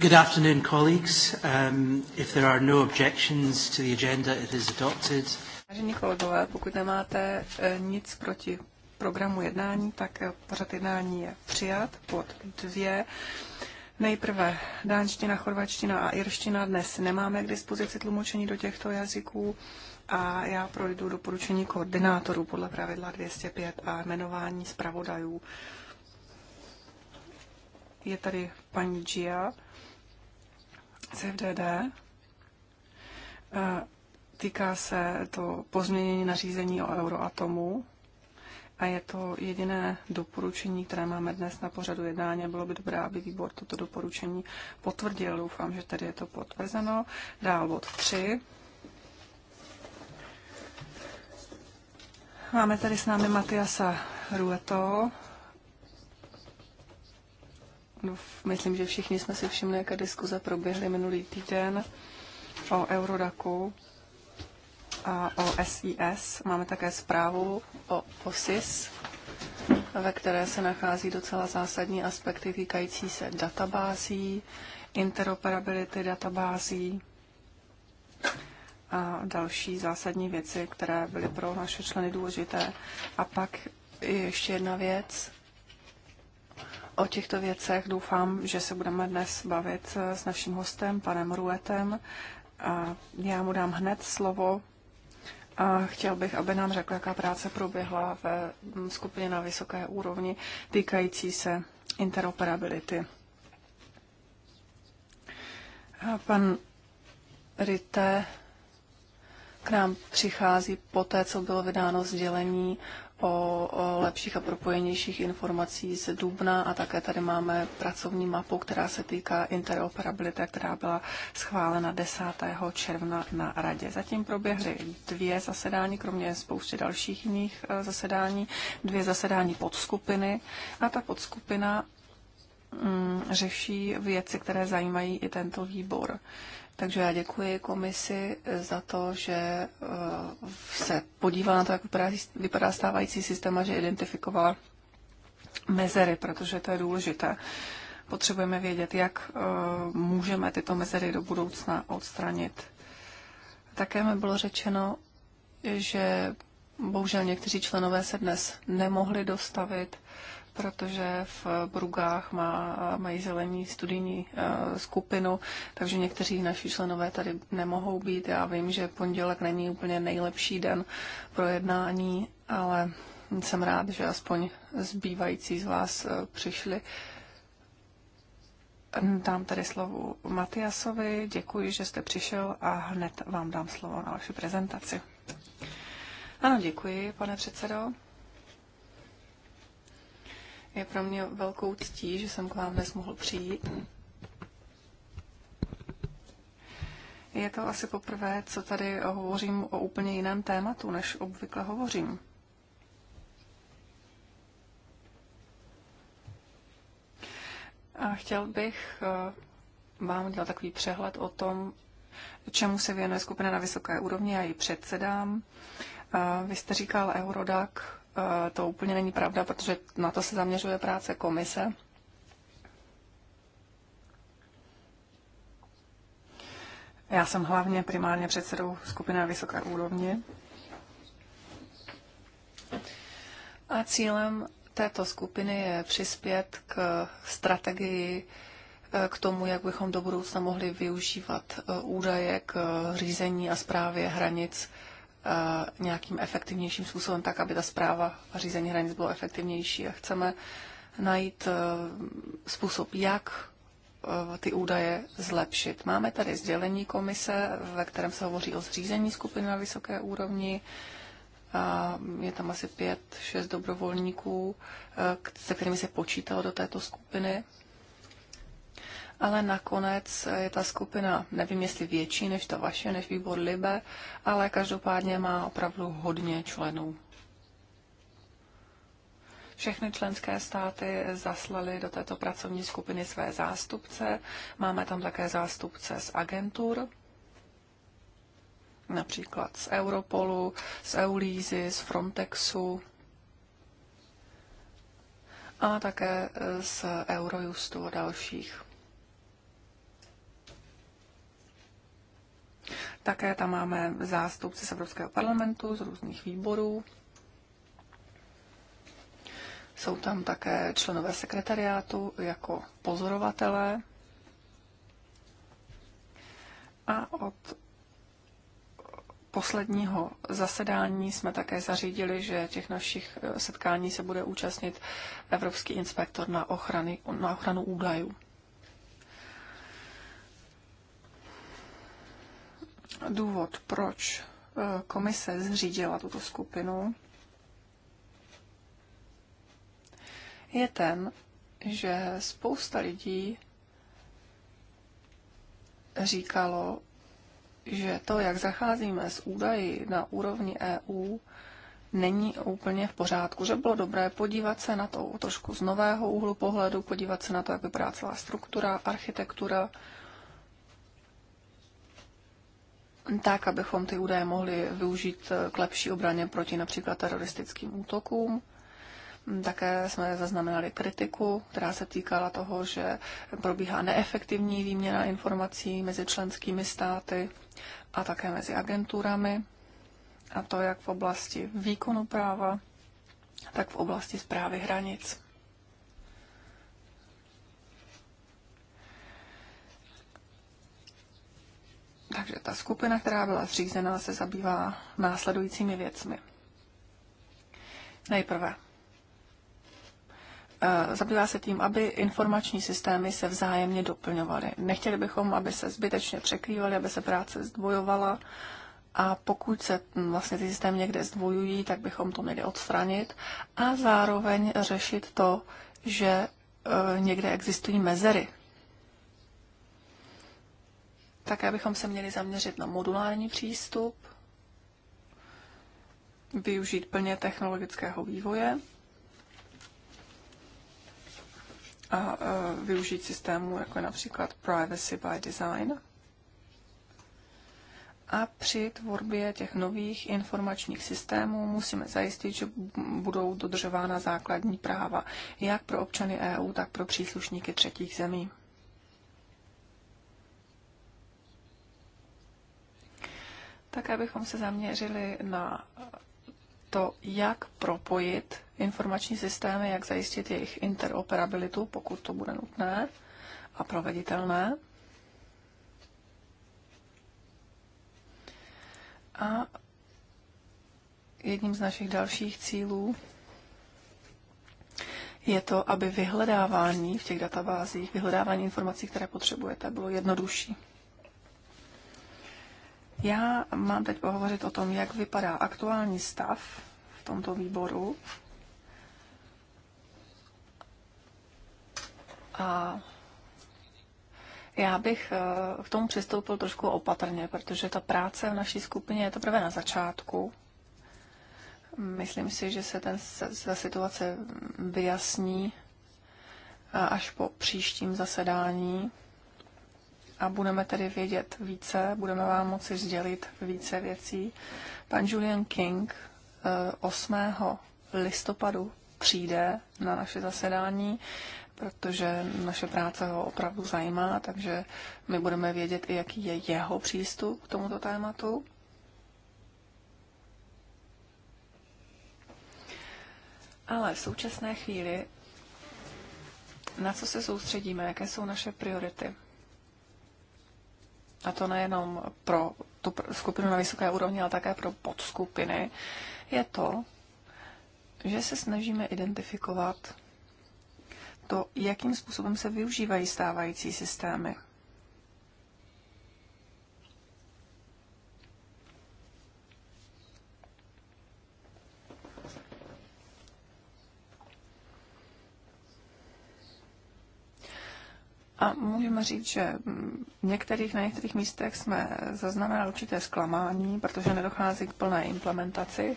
Good afternoon, colleagues. Um, if there are no objections to the agenda, it is adopted. Vážení kolegové, pokud nemáte uh, nic proti programu jednání, tak eh, pořad jednání je přijat pod dvě. Nejprve dánština, chorvačtina a irština dnes nemáme k dispozici tlumočení do těchto jazyků a já projdu doporučení koordinátorů podle pravidla 205 a jmenování zpravodajů. Je tady paní Gia z FDD. Eh, týká se to pozměnění nařízení o euroatomu a je to jediné doporučení, které máme dnes na pořadu jednání. Bylo by dobré, aby výbor toto doporučení potvrdil. Doufám, že tady je to potvrzeno. Dál bod 3. Máme tady s námi Matiasa Rueto, Myslím, že všichni jsme si všimli, jaká diskuze proběhly minulý týden o Eurodaku a o SIS. Máme také zprávu o OSIS, ve které se nachází docela zásadní aspekty týkající se databází, interoperability databází a další zásadní věci, které byly pro naše členy důležité. A pak ještě jedna věc, o těchto věcech. Doufám, že se budeme dnes bavit eh, s naším hostem, panem Ruetem. A já mu dám hned slovo a chtěl bych, aby nám řekl, jaká práce proběhla ve mm, skupině na vysoké úrovni týkající se interoperability. A pan Rite k nám přichází po té, co bylo vydáno sdělení o, lepších a propojenějších informací z Dubna a také tady máme pracovní mapu, která se týká interoperability, která byla schválena 10. června na radě. Zatím proběhly dvě zasedání, kromě spousty dalších jiných e, zasedání, dvě zasedání podskupiny a ta podskupina mm, řeší věci, které zajímají i tento výbor. Takže já děkuji komisi eh, za to, že eh, se podívala na to, jak vypadá, vypadá stávající systém a že identifikovala mezery, protože to je důležité. Potřebujeme vědět, jak eh, můžeme tyto mezery do budoucna odstranit. Také mi bylo řečeno, že bohužel někteří členové se dnes nemohli dostavit protože v Brugách má, mají zelení studijní eh, skupinu, takže někteří naši členové tady nemohou být. Já vím, že pondělek není úplně nejlepší den pro jednání, ale jsem rád, že aspoň zbývající z vás eh, přišli. Dám tady slovo Matiasovi, děkuji, že jste přišel a hned vám dám slovo na vaši prezentaci. Ano, děkuji, pane předsedo. Je pro mě velkou ctí, že jsem k vám dnes mohl přijít. Je to asi poprvé, co tady hovořím o úplně jiném tématu, než obvykle hovořím. A chtěl bych eh, vám dělat takový přehled o tom, čemu se věnuje skupina na vysoké úrovni, já ji předsedám. Eh, vy jste říkal Eurodac, Eh, to úplně není pravda, protože na to se zaměřuje práce komise. Já jsem hlavně primárně předsedou skupiny na vysoké úrovni. A cílem této skupiny je přispět k strategii, eh, k tomu, jak bychom do budoucna mohli využívat eh, údaje k řízení a zprávě hranic Eh, nějakým efektivnějším způsobem, tak aby ta zpráva a řízení hranic bylo efektivnější. A chceme najít eh, způsob, jak eh, ty údaje zlepšit. Máme tady sdělení komise, ve kterém se hovoří o zřízení skupiny na vysoké úrovni. A je tam asi pět, šest dobrovolníků, se kterými se počítalo do této skupiny ale nakonec eh, je ta skupina, nevím jestli větší než ta vaše, než výbor Libe, ale každopádně má opravdu hodně členů. Všechny členské státy zaslali do této pracovní skupiny své zástupce. Máme tam také zástupce z agentur, například z Europolu, z Eulízy, z Frontexu a také eh, z Eurojustu a dalších. Také tam máme zástupce z Evropského parlamentu, z různých výborů. Jsou tam také členové sekretariátu jako pozorovatelé. A od posledního zasedání jsme také zařídili, že těch našich eh, setkání se bude účastnit Evropský inspektor na, ochrany, na ochranu údajů. důvod, proč eh, komise zřídila tuto skupinu, je ten, že spousta lidí říkalo, že to, jak zacházíme s údaji na úrovni EU, není úplně v pořádku, že bylo dobré podívat se na to trošku z nového úhlu pohledu, podívat se na to, jak vypadá celá struktura, architektura, tak, abychom ty údaje mohli využít k lepší obraně proti například teroristickým útokům. Také jsme zaznamenali kritiku, která se týkala toho, že probíhá neefektivní výměna informací mezi členskými státy a také mezi agenturami, a to jak v oblasti výkonu práva, tak v oblasti zprávy hranic. Takže ta skupina, která byla zřízena, se zabývá následujícími věcmi. Nejprve. Eh, zabývá se tím, aby informační systémy se vzájemně doplňovaly. Nechtěli bychom, aby se zbytečně překrývaly, aby se práce zdvojovala a pokud se hm, vlastně ty systémy někde zdvojují, tak bychom to měli odstranit a zároveň řešit to, že eh, někde existují mezery také bychom se měli zaměřit na modulární přístup, využít plně technologického vývoje a e, využít systému jako například Privacy by Design. A při tvorbě těch nových informačních systémů musíme zajistit, že budou dodržována základní práva jak pro občany EU, tak pro příslušníky třetích zemí. tak abychom se zaměřili na to, jak propojit informační systémy, jak zajistit jejich interoperabilitu, pokud to bude nutné a proveditelné. A jedním z našich dalších cílů je to, aby vyhledávání v těch databázích, vyhledávání informací, které potřebujete, bylo jednodušší. Já mám teď pohovořit o tom, jak vypadá aktuální stav v tomto výboru. A já bych eh, k tomu přistoupil trošku opatrně, protože ta práce v naší skupině je teprve na začátku. Myslím si, že se ten, ta situace vyjasní eh, až po příštím zasedání a budeme tedy vědět více, budeme vám moci sdělit více věcí. Pan Julian King 8. Eh, listopadu přijde na naše zasedání, protože naše práce ho opravdu zajímá, takže my budeme vědět i, jaký je jeho přístup k tomuto tématu. Ale v současné chvíli, na co se soustředíme, jaké jsou naše priority? a to nejenom pro tu skupinu na vysoké úrovni, ale také pro podskupiny, je to, že se snažíme identifikovat to, jakým způsobem se využívají stávající systémy. A můžeme říct, že v některých, na některých místech jsme zaznamenali určité zklamání, protože nedochází k plné implementaci.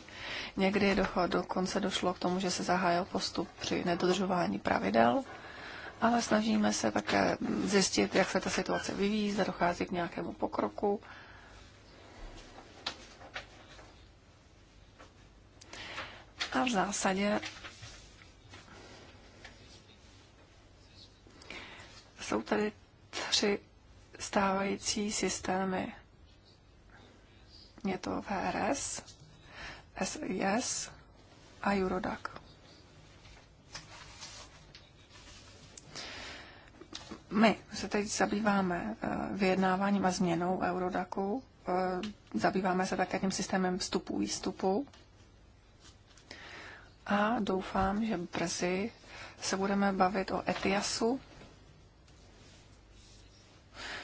Někdy do dokonce došlo k tomu, že se zahájil postup při nedodržování pravidel, ale snažíme se také zjistit, jak se ta situace vyvíjí, zda dochází k nějakému pokroku. A v zásadě Jsou tady tři stávající systémy. Je to VRS, SIS a Eurodac. My se teď zabýváme eh, vyjednáváním a změnou Eurodaku. Eh, zabýváme se také tím systémem vstupu výstupu. A doufám, že brzy se budeme bavit o ETIASu,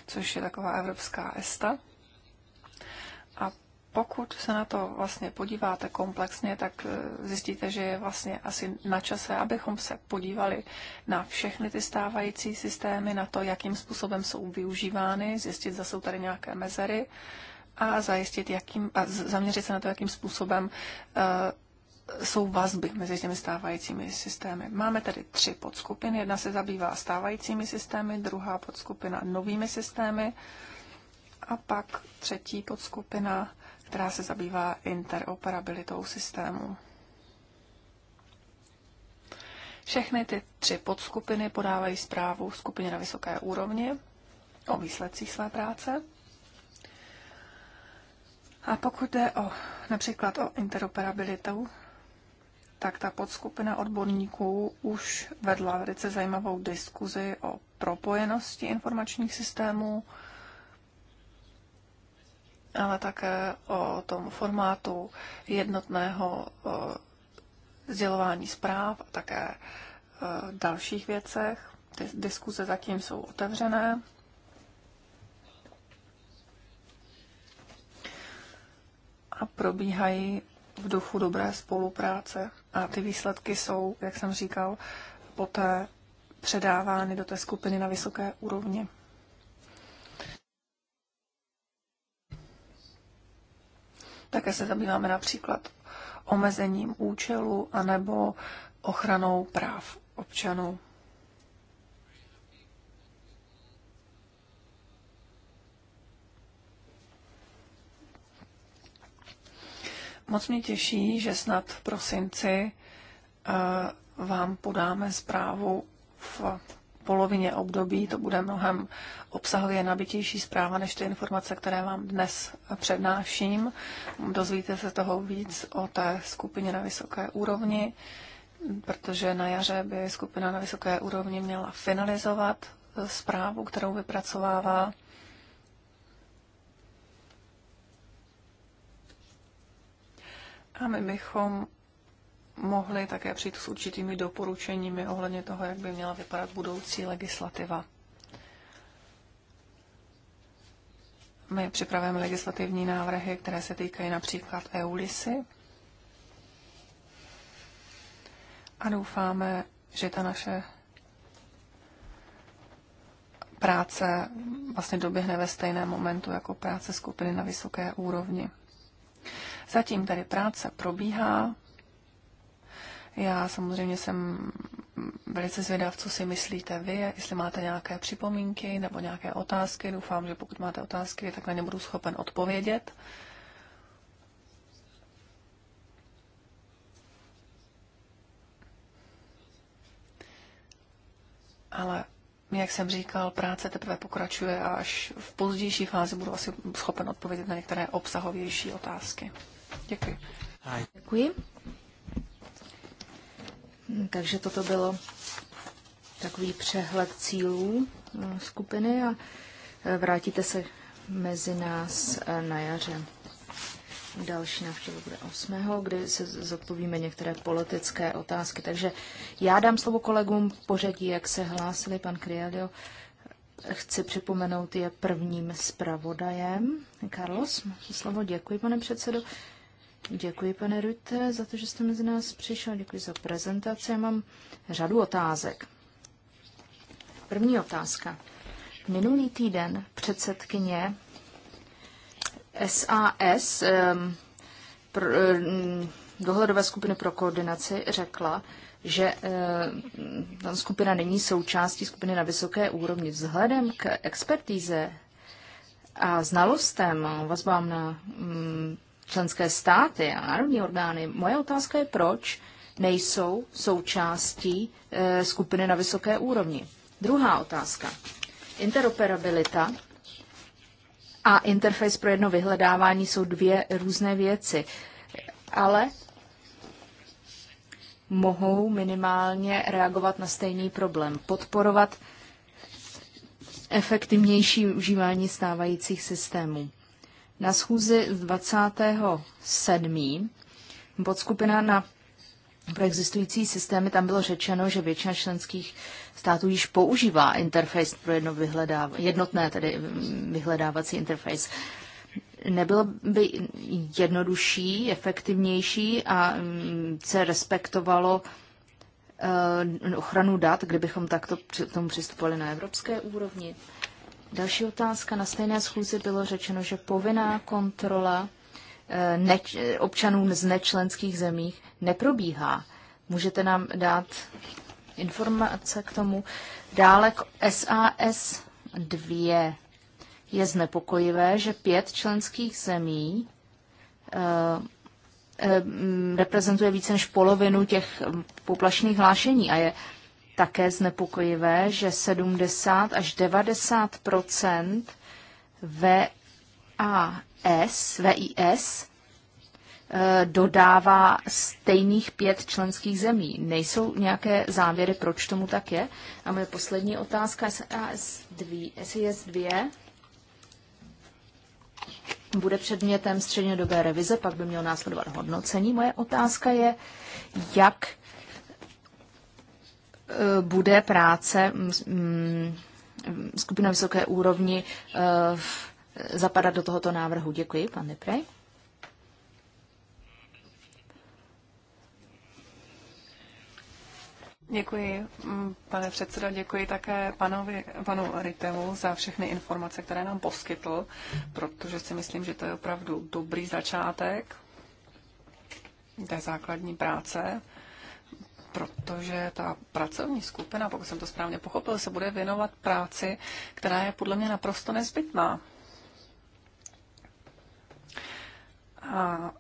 což je taková evropská ESTA. A pokud se na to vlastně podíváte komplexně, tak eh, zjistíte, že je vlastně asi na čase, abychom se podívali na všechny ty stávající systémy, na to, jakým způsobem jsou využívány, zjistit, zda jsou tady nějaké mezery a zajistit, jakým, a zaměřit se na to, jakým způsobem eh, jsou vazby mezi těmi stávajícími systémy. Máme tady tři podskupiny. Jedna se zabývá stávajícími systémy, druhá podskupina novými systémy a pak třetí podskupina, která se zabývá interoperabilitou systému. Všechny ty tři podskupiny podávají zprávu skupině na vysoké úrovni o výsledcích své práce. A pokud jde o například o interoperabilitu, tak ta podskupina odborníků už vedla velice zajímavou diskuzi o propojenosti informačních systémů, ale také o tom formátu jednotného eh, sdělování zpráv a také eh, dalších věcech. Ty diskuze zatím jsou otevřené. A probíhají v duchu dobré spolupráce a ty výsledky jsou, jak jsem říkal, poté předávány do té skupiny na vysoké úrovni. Také se zabýváme například omezením účelu anebo ochranou práv občanů. Moc mě těší, že snad v prosinci eh, vám podáme zprávu v polovině období. To bude mnohem obsahově nabitější zpráva než ty informace, které vám dnes přednáším. Dozvíte se toho víc o té skupině na vysoké úrovni, protože na jaře by skupina na vysoké úrovni měla finalizovat eh, zprávu, kterou vypracovává A my bychom mohli také přijít s určitými doporučeními ohledně toho, jak by měla vypadat budoucí legislativa. My připravujeme legislativní návrhy, které se týkají například EULISy. A doufáme, že ta naše práce vlastně doběhne ve stejném momentu jako práce skupiny na vysoké úrovni. Zatím tady práce probíhá. Já samozřejmě jsem velice zvědav, co si myslíte vy, jestli máte nějaké připomínky nebo nějaké otázky. Doufám, že pokud máte otázky, tak na ně budu schopen odpovědět. Ale jak jsem říkal, práce teprve pokračuje a až v pozdější fázi budu asi schopen odpovědět na některé obsahovější otázky. Děkuji. Děkuji. Takže toto bylo takový přehled cílů eh, skupiny a eh, vrátíte se mezi nás eh, na jaře. Další návštěva bude 8., kdy se zodpovíme některé politické otázky. Takže já dám slovo kolegům pořadí, jak se hlásili pan Krielio. Chci připomenout, je prvním zpravodajem. Carlos, slovo děkuji, pane předsedo. Děkuji, pane Rutte, za to, že jste mezi nás přišel. Děkuji za prezentaci. Já mám řadu otázek. První otázka. Minulý týden předsedkyně SAS, dohledové skupiny pro koordinaci, řekla, že ta skupina není součástí skupiny na vysoké úrovni. Vzhledem k expertíze a znalostem, vazbám na členské státy a národní orgány. Moje otázka je, proč nejsou součástí e, skupiny na vysoké úrovni. Druhá otázka. Interoperabilita a interface pro jedno vyhledávání jsou dvě různé věci, ale mohou minimálně reagovat na stejný problém. Podporovat efektivnější užívání stávajících systémů. Na schůzi 27. podskupina na pro existující systémy tam bylo řečeno, že většina členských států již používá interface pro jedno vyhledáv- jednotné tedy mm, vyhledávací interface. Nebylo by jednodušší, efektivnější a mm, se respektovalo eh, ochranu dat, kdybychom takto k tomu přistupovali na evropské úrovni? Další otázka. Na stejné schůzi bylo řečeno, že povinná kontrola eh, neč, eh, občanů z nečlenských zemích neprobíhá. Můžete nám dát informace k tomu? Dále k SAS 2. Je znepokojivé, že pět členských zemí eh, reprezentuje více než polovinu těch poplašných hlášení a je také znepokojivé, že 70 až 90 VAS, VIS dodává stejných pět členských zemí. Nejsou nějaké závěry, proč tomu tak je? A moje poslední otázka SAS2, SIS2 bude předmětem střednědobé revize, pak by měl následovat hodnocení. Moje otázka je, jak Eh, bude práce mm, mm, skupina vysoké úrovni eh, zapadat do tohoto návrhu. Děkuji, pan Deprej. Děkuji, mm, pane předsedo, děkuji také panovi, panu Ritemu za všechny informace, které nám poskytl, protože si myslím, že to je opravdu dobrý začátek té základní práce protože ta pracovní skupina, pokud jsem to správně pochopil, se bude věnovat práci, která je podle mě naprosto nezbytná. A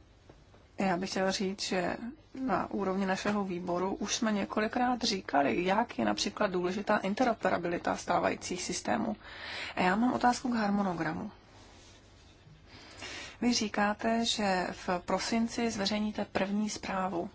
já bych chtěla říct, že na úrovni našeho výboru už jsme několikrát říkali, jak je například důležitá interoperabilita stávajících systémů. A já mám otázku k harmonogramu. Vy říkáte, že v prosinci zveřejníte první zprávu,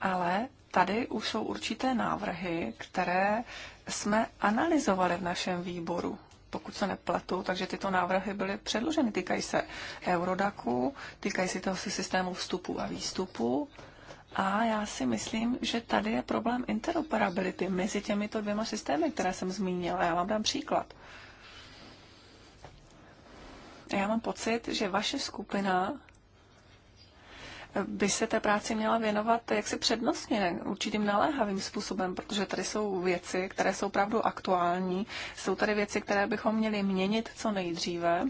ale tady už jsou určité návrhy, které jsme analyzovali v našem výboru pokud se nepletu, takže tyto návrhy byly předloženy. Týkají se Eurodaku, týkají se toho systému vstupu a výstupu. A já si myslím, že tady je problém interoperability mezi těmito dvěma systémy, které jsem zmínila. Já vám dám příklad. Já mám pocit, že vaše skupina by se té práci měla věnovat jaksi přednostně, určitým naléhavým způsobem, protože tady jsou věci, které jsou opravdu aktuální, jsou tady věci, které bychom měli měnit co nejdříve.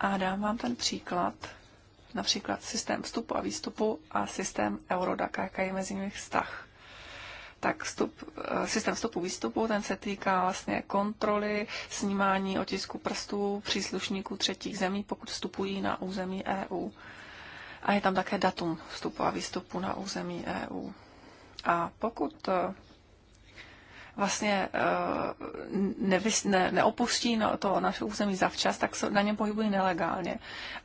A dám vám ten příklad, například systém vstupu a výstupu a systém Eurodaka, jaký je mezi nimi vztah tak stup, eh, systém vstupu výstupu, ten se týká vlastně kontroly, snímání otisku prstů příslušníků třetích zemí, pokud vstupují na území EU. A je tam také datum vstupu a výstupu na území EU. A pokud eh, vlastně eh, nevys, ne, neopustí no, to naše území zavčas, tak se na něm pohybují nelegálně.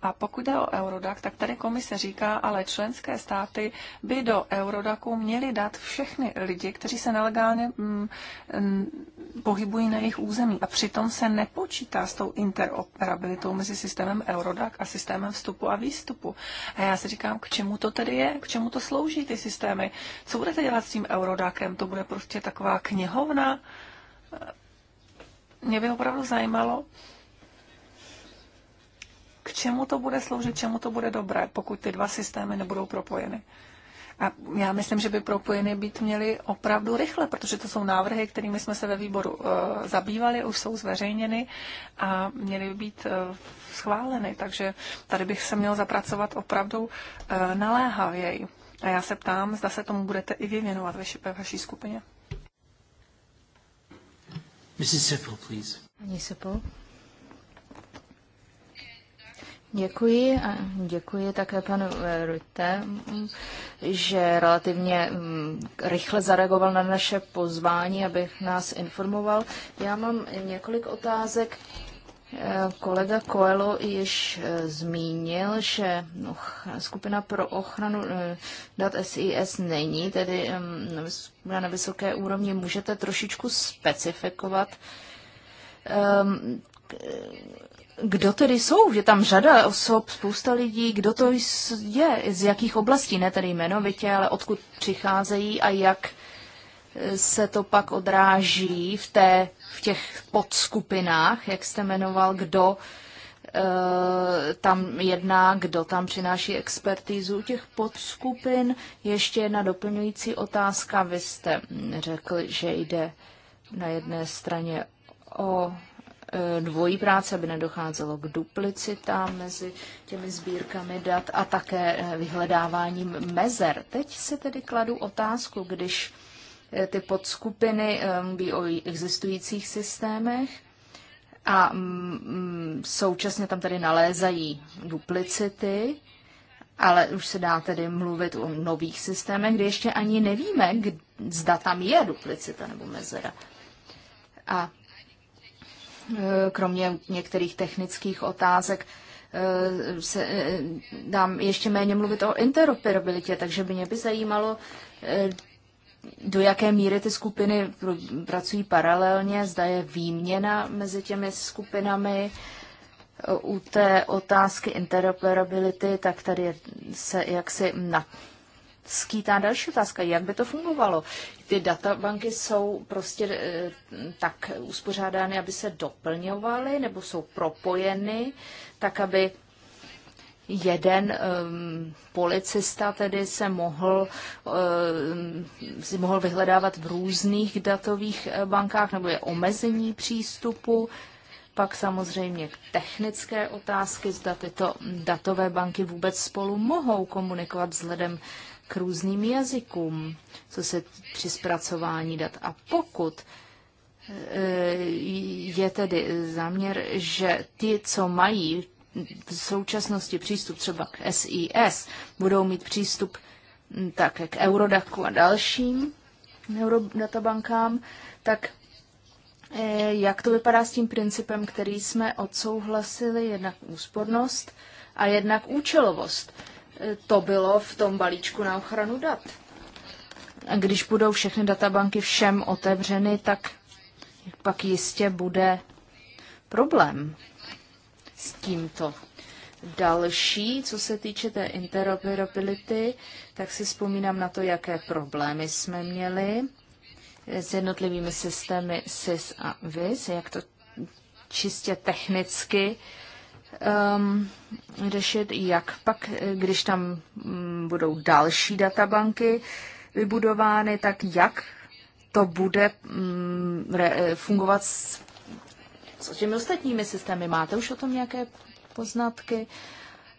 A pokud jde o Eurodac, tak tady komise říká, ale členské státy by do Eurodacu měly dát všechny lidi, kteří se nelegálně m, mm, m, mm, pohybují na jejich území. A přitom se nepočítá s tou interoperabilitou mezi systémem Eurodac a systémem vstupu a výstupu. A já si říkám, k čemu to tedy je, k čemu to slouží ty systémy. Co budete dělat s tím Eurodacem? To bude prostě taková kniha knihovna. Mě by opravdu zajímalo, k čemu to bude sloužit, čemu to bude dobré, pokud ty dva systémy nebudou propojeny. A já myslím, že by propojeny být měly opravdu rychle, protože to jsou návrhy, kterými jsme se ve výboru e, zabývali, už jsou zveřejněny a měly by být e, schváleny. Takže tady bych se měl zapracovat opravdu e, eh, naléhavěji. A já se ptám, zda se tomu budete i vy věnovat ve, ve vaší skupině. Mrs. Sippel, please. Paní Sippel. Děkuji a děkuji také panu eh, Rutte, mm, že relativně mm, rychle zareagoval na naše pozvání, aby nás informoval. Já mám několik otázek Kolega Coelho již eh, zmínil, že skupina pro ochranu eh, dat SIS není, tedy na vysoké úrovni můžete trošičku specifikovat, kdo tedy jsou, že tam řada osob, spousta lidí, kdo to je, z jakých oblastí, ne tedy jmenovitě, ale odkud přicházejí a jak se to pak odráží v, té, v těch podskupinách, jak jste jmenoval, kdo eh, tam jedná, kdo tam přináší expertizu těch podskupin. Ještě jedna doplňující otázka. Vy jste řekl, že jde na jedné straně o eh, dvojí práce, aby nedocházelo k duplicitám mezi těmi sbírkami dat a také eh, vyhledáváním mezer. Teď se tedy kladu otázku, když Eh, ty podskupiny eh, mluví o existujících systémech a mm, mm, současně tam tady nalézají duplicity, ale už se dá tedy mluvit o nových systémech, kde ještě ani nevíme, zda tam je duplicita nebo mezera. A eh, kromě některých technických otázek se dám ještě méně mluvit o interoperabilitě, takže by mě by zajímalo, do jaké míry ty skupiny pracují paralelně, zda je výměna mezi těmi skupinami. U té otázky interoperability, tak tady se jaksi na skýtá další otázka, jak by to fungovalo. Ty databanky jsou prostě eh, tak uspořádány, aby se doplňovaly nebo jsou propojeny, tak aby jeden um, policista tedy se mohl, um, si mohl vyhledávat v různých datových eh, bankách nebo je omezení přístupu. Pak samozřejmě technické otázky, zda tyto datové banky vůbec spolu mohou komunikovat vzhledem k různým jazykům, co se při zpracování dat. A pokud eh, je tedy záměr, že ti, co mají v současnosti přístup třeba k SIS, budou mít přístup také k Eurodaku a dalším neurodatabankám, tak e, jak to vypadá s tím principem, který jsme odsouhlasili, jednak úspornost a jednak účelovost? E, to bylo v tom balíčku na ochranu dat. A když budou všechny databanky všem otevřeny, tak pak jistě bude problém s tímto. Další, co se týče té interoperability, tak si vzpomínám na to, jaké problémy jsme měli s jednotlivými systémy SIS a VIS, jak to čistě technicky um, řešit, jak pak, když tam mm, budou další databanky vybudovány, tak jak to bude um, re, fungovat s s těmi ostatními systémy? Máte už o tom nějaké poznatky?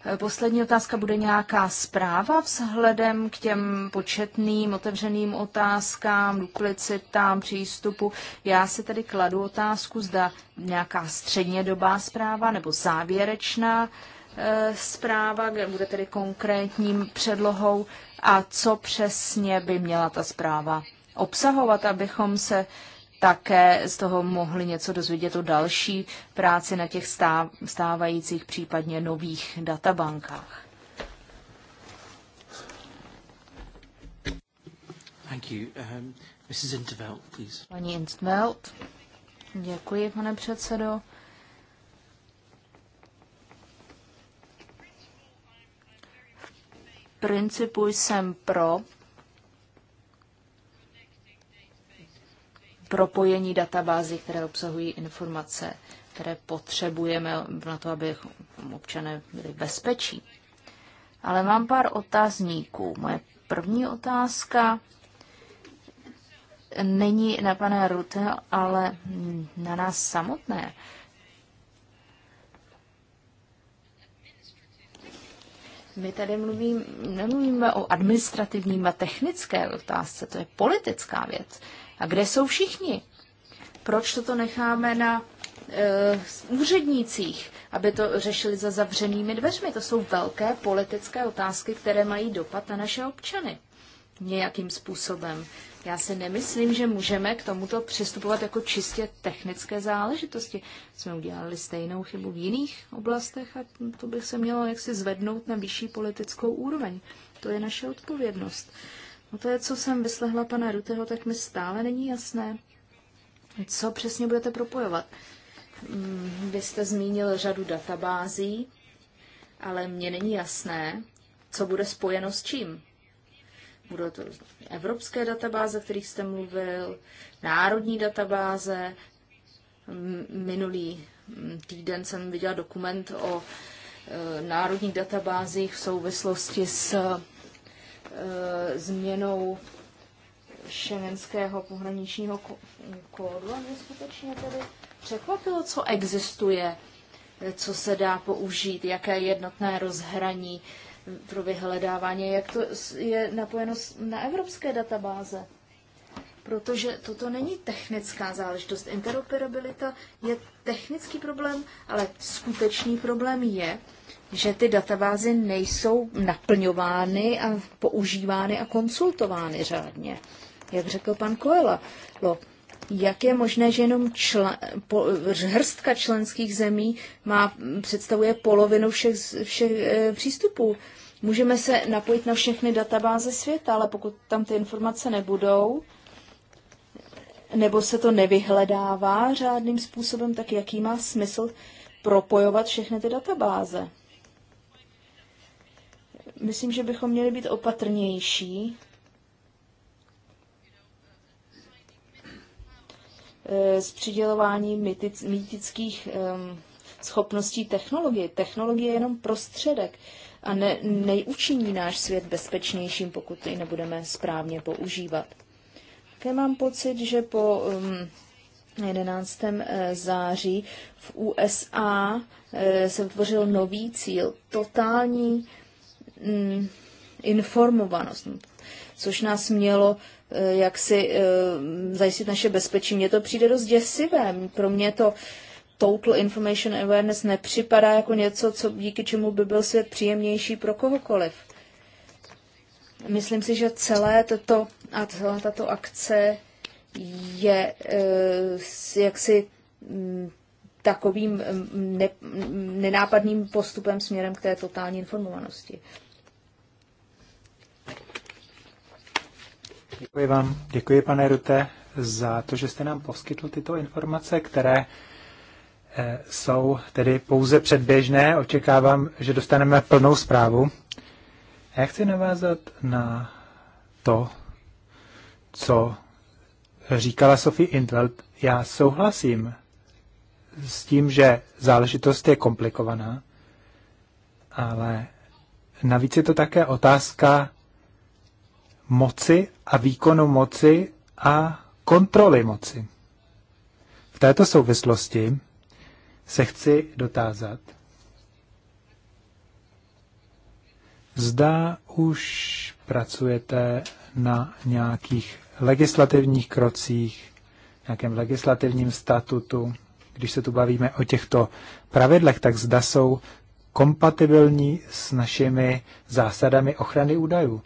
Eh, poslední otázka bude nějaká zpráva vzhledem k těm početným otevřeným otázkám, duplicitám, přístupu. Já si tedy kladu otázku, zda nějaká středně dobá zpráva nebo závěrečná e, zpráva, kde bude tedy konkrétním předlohou a co přesně by měla ta zpráva obsahovat, abychom se také z toho mohli něco dozvědět o další práci na těch stávajících, případně nových databankách. Thank you. Um, Mrs. Intervelt, please. Paní Intveld, děkuji, pane předsedo. V principu jsem pro propojení databází, které obsahují informace, které potřebujeme na to, aby občané byli bezpečí. Ale mám pár otázníků. Moje první otázka není na pana Rute, ale na nás samotné. My tady mluvím, nemluvíme o administrativním a technické otázce, to je politická věc. A kde jsou všichni? Proč toto necháme na e, úřednících, aby to řešili za zavřenými dveřmi? To jsou velké politické otázky, které mají dopad na naše občany nějakým způsobem. Já si nemyslím, že můžeme k tomuto přistupovat jako čistě technické záležitosti. Jsme udělali stejnou chybu v jiných oblastech a to by se mělo jaksi zvednout na vyšší politickou úroveň. To je naše odpovědnost. O to, co jsem vyslehla pana Ruteho, tak mi stále není jasné, co přesně budete propojovat. Mm, vy jste zmínil řadu databází, ale mně není jasné, co bude spojeno s čím. Budou to evropské databáze, o kterých jste mluvil, národní databáze. Minulý mm, týden jsem viděla dokument o e, národních databázích v souvislosti s Eh, změnou šengenského pohraničního kódu a mě skutečně tedy překvapilo, co existuje, eh, co se dá použít, jaké jednotné rozhraní pro vyhledávání, jak to je napojeno na evropské databáze. Protože toto není technická záležitost. Interoperabilita je technický problém, ale skutečný problém je, že ty databázy nejsou naplňovány a používány a konsultovány řádně. Jak řekl pan Koela, jak je možné, že jenom člen, po- hrstka členských zemí má, představuje polovinu všech, všech e, přístupů? Můžeme se napojit na všechny databáze světa, ale pokud tam ty informace nebudou, nebo se to nevyhledává řádným způsobem, tak jaký má smysl propojovat všechny ty databáze? Myslím, že bychom měli být opatrnější. E, s přidělováním mytic, mýtických um, schopností technologie. Technologie je jenom prostředek a ne, neučiní náš svět bezpečnějším, pokud ji nebudeme správně používat. Také mám pocit, že po um, 11. E, září v USA e, se vytvořil nový cíl totální Mm, informovanost, což nás mělo eh, jak si eh, zajistit naše bezpečí. Mně to přijde dost děsivé. Pro mě to total information awareness nepřipadá jako něco, co díky čemu by byl svět příjemnější pro kohokoliv. Myslím si, že celé toto a celá tato akce je eh, jaksi mm, takovým mm, ne, nenápadným postupem směrem k té totální informovanosti. Děkuji vám, děkuji pane Rute, za to, že jste nám poskytl tyto informace, které eh, jsou tedy pouze předběžné. Očekávám, že dostaneme plnou zprávu. Já chci navázat na to, co říkala Sophie Intveld. Já souhlasím s tím, že záležitost je komplikovaná, ale navíc je to také otázka moci a výkonu moci a kontroly moci. V této souvislosti se chci dotázat, zda už pracujete na nějakých legislativních krocích, nějakém legislativním statutu, když se tu bavíme o těchto pravidlech, tak zda jsou kompatibilní s našimi zásadami ochrany údajů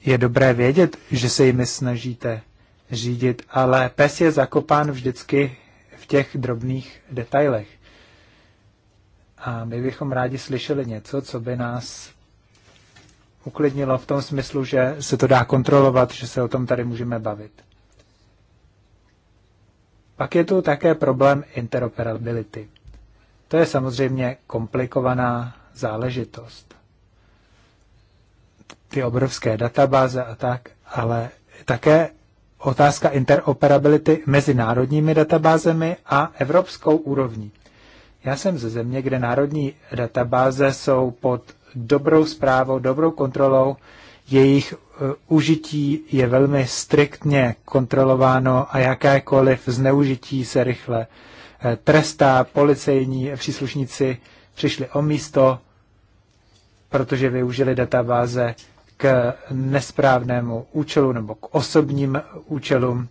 je dobré vědět, že se jimi snažíte řídit, ale pes je zakopán vždycky v těch drobných detailech. A my bychom rádi slyšeli něco, co by nás uklidnilo v tom smyslu, že se to dá kontrolovat, že se o tom tady můžeme bavit. Pak je tu také problém interoperability. To je samozřejmě komplikovaná záležitost ty obrovské databáze a tak, ale také otázka interoperability mezi národními databázemi a evropskou úrovní. Já jsem ze země, kde národní databáze jsou pod dobrou zprávou, dobrou kontrolou, jejich e, užití je velmi striktně kontrolováno a jakékoliv zneužití se rychle e, trestá. Policejní příslušníci přišli o místo, protože využili databáze k nesprávnému účelu nebo k osobním účelům.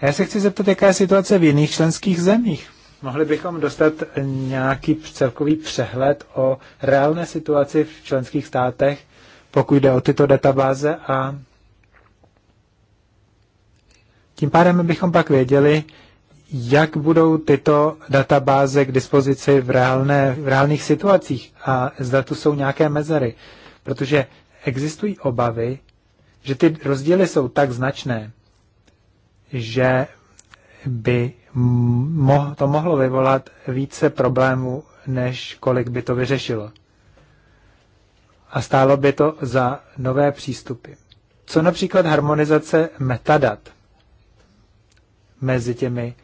A já se chci zeptat, jaká je situace v jiných členských zemích. Mohli bychom dostat nějaký celkový přehled o reálné situaci v členských státech, pokud jde o tyto databáze a tím pádem bychom pak věděli, jak budou tyto databáze k dispozici v, reálné, v reálných situacích a zda tu jsou nějaké mezery. Protože existují obavy, že ty rozdíly jsou tak značné, že by to mohlo vyvolat více problémů, než kolik by to vyřešilo. A stálo by to za nové přístupy. Co například harmonizace metadat mezi těmi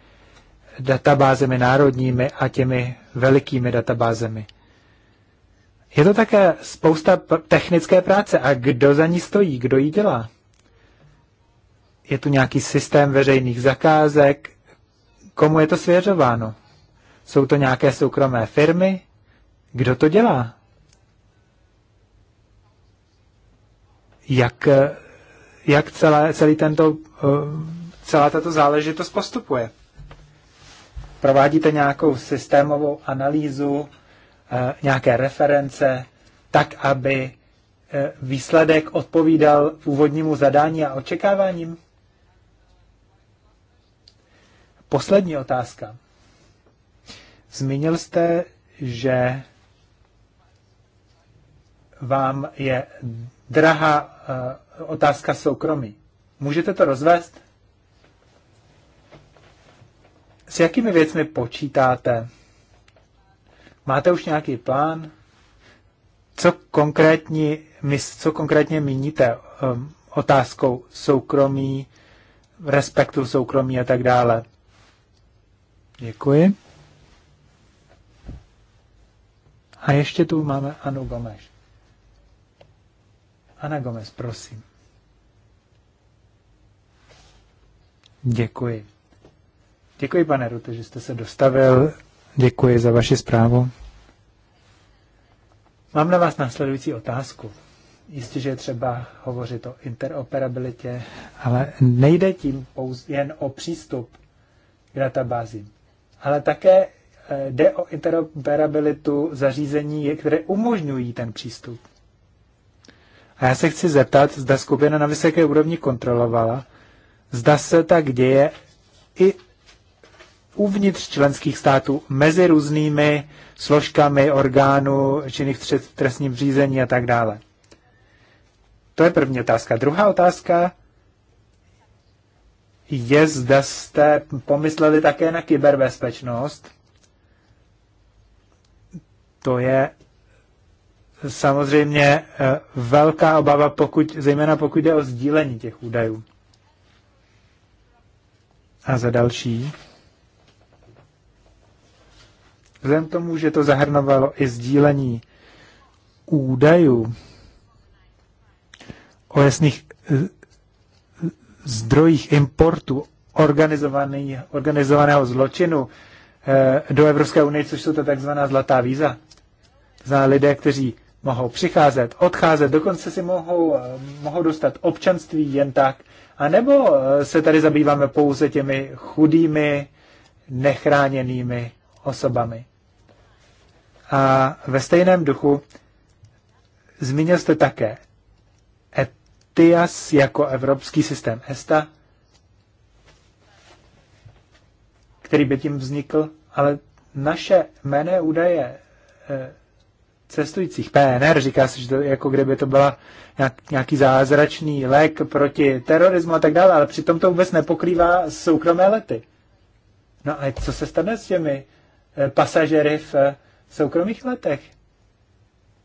databázemi národními a těmi velikými databázemi? Je to také spousta technické práce. A kdo za ní stojí? Kdo ji dělá? Je tu nějaký systém veřejných zakázek? Komu je to svěřováno? Jsou to nějaké soukromé firmy? Kdo to dělá? Jak, jak celé, celý tento, eh, celá tato záležitost postupuje? Provádíte nějakou systémovou analýzu Eh, nějaké reference, tak aby eh, výsledek odpovídal původnímu zadání a očekáváním? Poslední otázka. Zmínil jste, že vám je drahá eh, otázka soukromí. Můžete to rozvést? S jakými věcmi počítáte? Máte už nějaký plán? Co konkrétně, co konkrétně míníte um, otázkou soukromí, respektu soukromí a tak dále? Děkuji. A ještě tu máme Anu Gomes. Ana Gomes, prosím. Děkuji. Děkuji, pane Rute, že jste se dostavil Děkuji za vaši zprávu. Mám na vás následující otázku. Jistě, že je třeba hovořit o interoperabilitě, ale nejde tím pouze jen o přístup k databázím, ale také eh, jde o interoperabilitu zařízení, které umožňují ten přístup. A já se chci zeptat, zda skupina na vysoké úrovni kontrolovala, zda se tak děje i uvnitř členských států mezi různými složkami orgánů činných v trestním řízení a tak dále. To je první otázka. Druhá otázka je, zda jste pomysleli také na kyberbezpečnost. To je samozřejmě eh, velká obava, pokud, zejména pokud jde o sdílení těch údajů. A za další. Vzhledem tomu, že to zahrnovalo i sdílení údajů o jasných eh, zdrojích importu organizovaného zločinu eh, do Evropské unie, což jsou to takzvaná zlatá víza. Za lidé, kteří mohou přicházet, odcházet, dokonce si mohou, eh, mohou dostat občanství jen tak. A nebo se tady zabýváme pouze těmi chudými, nechráněnými osobami. A ve stejném duchu zmínil jste také ETIAS jako evropský systém ESTA, který by tím vznikl, ale naše jméné údaje eh, cestujících, PNR, říká se, že to jako kdyby to byla nějaký zázračný lék proti terorismu a tak dále, ale přitom to vůbec nepokrývá soukromé lety. No a co se stane s těmi eh, pasažery v eh, soukromých letech,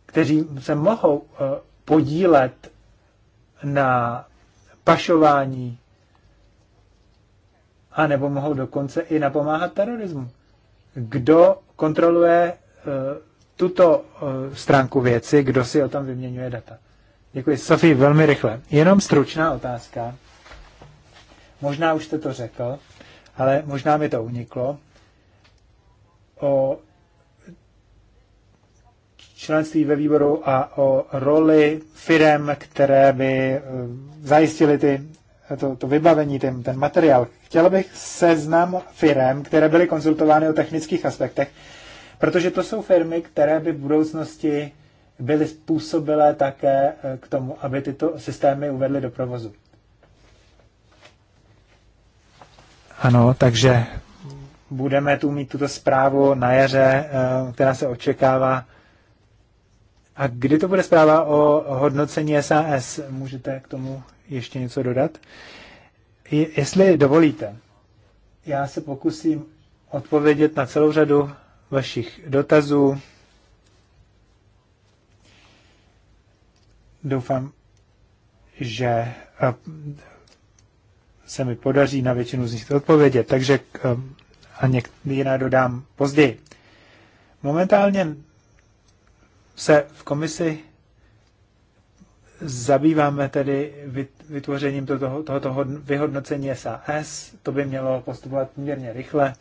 kteří se mohou eh, podílet na pašování a nebo mohou dokonce i napomáhat terorismu. Kdo kontroluje eh, tuto eh, stránku věci, kdo si o tom vyměňuje data? Děkuji. Sofie, velmi rychle. Jenom stručná otázka. Možná už jste to řekl, ale možná mi to uniklo. O členství ve výboru a o roli firem, které by eh, zajistily ty, to, to vybavení, ten, ten materiál. Chtěl bych seznam firem, které byly konzultovány o technických aspektech, protože to jsou firmy, které by v budoucnosti byly způsobilé také eh, k tomu, aby tyto systémy uvedly do provozu. Ano, takže budeme tu mít tuto zprávu na jaře, eh, která se očekává a kdy to bude zpráva o hodnocení SAS? Můžete k tomu ještě něco dodat? Jestli dovolíte, já se pokusím odpovědět na celou řadu vašich dotazů. Doufám, že eh, se mi podaří na většinu z nich odpovědět, takže eh, a někdy jiné dodám později. Momentálně se v komisi zabýváme tedy vytvořením toho, tohoto vyhodnocení SAS. To by mělo postupovat poměrně rychle,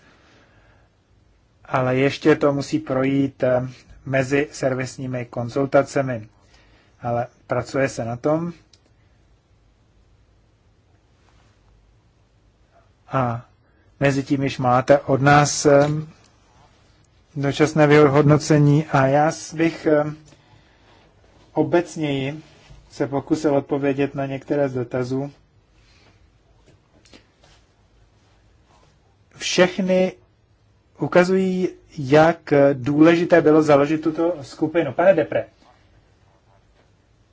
ale ještě to musí projít eh, mezi servisními konzultacemi. Ale pracuje se na tom. A mezi tím již máte od nás eh, dočasné vyhodnocení a já bych eh, obecněji se pokusil odpovědět na některé z dotazů. Všechny ukazují, jak důležité bylo založit tuto skupinu. Pane Depre,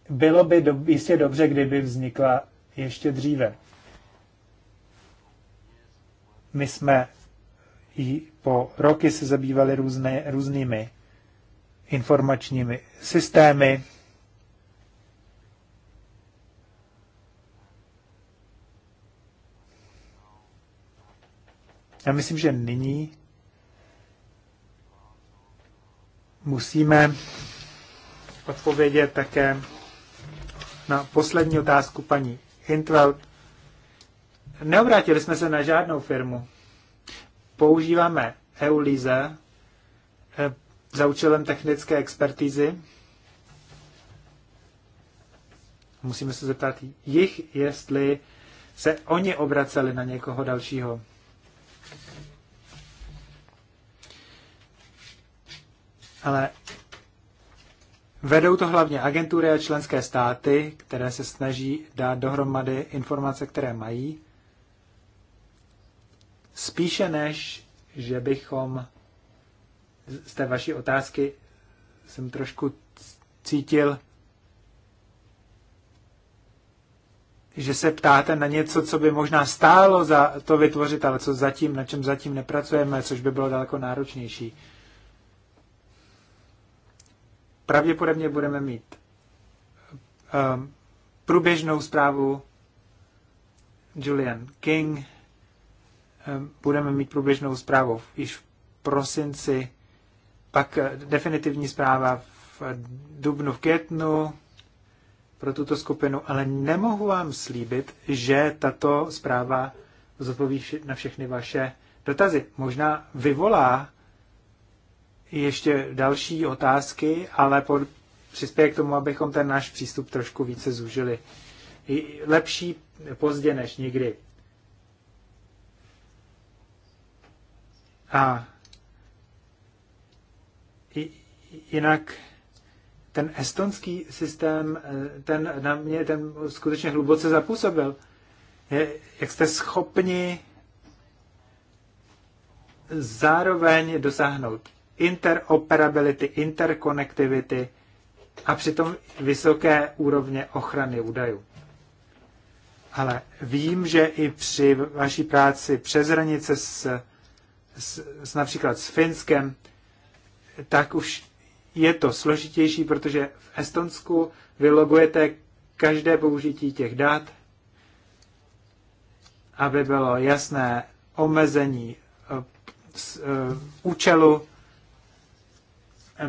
bylo by do, jistě dobře, kdyby vznikla ještě dříve. My jsme ji po roky se zabývali různé, různými informačními systémy. Já myslím, že nyní musíme odpovědět také na poslední otázku paní Hintwell. Neobrátili jsme se na žádnou firmu používáme EULIZE eh, za účelem technické expertízy. Musíme se zeptat jich, jestli se oni obraceli na někoho dalšího. Ale vedou to hlavně agentury a členské státy, které se snaží dát dohromady informace, které mají Spíše než, že bychom z té vaší otázky jsem trošku cítil, že se ptáte na něco, co by možná stálo za to vytvořit, ale co zatím, na čem zatím nepracujeme, což by bylo daleko náročnější. Pravděpodobně budeme mít um, průběžnou zprávu Julian King budeme mít průběžnou zprávu již v prosinci, pak eh, definitivní zpráva v dubnu, v květnu pro tuto skupinu, ale nemohu vám slíbit, že tato zpráva zodpoví na všechny vaše dotazy. Možná vyvolá ještě další otázky, ale pod, přispěje k tomu, abychom ten náš přístup trošku více zúžili. Lepší pozdě než nikdy. A jinak ten estonský systém, eh, ten na mě ten skutečně hluboce zapůsobil. Je, jak jste schopni zároveň dosáhnout interoperability, interkonektivity a přitom vysoké úrovně ochrany údajů. Ale vím, že i při vaší práci přes hranice s s, s například s Finskem, tak už je to složitější, protože v Estonsku vylogujete každé použití těch dat, aby bylo jasné omezení eh, eh, účelu.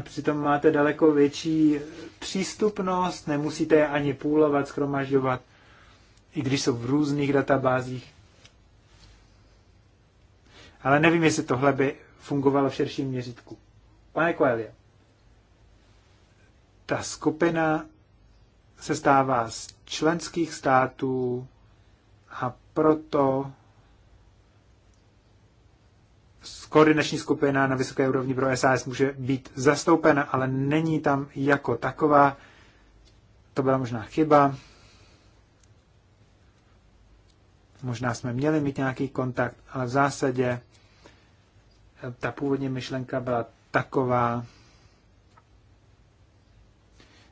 přitom máte daleko větší přístupnost, nemusíte je ani půlovat, schromažďovat, i když jsou v různých databázích. Ale nevím, jestli tohle by fungovalo v širším měřítku. Pane Koelie, ta skupina se stává z členských států a proto koordinační skupina na vysoké úrovni pro SAS může být zastoupena, ale není tam jako taková. To byla možná chyba. možná jsme měli mít nějaký kontakt, ale v zásadě eh, ta původní myšlenka byla taková,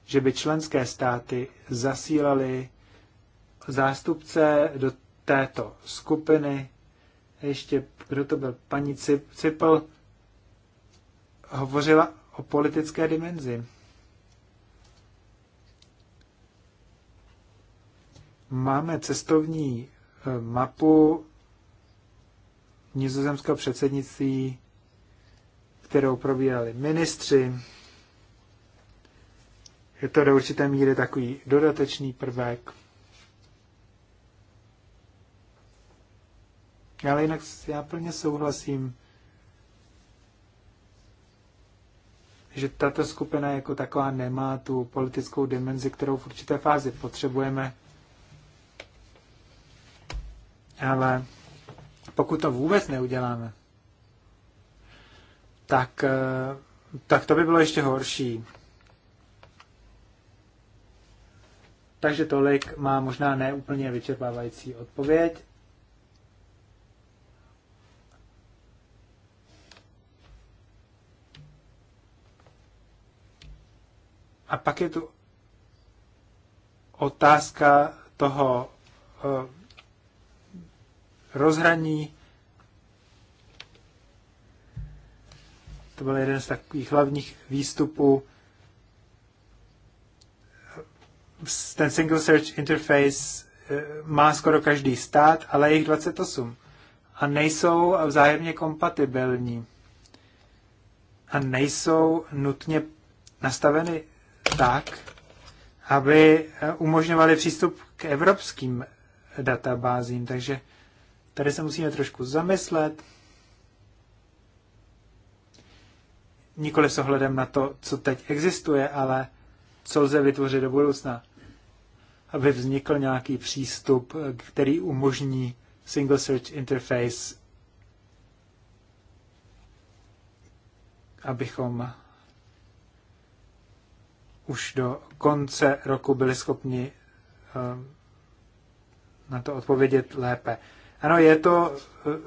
že by členské státy zasílali zástupce do této skupiny. Ještě, kdo to byl? Paní Cipel hovořila o politické dimenzi. Máme cestovní mapu nizozemského předsednictví, kterou probíhali ministři. Je to do určité míry takový dodatečný prvek. Ale jinak já plně souhlasím, že tato skupina jako taková nemá tu politickou dimenzi, kterou v určité fázi potřebujeme ale pokud to vůbec neuděláme, tak, eh, tak to by bylo ještě horší. Takže tolik má možná neúplně vyčerpávající odpověď. A pak je tu otázka toho eh, rozhraní. To byl jeden z takových hlavních výstupů. Ten Single Search Interface eh, má skoro každý stát, ale jich 28. A nejsou vzájemně kompatibilní. A nejsou nutně nastaveny tak, aby eh, umožňovali přístup k evropským databázím. Takže Tady se musíme trošku zamyslet, nikoli s ohledem na to, co teď existuje, ale co lze vytvořit do budoucna, aby vznikl nějaký přístup, který umožní single search interface, abychom už do konce roku byli schopni eh, na to odpovědět lépe. Ano, je to eh,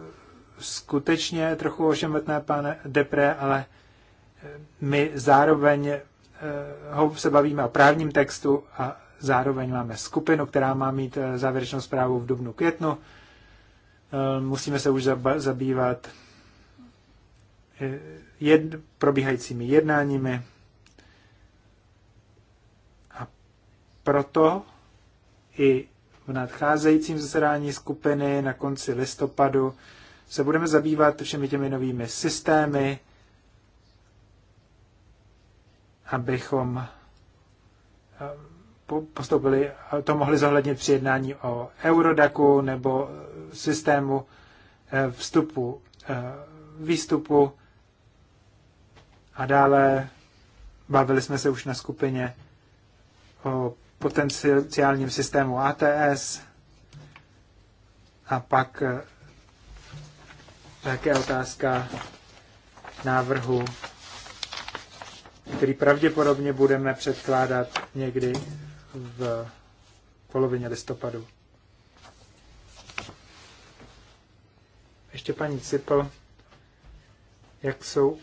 skutečně trochu ošemetné, pane Depre, ale eh, my zároveň eh, ho se bavíme o právním textu a zároveň máme skupinu, která má mít závěrečnou zprávu v dubnu květnu. Musíme se už zabývat jed, probíhajícími jednáními. A proto i v nadcházejícím zasedání skupiny na konci listopadu se budeme zabývat všemi těmi novými systémy, abychom eh, postoupili, to mohli zohlednit při jednání o Eurodaku nebo systému eh, vstupu, eh, výstupu a dále bavili jsme se už na skupině o potenciálním systému ATS a pak eh, také otázka návrhu, který pravděpodobně budeme předkládat někdy v polovině listopadu. Ještě paní Cipl, jak jsou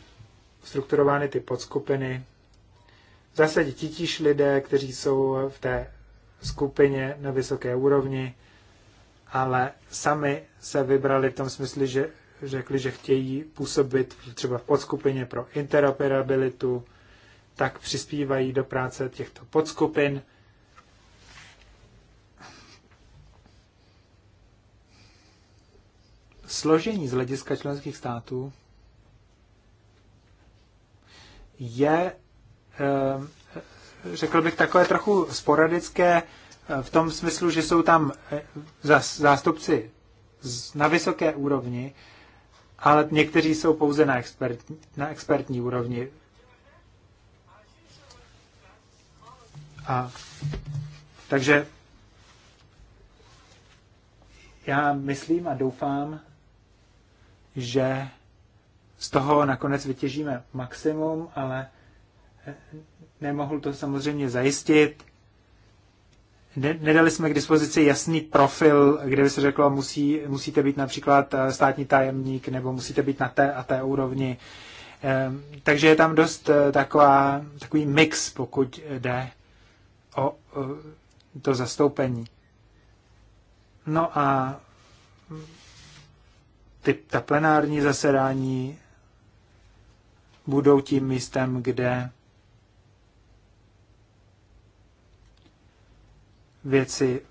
strukturovány ty podskupiny zase zásadě titíž lidé, kteří jsou v té skupině na vysoké úrovni, ale sami se vybrali v tom smyslu, že řekli, že chtějí působit třeba v podskupině pro interoperabilitu, tak přispívají do práce těchto podskupin. Složení z hlediska členských států je Eh, řekl bych, takové trochu sporadické eh, v tom smyslu, že jsou tam eh, zástupci na vysoké úrovni, ale někteří jsou pouze na, expert, na expertní úrovni. A, takže já myslím a doufám, že z toho nakonec vytěžíme maximum, ale nemohl to samozřejmě zajistit. Nedali jsme k dispozici jasný profil, kde by se řeklo, musí, musíte být například eh, státní tajemník nebo musíte být na té a té úrovni. Ehm, takže je tam dost eh, taková, takový mix, pokud jde o to zastoupení. No a ty, ta plenární zasedání budou tím místem, kde věci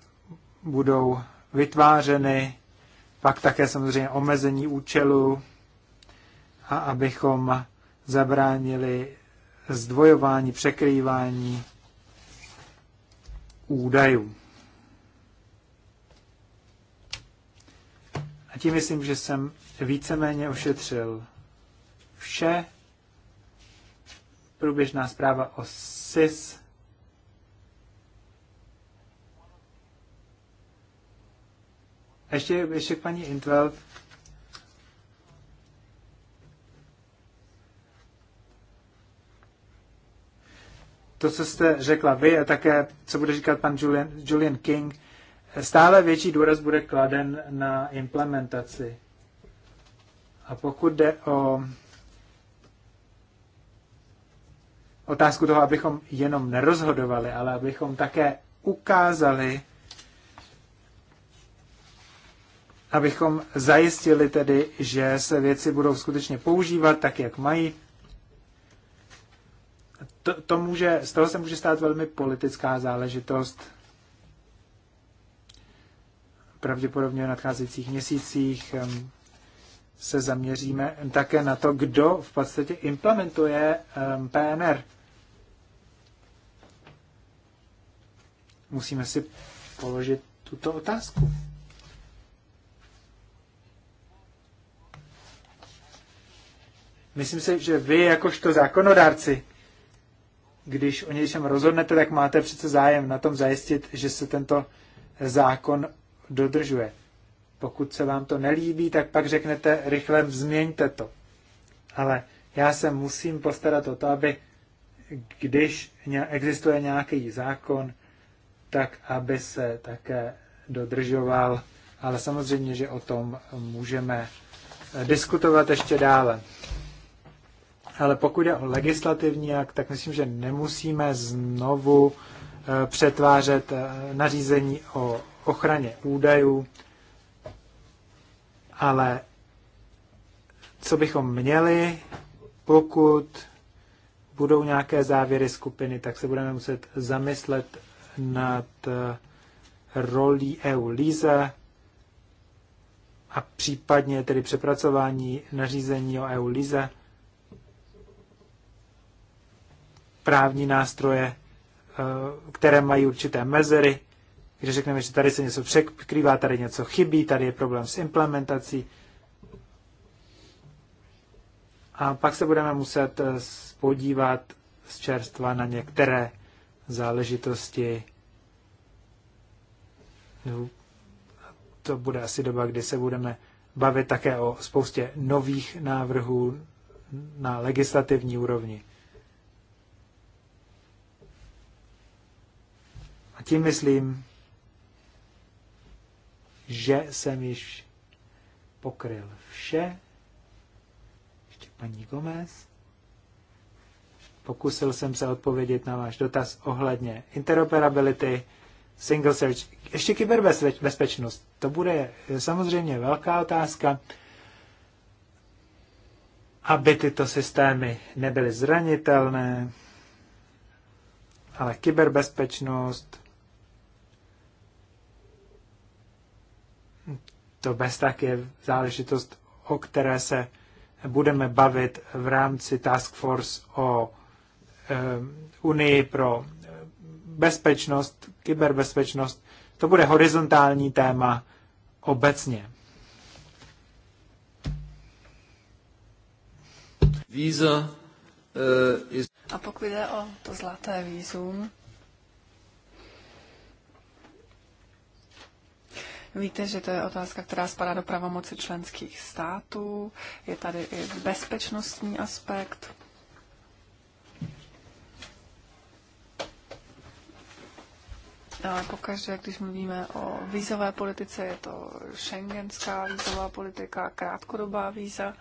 budou vytvářeny, pak také samozřejmě omezení účelu a abychom zabránili zdvojování, překrývání údajů. A tím myslím, že jsem víceméně ošetřil vše. Průběžná zpráva o SIS Ještě, ještě k paní Intveld. To, co jste řekla vy a také, co bude říkat pan Julian, Julian King, stále větší důraz bude kladen na implementaci. A pokud jde o otázku toho, abychom jenom nerozhodovali, ale abychom také ukázali, abychom zajistili tedy, že se věci budou skutečně používat tak, jak mají. To, to může, z toho se může stát velmi politická záležitost. Pravděpodobně v nadcházejících měsících se zaměříme také na to, kdo v podstatě implementuje PNR. Musíme si položit tuto otázku. Myslím si, že vy jakožto zákonodárci, když o něčem rozhodnete, tak máte přece zájem na tom zajistit, že se tento zákon dodržuje. Pokud se vám to nelíbí, tak pak řeknete rychle změňte to. Ale já se musím postarat o to, aby když existuje nějaký zákon, tak aby se také dodržoval. Ale samozřejmě, že o tom můžeme eh, diskutovat ještě dále. Ale pokud je o legislativní akt, tak myslím, že nemusíme znovu eh, přetvářet eh, nařízení o ochraně údajů, ale co bychom měli, pokud budou nějaké závěry skupiny, tak se budeme muset zamyslet nad eh, rolí EU Líze a případně tedy přepracování nařízení o EU Líze právní nástroje, eh, které mají určité mezery, kde řekneme, že tady se něco překrývá, tady něco chybí, tady je problém s implementací. A pak se budeme muset eh, podívat z čerstva na některé záležitosti. To bude asi doba, kdy se budeme bavit také o spoustě nových návrhů na legislativní úrovni. tím myslím, že jsem již pokryl vše. Ještě paní Gomez. Pokusil jsem se odpovědět na váš dotaz ohledně interoperability, single search, ještě kyberbezpečnost. To bude samozřejmě velká otázka, aby tyto systémy nebyly zranitelné, ale kyberbezpečnost, to bez tak je záležitost, o které se budeme bavit v rámci Task Force o e, Unii pro bezpečnost, kyberbezpečnost. To bude horizontální téma obecně. Víza, is... Eh, A pokud jde o to zlaté výzum, Víte, že to je otázka, která spadá do pravomoci členských států. Je tady i bezpečnostní aspekt. Ale pokaždé, když mluvíme o vízové politice, je to šengenská vízová politika, krátkodobá víza.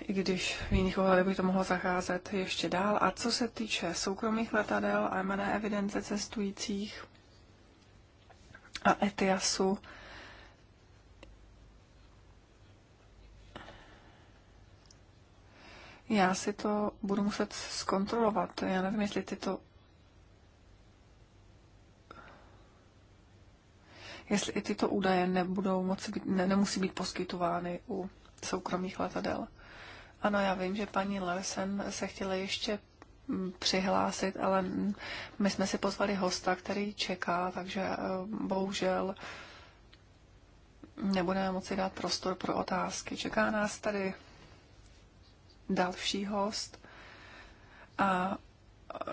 I když v jiných ohledech by to mohlo zacházet ještě dál. A co se týče soukromých letadel a jmené evidence cestujících, a ETIASu. Já si to budu muset zkontrolovat. Já nevím, jestli to jestli i tyto údaje nebudou moci být, ne, nemusí být poskytovány u soukromých letadel. Ano, já vím, že paní Larsen se chtěla ještě přihlásit, ale my jsme si pozvali hosta, který čeká, takže eh, bohužel nebudeme moci dát prostor pro otázky. Čeká nás tady další host a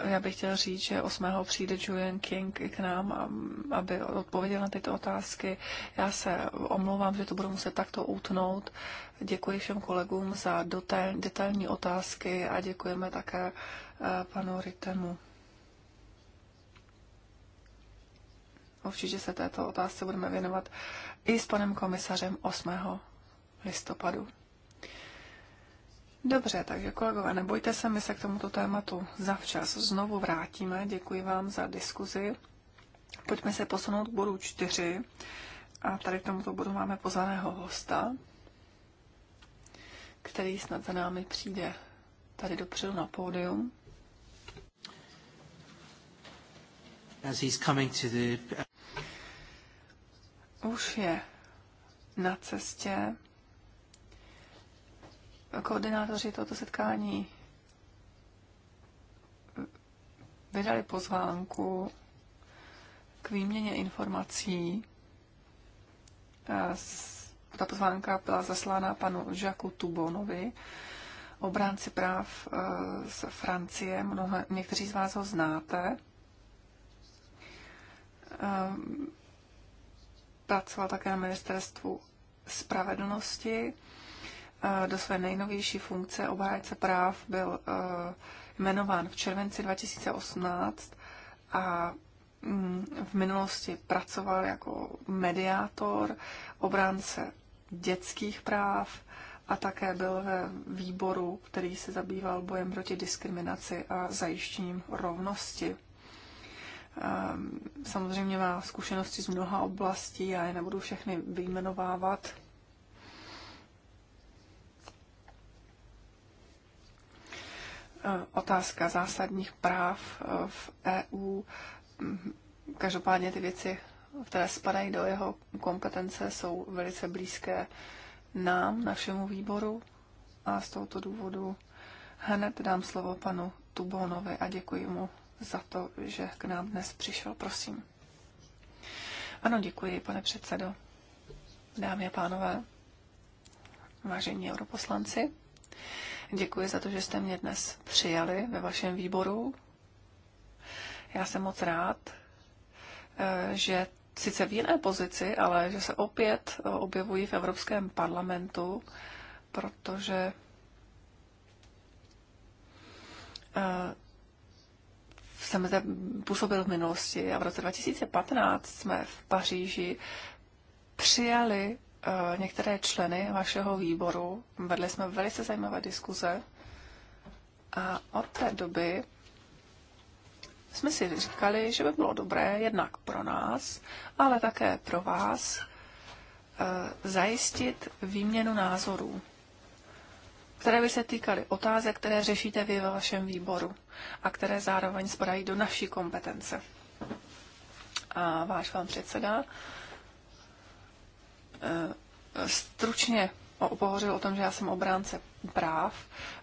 já bych chtěl říct, že 8. přijde Julian King k nám, aby odpověděl na tyto otázky. Já se omlouvám, že to budu muset takto útnout. Děkuji všem kolegům za detailní otázky a děkujeme také Eh, panu Ritemu. Určitě se této otázce budeme věnovat i s panem komisařem 8. listopadu. Dobře, takže kolegové, nebojte se, my se k tomuto tématu zavčas znovu vrátíme. Děkuji vám za diskuzi. Pojďme se posunout k bodu 4. A tady k tomuto bodu máme pozvaného hosta, který snad za námi přijde tady dopředu na pódium. as he's coming to the... Už je na cestě. Koordinátoři tohoto setkání vydali pozvánku k výměně informací. Ta pozvánka byla zaslána panu Žaku Tubonovi, obránci práv z Francie. Mnoho, někteří z vás ho znáte. Eh, pracoval také na ministerstvu spravedlnosti. Eh, do své nejnovější funkce obhájce práv byl eh, jmenován v červenci 2018 a mm, v minulosti pracoval jako mediátor, obránce dětských práv a také byl ve výboru, který se zabýval bojem proti diskriminaci a zajištěním rovnosti. Ehm, samozřejmě má zkušenosti z mnoha oblastí, já je nebudu všechny vyjmenovávat. Ehm, otázka zásadních práv ehm, v EU. Každopádně ty věci, které spadají do jeho kompetence, jsou velice blízké nám, našemu výboru. A z tohoto důvodu hned dám slovo panu Tubonovi a děkuji mu za to, že k nám dnes přišel. Prosím. Ano, děkuji, pane předsedo. Dámy a pánové, vážení europoslanci, děkuji za to, že jste mě dnes přijali ve vašem výboru. Já jsem moc rád, eh, že sice v jiné pozici, ale že se opět eh, objevují v Evropském parlamentu, protože eh, jsem zde působil v minulosti a v roce 2015 jsme v Paříži přijali eh, některé členy vašeho výboru. Vedli jsme velice zajímavé diskuze a od té doby jsme si říkali, že by bylo dobré jednak pro nás, ale také pro vás eh, zajistit výměnu názorů, které by se týkaly otázek, které řešíte vy ve vašem výboru a které zároveň spadají do naší kompetence. A váš vám předseda eh, stručně pohořil o tom, že já jsem obránce práv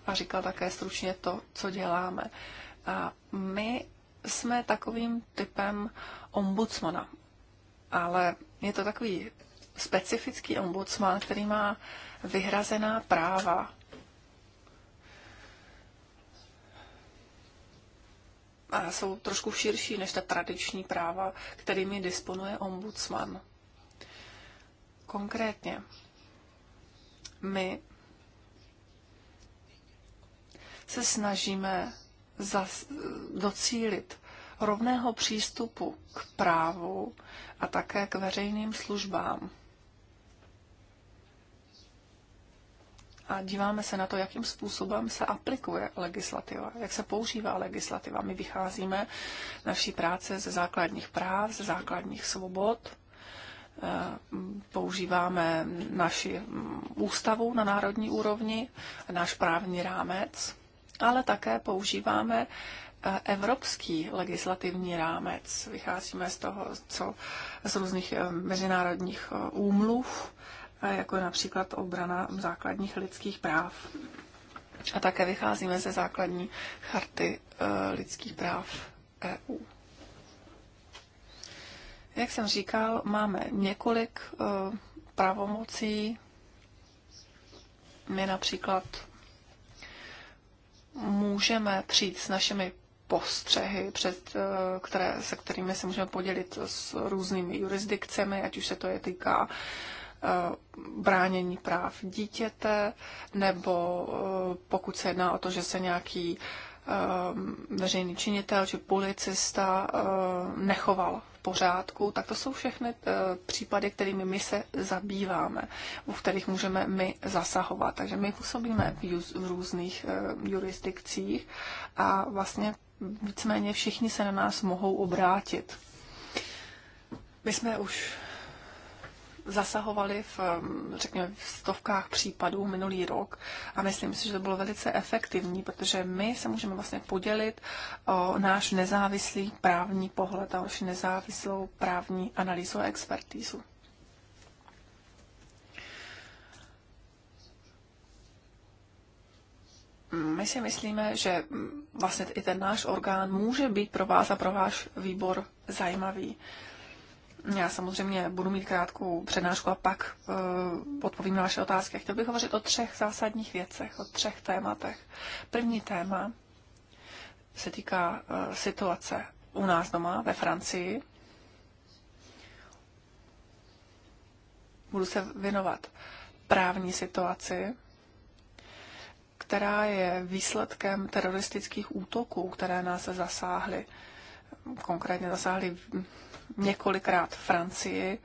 a říkal také stručně to, co děláme. A my jsme takovým typem ombudsmana, ale je to takový specifický ombudsman, který má vyhrazená práva a jsou trošku širší než ta tradiční práva, kterými disponuje ombudsman. Konkrétně, my se snažíme zas, docílit rovného přístupu k právu a také k veřejným službám. a díváme se na to, jakým způsobem se aplikuje legislativa, jak se používá legislativa. My vycházíme naší práce ze základních práv, ze základních svobod, eh, používáme naši mm, ústavu na národní úrovni, náš právní rámec, ale také používáme eh, evropský legislativní rámec. Vycházíme z toho, co z různých eh, mezinárodních úmluv jako například obrana základních lidských práv. A také vycházíme ze základní charty eh, lidských práv EU. Jak jsem říkal, máme několik eh, pravomocí. My například můžeme přijít s našimi postřehy, před, eh, které, se kterými se můžeme podělit s různými jurisdikcemi, ať už se to je týká Eh, bránění práv dítěte, nebo eh, pokud se jedná o to, že se nějaký eh, veřejný činitel či policista nechoval v pořádku, tak to jsou všechny případy, kterými my se zabýváme, u kterých můžeme my zasahovat. Takže my působíme v různých jurisdikcích a vlastně víceméně všichni se na nás mohou obrátit. My jsme už zasahovali v, ehm, řekněme, v stovkách případů minulý rok a myslím si, že to bylo velice efektivní, protože my se můžeme vlastně podělit o náš nezávislý právní pohled a naši nezávislou právní analýzu a expertízu. My si myslíme, že vlastně i ten náš orgán může být pro vás a pro váš výbor zajímavý. Uh, já samozřejmě budu mít krátkou přednášku a pak uh, odpovím na vaše otázky. Chtěl bych hovořit o třech zásadních věcech, o třech tématech. První téma se týká uh, situace u nás doma ve Francii. Budu se věnovat právní situaci, která je výsledkem teroristických útoků, které nás zasáhly. Uh, konkrétně zasáhly několikrát Francii,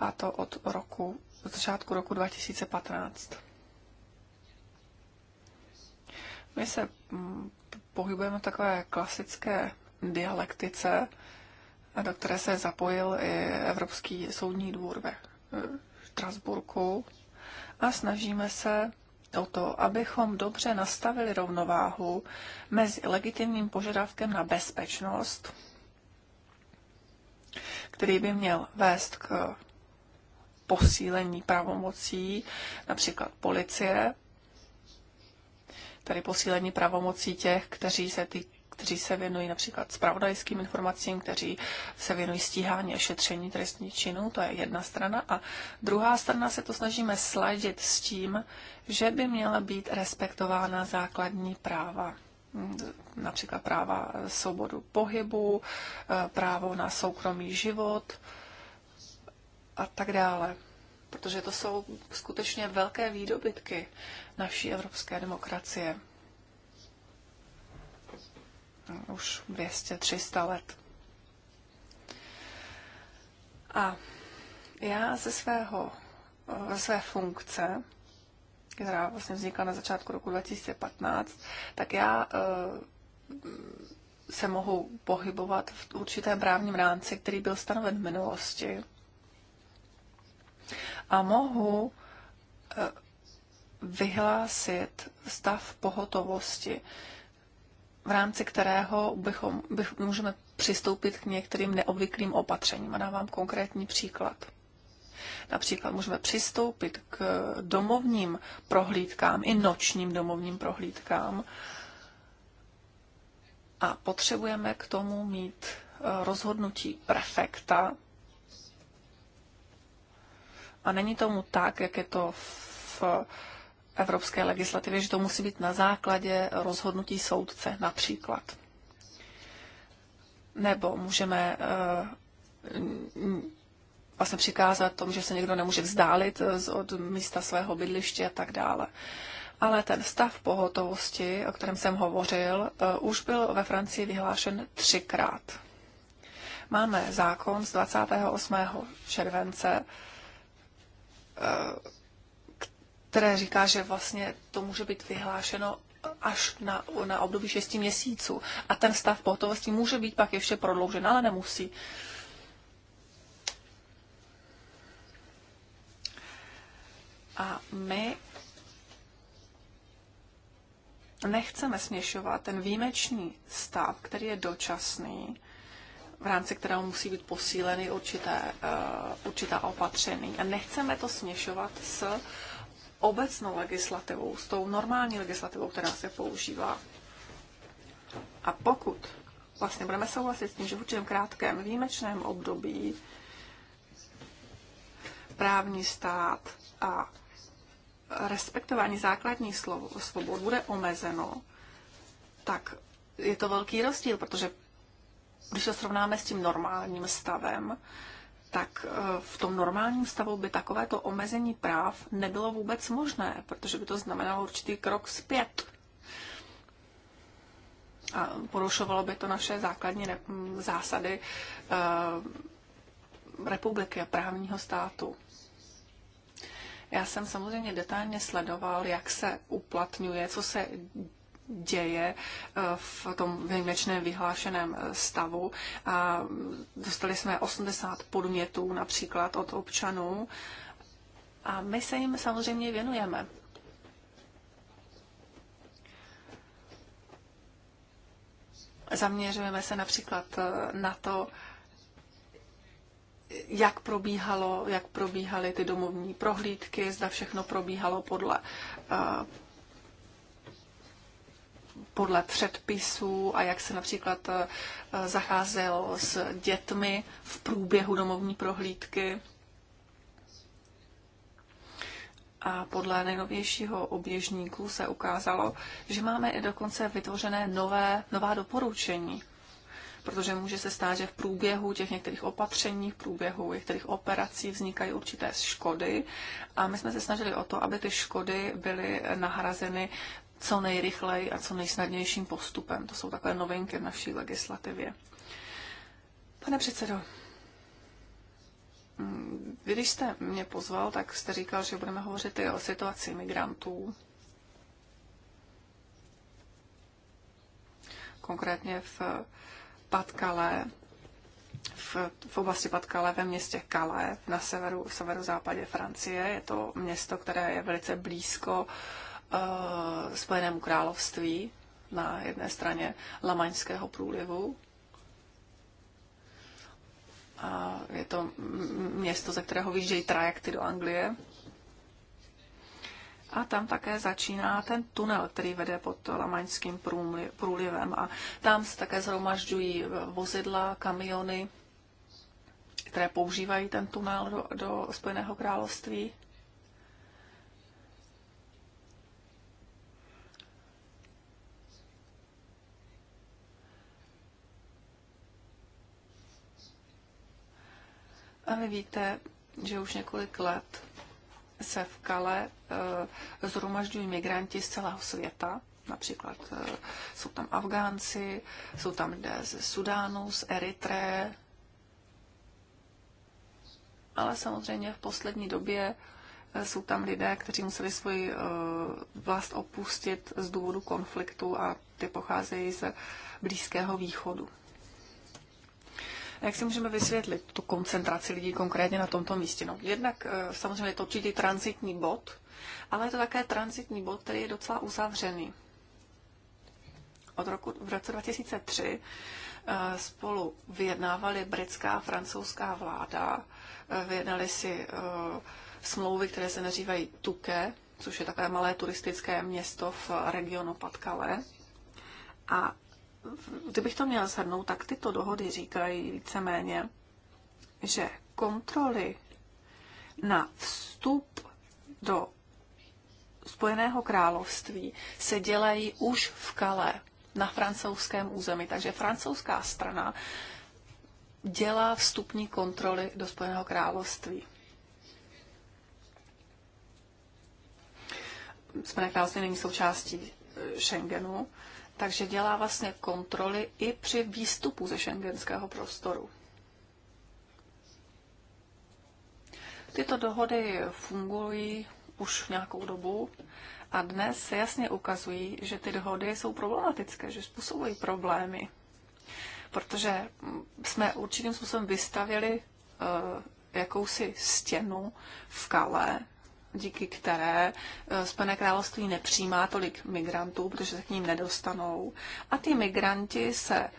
a to od roku, od začátku roku 2015. My se mm, pohybujeme v takové klasické dialektice, do které se zapojil i Evropský soudní dvůr ve Strasburku eh, a snažíme se o to, abychom dobře nastavili rovnováhu mezi legitimním požadavkem na bezpečnost který by měl vést k posílení pravomocí například policie, tedy posílení pravomocí těch, kteří se, ty, kteří se věnují například spravodajským informacím, kteří se věnují stíhání a šetření trestní činů, to je jedna strana. A druhá strana se to snažíme sladit s tím, že by měla být respektována základní práva. Mm, například práva eh, svobodu pohybu, eh, právo na soukromý život a tak dále. Protože to jsou skutečně velké výdobytky naší evropské demokracie. Mm, už 200-300 let. A já ze svého, eh, ze své funkce která vlastně vznikla na začátku roku 2015, tak já eh, se mohu pohybovat v určitém právním rámci, který byl stanoven v minulosti. A mohu eh, vyhlásit stav pohotovosti, v rámci kterého bychom, bych, můžeme přistoupit k některým neobvyklým opatřením. A dávám konkrétní příklad. Například můžeme přistoupit k domovním prohlídkám i nočním domovním prohlídkám a potřebujeme k tomu mít eh, rozhodnutí prefekta. A není tomu tak, jak je to v evropské legislativě, že to musí být na základě rozhodnutí soudce například. Nebo můžeme eh, vlastně přikázat tomu, že se někdo nemůže vzdálit eh, od místa svého bydliště a tak dále. Ale ten stav pohotovosti, o kterém jsem hovořil, eh, už byl ve Francii vyhlášen třikrát. Máme zákon z 28. července, eh, které říká, že vlastně to může být vyhlášeno až na, na období 6 měsíců. A ten stav pohotovosti může být pak ještě prodloužen, ale nemusí. Uh, A my nechceme směšovat ten výjimečný stav, který je dočasný, v rámci kterého musí být posíleny určité, eh, určitá opatření. A nechceme to směšovat s obecnou legislativou, s tou normální legislativou, která se používá. A pokud vlastně budeme souhlasit s tím, že v určitém krátkém výjimečném období právní stát a respektování základních slov, svobod bude omezeno, tak je to velký rozdíl, protože když to srovnáme s tím normálním stavem, tak e, v tom normálním stavu by takovéto omezení práv nebylo vůbec možné, protože by to znamenalo určitý krok zpět. A porušovalo by to naše základní zásady e, republiky a právního státu. Já jsem samozřejmě detailně sledoval, jak se uplatňuje, co se děje eh, v tom výjimečném vyhlášeném eh, stavu. A dostali jsme 80 podmětů například od občanů a my se jim samozřejmě věnujeme. Zaměřujeme se například eh, na to, jak, probíhalo, jak probíhaly ty domovní prohlídky, zda všechno probíhalo podle, eh, podle předpisů a jak se například eh, zacházel s dětmi v průběhu domovní prohlídky. A podle nejnovějšího oběžníku se ukázalo, že máme i dokonce vytvořené nové, nová doporučení protože může se stát, že v průběhu těch některých opatření, v průběhu některých operací vznikají určité škody a my jsme se snažili o to, aby ty škody byly nahrazeny co nejrychleji a co nejsnadnějším postupem. To jsou takové novinky v naší legislativě. Pane předsedo, vy, když jste mě pozval, tak jste říkal, že budeme hovořit i o situaci migrantů. Konkrétně v Patkale, v, v oblasti Patkale ve městě Calais na severu, v severozápadě Francie. Je to město, které je velice blízko uh, Spojenému království na jedné straně Lamaňského průlivu. A je to město, ze kterého vyjíždějí trajekty do Anglie a tam také začíná ten tunel, který vede pod Lamaňským průlivem. A tam se také zhromažďují eh, vozidla, kamiony, které používají ten tunel do, do Spojeného království. A vy víte, že už několik let se v Kale eh, zhromažďují migranti z celého světa. Například eh, jsou tam Afgánci, jsou tam lidé ze Sudánu, z Eritré. Ale samozřejmě v poslední době eh, jsou tam lidé, kteří museli svoji vlast opustit z důvodu konfliktu a ty pocházejí z Blízkého východu jak si můžeme vysvětlit tu koncentraci lidí konkrétně na tomto místě? No, jednak eh, samozřejmě je to určitý transitní bod, ale je to také transitní bod, který je docela uzavřený. Od roku, v roce 2003 eh, spolu vyjednávali britská a francouzská vláda, eh, vyjednali si smlouvy, které se nazývají Tuke, což je takové malé turistické město v regionu Patkale. A kdybych to měl shrnout, tak tyto dohody říkají víceméně, že kontroly na vstup do Spojeného království se dělají už v Kale, na francouzském území. Takže francouzská strana dělá vstupní kontroly do Spojeného království. Spojené království není součástí Schengenu, takže dělá vlastně kontroly i při výstupu ze šengenského prostoru. Tyto dohody fungují už nějakou dobu a dnes se jasně ukazují, že ty dohody jsou problematické, že způsobují problémy. Protože jsme určitým způsobem vystavili eh, jakousi stěnu v Kale, díky které eh, Spojené království nepřijímá tolik migrantů, protože se k ním nedostanou. A ty migranti se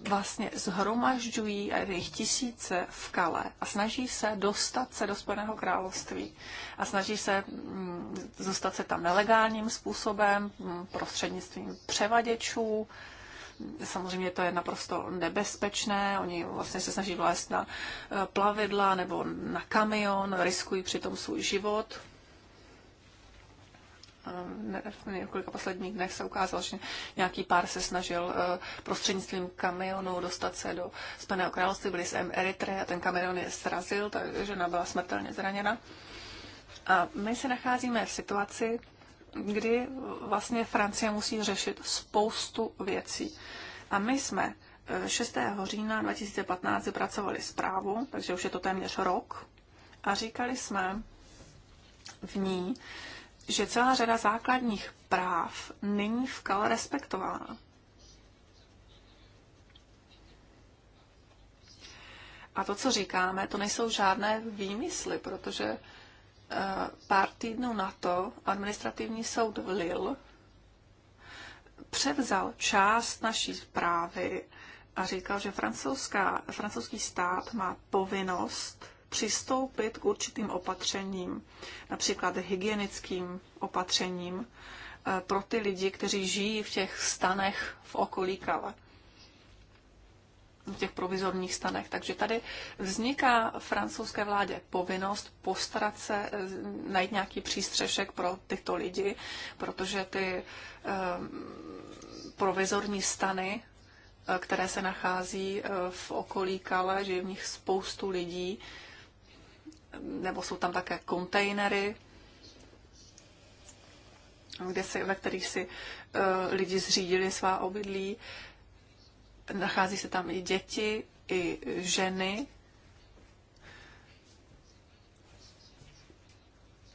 vlastně zhromažďují a jejich tisíce v Kale a snaží se dostat se do Spojeného království a snaží se dostat mm, se tam nelegálním způsobem, mm, prostřednictvím převaděčů, Samozřejmě to je naprosto nebezpečné, oni vlastně se snaží vlézt na eh, plavidla nebo na kamion, riskují přitom svůj život. V několika posledních dnech se ukázalo, že nějaký pár se snažil eh, prostřednictvím kamionu dostat se do Spojeného království, byli z Eritre a ten kamion je srazil, takže žena byla smrtelně zraněna. A my se nacházíme v situaci, kdy vlastně Francie musí řešit spoustu věcí. A my jsme 6. Eh, října 2015 vypracovali zprávu, takže už je to téměř rok, a říkali jsme v ní, že celá řada základních práv není v Kal respektována. A to, co říkáme, to nejsou žádné výmysly, protože pár týdnů na to administrativní soud v Lille převzal část naší zprávy a říkal, že francouzská, francouzský stát má povinnost přistoupit k určitým opatřením, například hygienickým opatřením eh, pro ty lidi, kteří žijí v těch stanech v okolí Kale v těch provizorních stanech. Takže tady vzniká francouzské vládě povinnost postarat se, eh, najít nějaký přístřešek pro tyto lidi, protože ty eh, provizorní stany, eh, které se nachází v okolí Kale, že je v nich spoustu lidí, nebo jsou tam také kontejnery, kde si, ve kterých si lidi zřídili svá obydlí nachází se tam i děti, i ženy.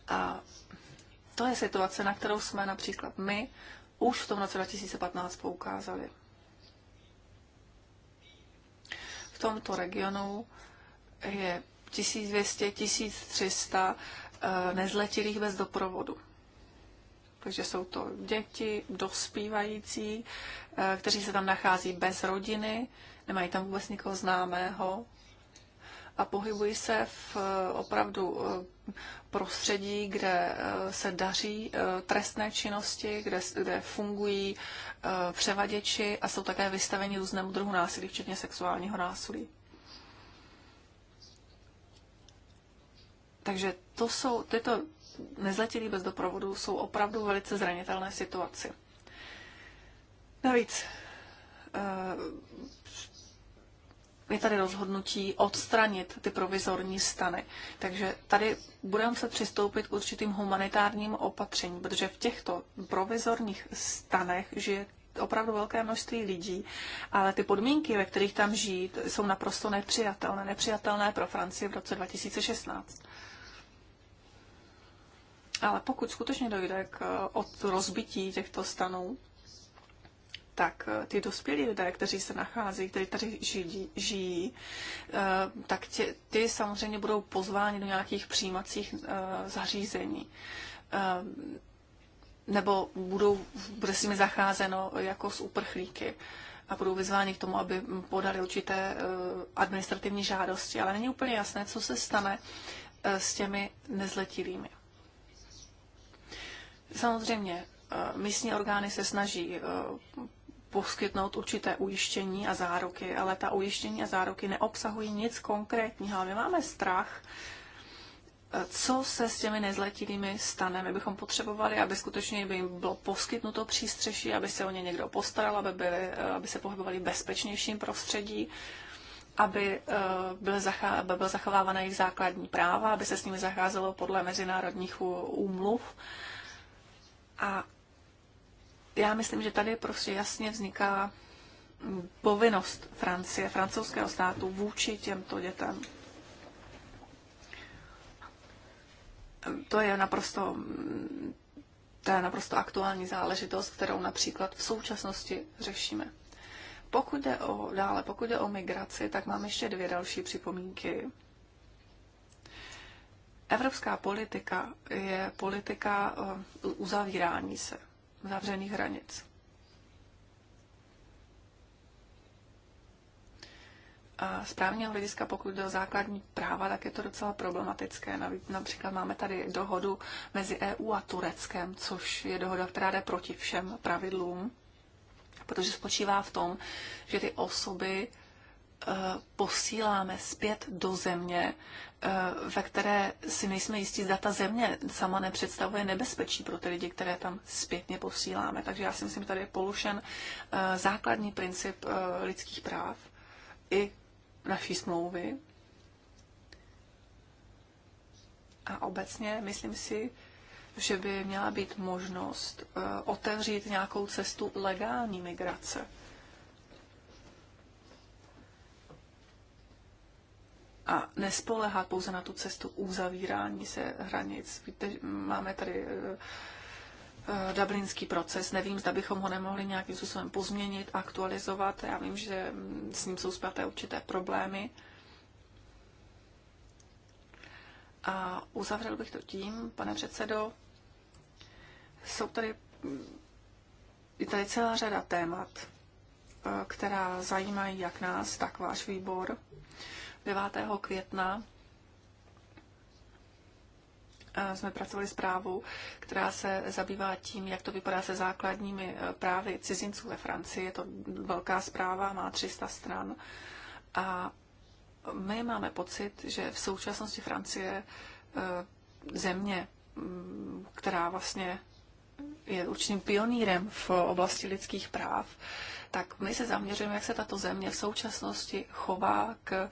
A to je situace, na kterou jsme například my už v tom roce 2015 poukázali. V tomto regionu je 1200-1300 eh, nezletilých bez doprovodu. Takže jsou to děti, dospívající, Eh, kteří se tam nachází bez rodiny, nemají tam vůbec nikoho známého a pohybují se v eh, opravdu eh, prostředí, kde se daří trestné činnosti, kde, kde fungují převaděči a jsou také vystaveni různému druhu násilí, včetně sexuálního násilí. Takže to jsou, tyto nezletilí bez doprovodu jsou opravdu velice zranitelné situaci. Navíc eh, je tady rozhodnutí odstranit ty provizorní stany. Takže tady budeme muset přistoupit k určitým humanitárním opatřením, protože v těchto provizorních stanech žije opravdu velké množství lidí, ale ty podmínky, ve kterých tam žijí, jsou naprosto nepřijatelné, nepřijatelné pro Francii v roce 2016. Ale pokud skutečně dojde k eh, od rozbití těchto stanů, tak eh, ty dospělí lidé, kteří se nachází, kteří tady žijí, žijí eh, tak tě, ty samozřejmě budou pozváni do nějakých přijímacích eh, zařízení. Nebo budou, bude s nimi zacházeno jako s uprchlíky a budou vyzváni k tomu, aby podali určité administrativní žádosti. Ale není úplně jasné, co se stane s těmi nezletilými. Samozřejmě, místní orgány se snaží poskytnout určité ujištění a záruky, ale ta ujištění a záruky neobsahují nic konkrétního. my máme strach, co se s těmi nezletilými stane. My bychom potřebovali, aby skutečně by jim bylo poskytnuto přístřeší, aby se o ně někdo postaral, aby, byli, aby se pohybovali v bezpečnějším prostředí, aby, eh, byl, zachá, aby byl zachovávána jejich základní práva, aby se s nimi zacházelo podle mezinárodních úmluv. A já myslím, že tady prostě jasně vzniká povinnost Francie, francouzského státu vůči těmto dětem. To je naprosto to je naprosto aktuální záležitost, kterou například v současnosti řešíme. Pokud jde o, dále, pokud jde o migraci, tak mám ještě dvě další připomínky. Evropská politika je politika eh, uzavírání se zavřených hranic. A z právního hlediska, pokud do základní práva, tak je to docela problematické. Například máme tady dohodu mezi EU a Tureckem, což je dohoda, která jde proti všem pravidlům, protože spočívá v tom, že ty osoby Eh, posíláme zpět do země, eh, ve které si nejsme jistí, zda ta země sama nepředstavuje nebezpečí pro ty lidi, které tam zpětně posíláme. Takže já si myslím, že tady je porušen eh, základní princip lidských práv i naší smlouvy. A obecně myslím si, že by měla být možnost otevřít nějakou cestu legální migrace a nespolehat pouze na tu cestu uzavírání se hranic. Víte, máme tady eh, eh, dublinský proces. Nevím, zda bychom ho nemohli nějakým způsobem pozměnit, aktualizovat. Já vím, že mm, s ním jsou zpěté určité problémy. A uzavřel bych to tím, pane předsedo, jsou tady, mm, je tady celá řada témat, eh, která zajímají jak nás, tak váš výbor 9. května eh, jsme pracovali zprávu, která se zabývá tím, jak to vypadá se základními eh, právy cizinců ve Francii. Je to velká zpráva, má 300 stran. A my máme pocit, že v současnosti Francie eh, země, mm, která vlastně je určitým pionýrem v oblasti lidských práv, tak my se zaměřujeme, jak se tato země v současnosti chová k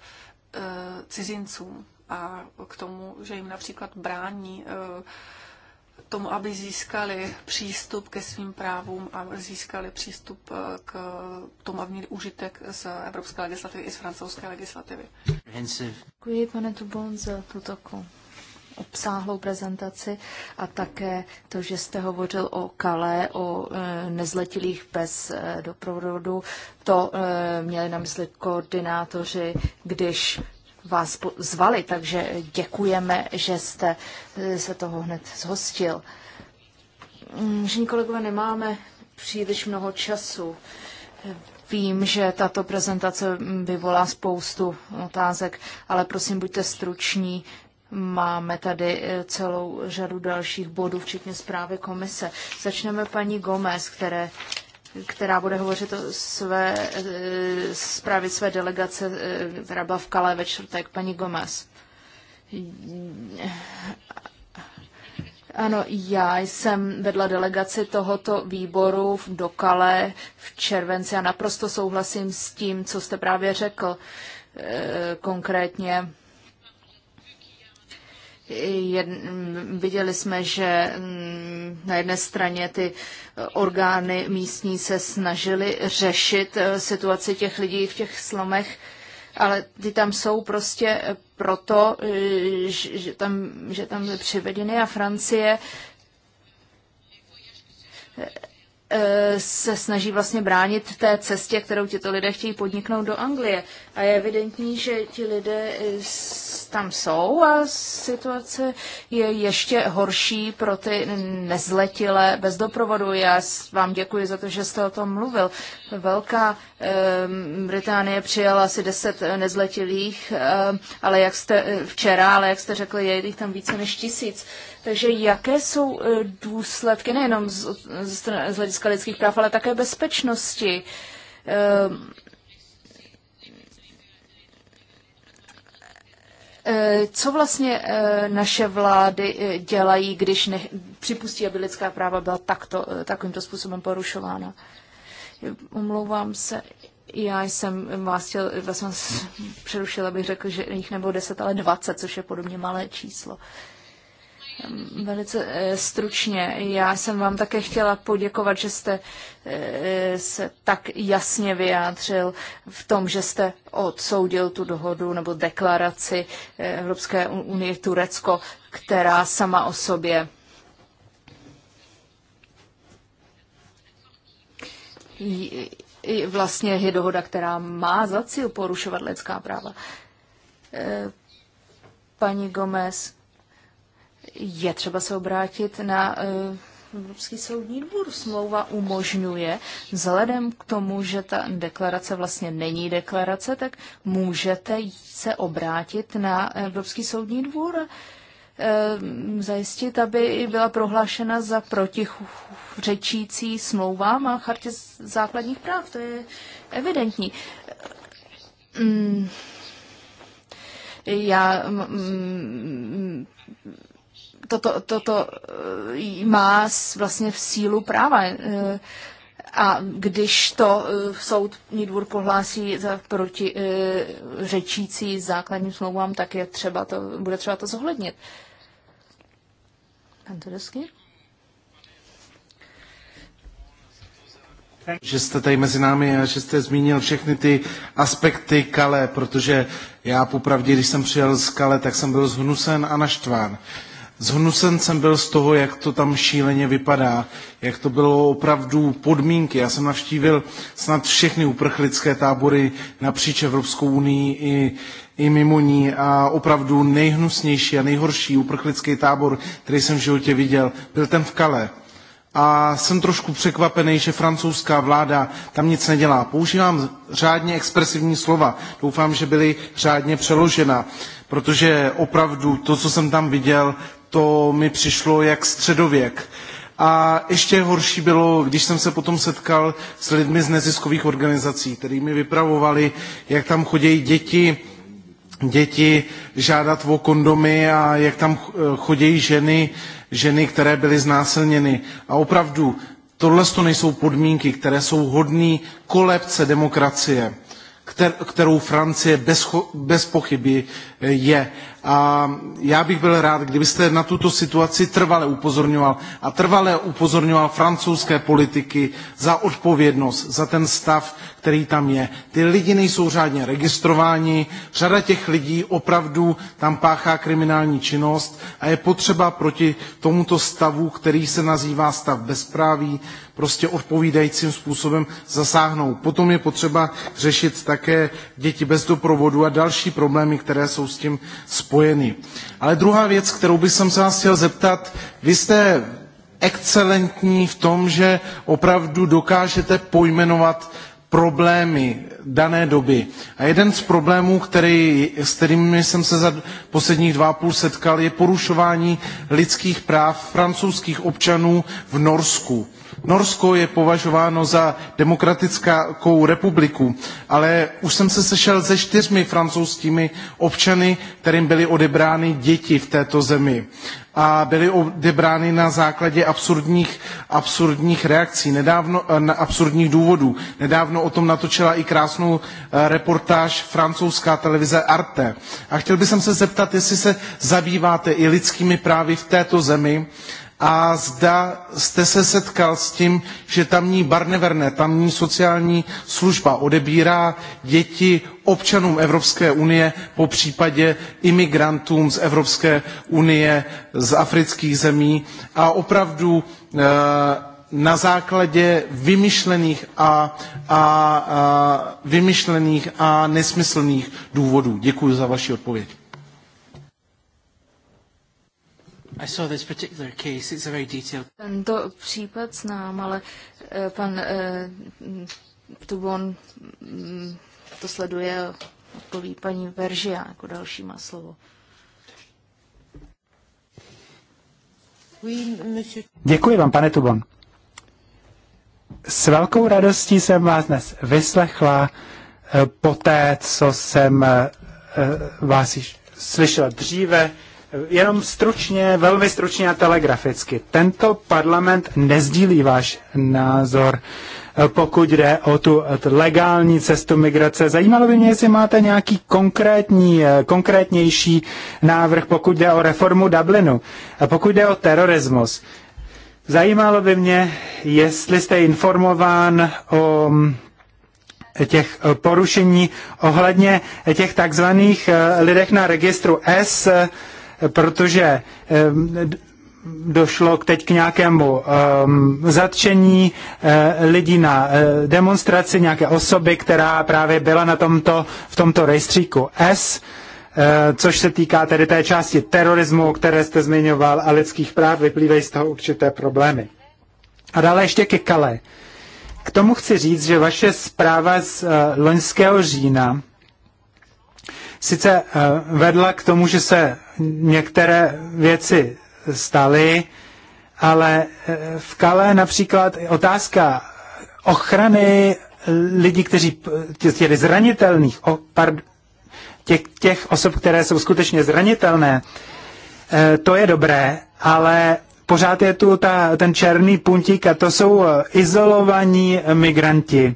Eh, cizincům a k tomu, že jim například brání eh, tomu, aby získali přístup ke svým právům a získali přístup eh, k tomu, aby měli užitek z evropské legislativy i z francouzské legislativy. Děkuji, pane Tubon, za tuto obsáhlou prezentaci a také to, že jste hovořil o Kale, o e, nezletilých bez e, doprovodu. To e, měli na mysli koordinátoři, když vás zvali, takže děkujeme, že jste se toho hned zhostil. Žení kolegové, nemáme příliš mnoho času. Vím, že tato prezentace vyvolá spoustu otázek, ale prosím, buďte struční, Máme tady eh, celou řadu dalších bodů, včetně zprávy komise. Začneme paní Gomez, které, která bude hovořit o své, eh, zprávě své delegace, eh, která byla v Kalé ve čtvrtek. Paní Gomez. Ano, já jsem vedla delegaci tohoto výboru v Dokale v červenci a naprosto souhlasím s tím, co jste právě řekl konkrétně Jed, viděli jsme, že mm, na jedné straně ty orgány místní se snažily řešit eh, situaci těch lidí v těch slomech, ale ty tam jsou prostě proto, eh, že tam, že tam je přivedeny a Francie Eh, se snaží vlastně bránit té cestě, kterou tito lidé chtějí podniknout do Anglie. A je evidentní, že ti lidé eh, tam jsou a situace je ještě horší pro ty nezletilé bez doprovodu. Já vám děkuji za to, že jste o tom mluvil. Velká ehm, Británie přijala asi deset eh, nezletilých, ehm, ale jak jste včera, ale jak jste řekli, je jich tam více než tisíc. Takže jaké jsou e, důsledky nejenom z, z hlediska lidských práv, ale také bezpečnosti? E, e, co vlastně naše vlády dělají, když ne, připustí, aby lidská práva byla takto, takovýmto způsobem porušována? Omlouvám se, já jsem vás chtěl, vás přerušila, bych řekl, že jich nebylo 10, ale 20, což je podobně malé číslo. Uh, Velice eh, stručně. Já jsem vám také chtěla poděkovat, že jste eh, se tak jasně vyjádřil v tom, že jste odsoudil tu dohodu nebo deklaraci eh, Evropské unie Turecko, která sama o sobě vlastně je dohoda, která má za cíl porušovat lidská práva. Paní Gomez, je třeba se obrátit na e, Evropský soudní dvůr. Smlouva umožňuje, vzhledem k tomu, že ta deklarace vlastně není deklarace, tak můžete se obrátit na Evropský soudní dvůr a e, zajistit, aby byla prohlášena za protiřečící smlouvám a chartě základních práv. To je evidentní. Mm. Já mm, mm, toto, to, eh, má vlastně v sílu práva. Eh, a když to eh, soudní dvůr pohlásí za proti řečící základním smlouvám, tak je třeba to, bude třeba to zohlednit. Pan že jste tady mezi námi a že jste zmínil všechny ty aspekty Kale, protože já popravdě, když jsem přijel z Kale, tak jsem byl zhnusen a naštván. Uh, zhnusen jsem byl z toho, jak to tam šíleně vypadá, jak to bylo opravdu podmínky. Já jsem navštívil snad všechny uprchlické tábory napříč Evropskou unii i, i mimo ní a opravdu nejhnusnější a nejhorší uprchlický tábor, který jsem v životě viděl, byl ten v Kale a jsem trošku překvapený, že francouzská vláda tam nic nedělá. Používám řádně expresivní slova, doufám, že byly řádně přeložena, protože opravdu to, co jsem tam viděl, to mi přišlo jak středověk. A ještě horší bylo, když jsem se potom setkal s lidmi z neziskových organizací, kteří mi vypravovali, jak tam chodějí děti, děti žádat o kondomy a jak tam eh, chodí ženy, ženy, které byly znásilněny. A opravdu, tohle to nejsou podmínky, které jsou hodné kolebce demokracie, kterou Francie bez, bez pochyby eh, je. A já bych byl rád, kdybyste na tuto situaci trvale upozorňoval a trvale upozorňoval francouzské politiky za odpovědnost, za ten stav, který tam je. Ty lidi nejsou řádně registrováni, řada těch lidí opravdu tam páchá kriminální činnost a je potřeba proti tomuto stavu, který se nazývá stav bezpráví, prostě odpovídajícím způsobem zasáhnout. Potom je potřeba řešit také děti bez doprovodu a další problémy, které jsou s tím spojené spojeny. Ale druhá věc, kterou bych se vás chtěl zeptat, vy jste excelentní v tom, že opravdu dokážete pojmenovat problémy dané doby. A jeden z problémů, který, s kterými jsem se za posledních dva půl setkal, je porušování lidských práv francouzských občanů v Norsku. Norsko je považováno za demokratickou republiku, ale už jsem se sešel se čtyřmi francouzskými občany, kterým byly odebrány děti v této zemi a byly odebrány na základě absurdních, absurdních reakcí, nedávno, eh, na absurdních důvodů. Nedávno o tom natočila i krásnou eh, reportáž francouzská televize Arte. A chtěl bych se zeptat, jestli se zabýváte i lidskými právy v této zemi a zda jste se setkal s tím, že tamní Barneverne, tamní sociální služba odebírá děti občanům Evropské unie, po případě imigrantům z Evropské unie, z afrických zemí a opravdu eh, na základě vymyšlených a, a, a, vymyšlených a nesmyslných důvodů. Děkuji za vaši odpověď. I saw this particular case. It's a very detailed. Tento případ znám, ale eh, pan eh, Tubon, mm, to sleduje, odpoví paní Veržia jako další má slovo. Děkuji vám, pane Tubon. S velkou radostí jsem vás dnes vyslechla eh, po té, co jsem vás již slyšela dříve Jenom stručně, velmi stručně a telegraficky. Tento parlament nezdílí váš názor, eh, pokud jde o tu eh, legální cestu migrace. Zajímalo by mě, jestli máte nějaký konkrétní, eh, konkrétnější návrh, pokud jde o reformu Dublinu, a pokud jde o terorismus. Zajímalo by mě, jestli jste informován o mm, těch porušení ohledně těch takzvaných lidech na registru S, protože došlo k teď k nějakému um, zatčení uh, lidí na uh, demonstraci, nějaké osoby, která právě byla na tomto, v tomto rejstříku S, uh, což se týká tedy té části terorismu, které jste zmiňoval, a lidských práv, vyplývají z toho určité problémy. A dále ještě ke Kale. K tomu chci říct, že vaše zpráva z uh, loňského října sice uh, vedla k tomu, že se některé věci staly, ale eh, v Kale například otázka ochrany eh, lidí, kteří eh, těch zranitelných, o, pardon, těch, těch osob, které jsou skutečně zranitelné, to je dobré, ale pořád je tu ta, ten černý puntík a to jsou izolovaní migranti,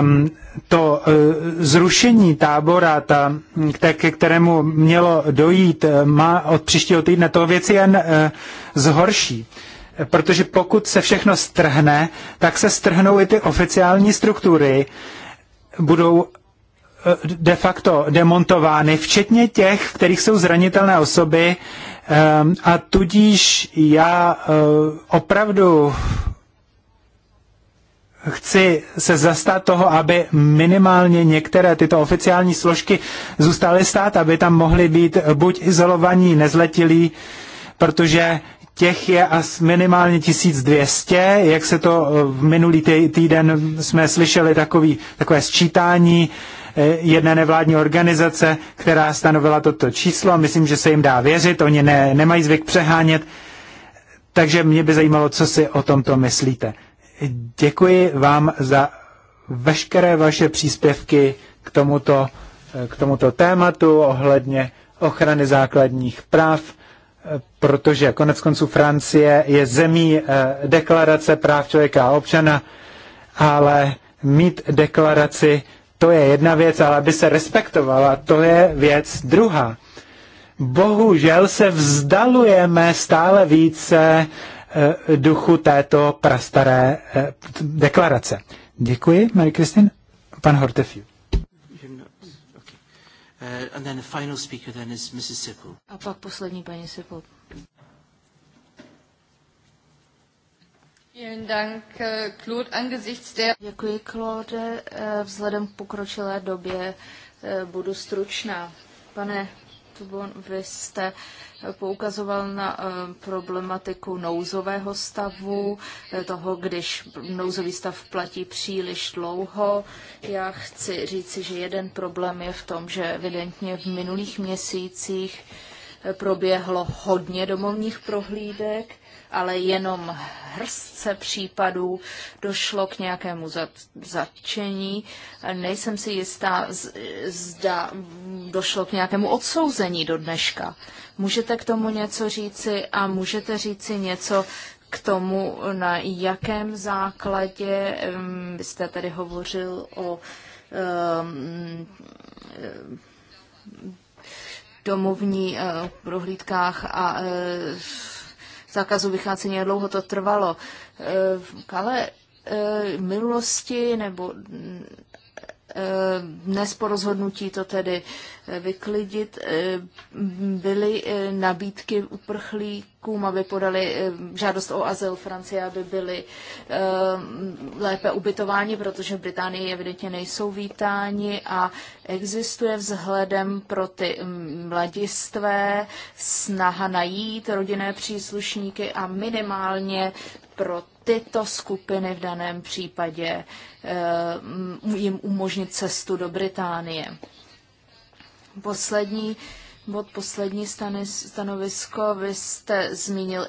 um, to uh, zrušení tábora, ta, k, ke kterému mělo dojít, eh, má od příštího týdne to věci jen uh, zhorší. Protože pokud se všechno strhne, tak se strhnou i ty oficiální struktury, budou de facto demontovány, včetně těch, v kterých jsou zranitelné osoby. Ehm, a tudíž já opravdu chci se zastat toho, aby minimálně některé tyto oficiální složky zůstaly stát, aby tam mohly být buď izolovaní nezletilí, protože těch je as minimálně 1200, jak se to eh, v minulý týden jsme slyšeli takový, takové sčítání eh, jedné nevládní organizace, která stanovila toto číslo myslím, že se jim dá věřit, oni ne, nemají zvyk přehánět, takže mě by zajímalo, co si o tomto myslíte. Děkuji vám za veškeré vaše příspěvky k tomuto, eh, k tomuto tématu ohledně ochrany základních práv, eh, protože konec konců Francie je zemí eh, deklarace práv člověka a občana, ale mít deklaraci, to je jedna věc, ale aby se respektovala, to je věc druhá. Bohužel se vzdalujeme stále více Eh, duchu této prastaré eh, deklarace. Děkuji, Mary Kristin. Pan Hortefiu. Eh, A pak poslední paní Sippel. Děkuji, Claude. Vzhledem k pokročilé době budu stručná. Pane Tubon, vy jste poukazoval na eh, problematiku nouzového stavu, eh, toho, když nouzový stav platí příliš dlouho. Já chci říci, že jeden problém je v tom, že evidentně v minulých měsících eh, proběhlo hodně domovních prohlídek ale jenom hrstce případů došlo k nějakému zatčení. Nejsem si jistá, zda došlo k nějakému odsouzení do dneška. Můžete k tomu něco říci a můžete říci něco k tomu, na jakém základě vy jste tady hovořil o domovní eh, prohlídkách a eh, zákazu vycházení, jak dlouho to trvalo. Eh, ale eh, v minulosti nebo eh, dnes po rozhodnutí to tedy vyklidit. Eh, byly eh, nabídky uprchlíkům, aby podali eh, žádost o azyl Francie, aby byli lépe ubytováni, protože v Británii evidentně nejsou vítáni a existuje vzhledem pro ty mladistvé snaha najít rodinné příslušníky a minimálně pro tyto skupiny v daném případě jim umožnit cestu do Británie poslední bod, poslední stanovisko. Vy jste zmínil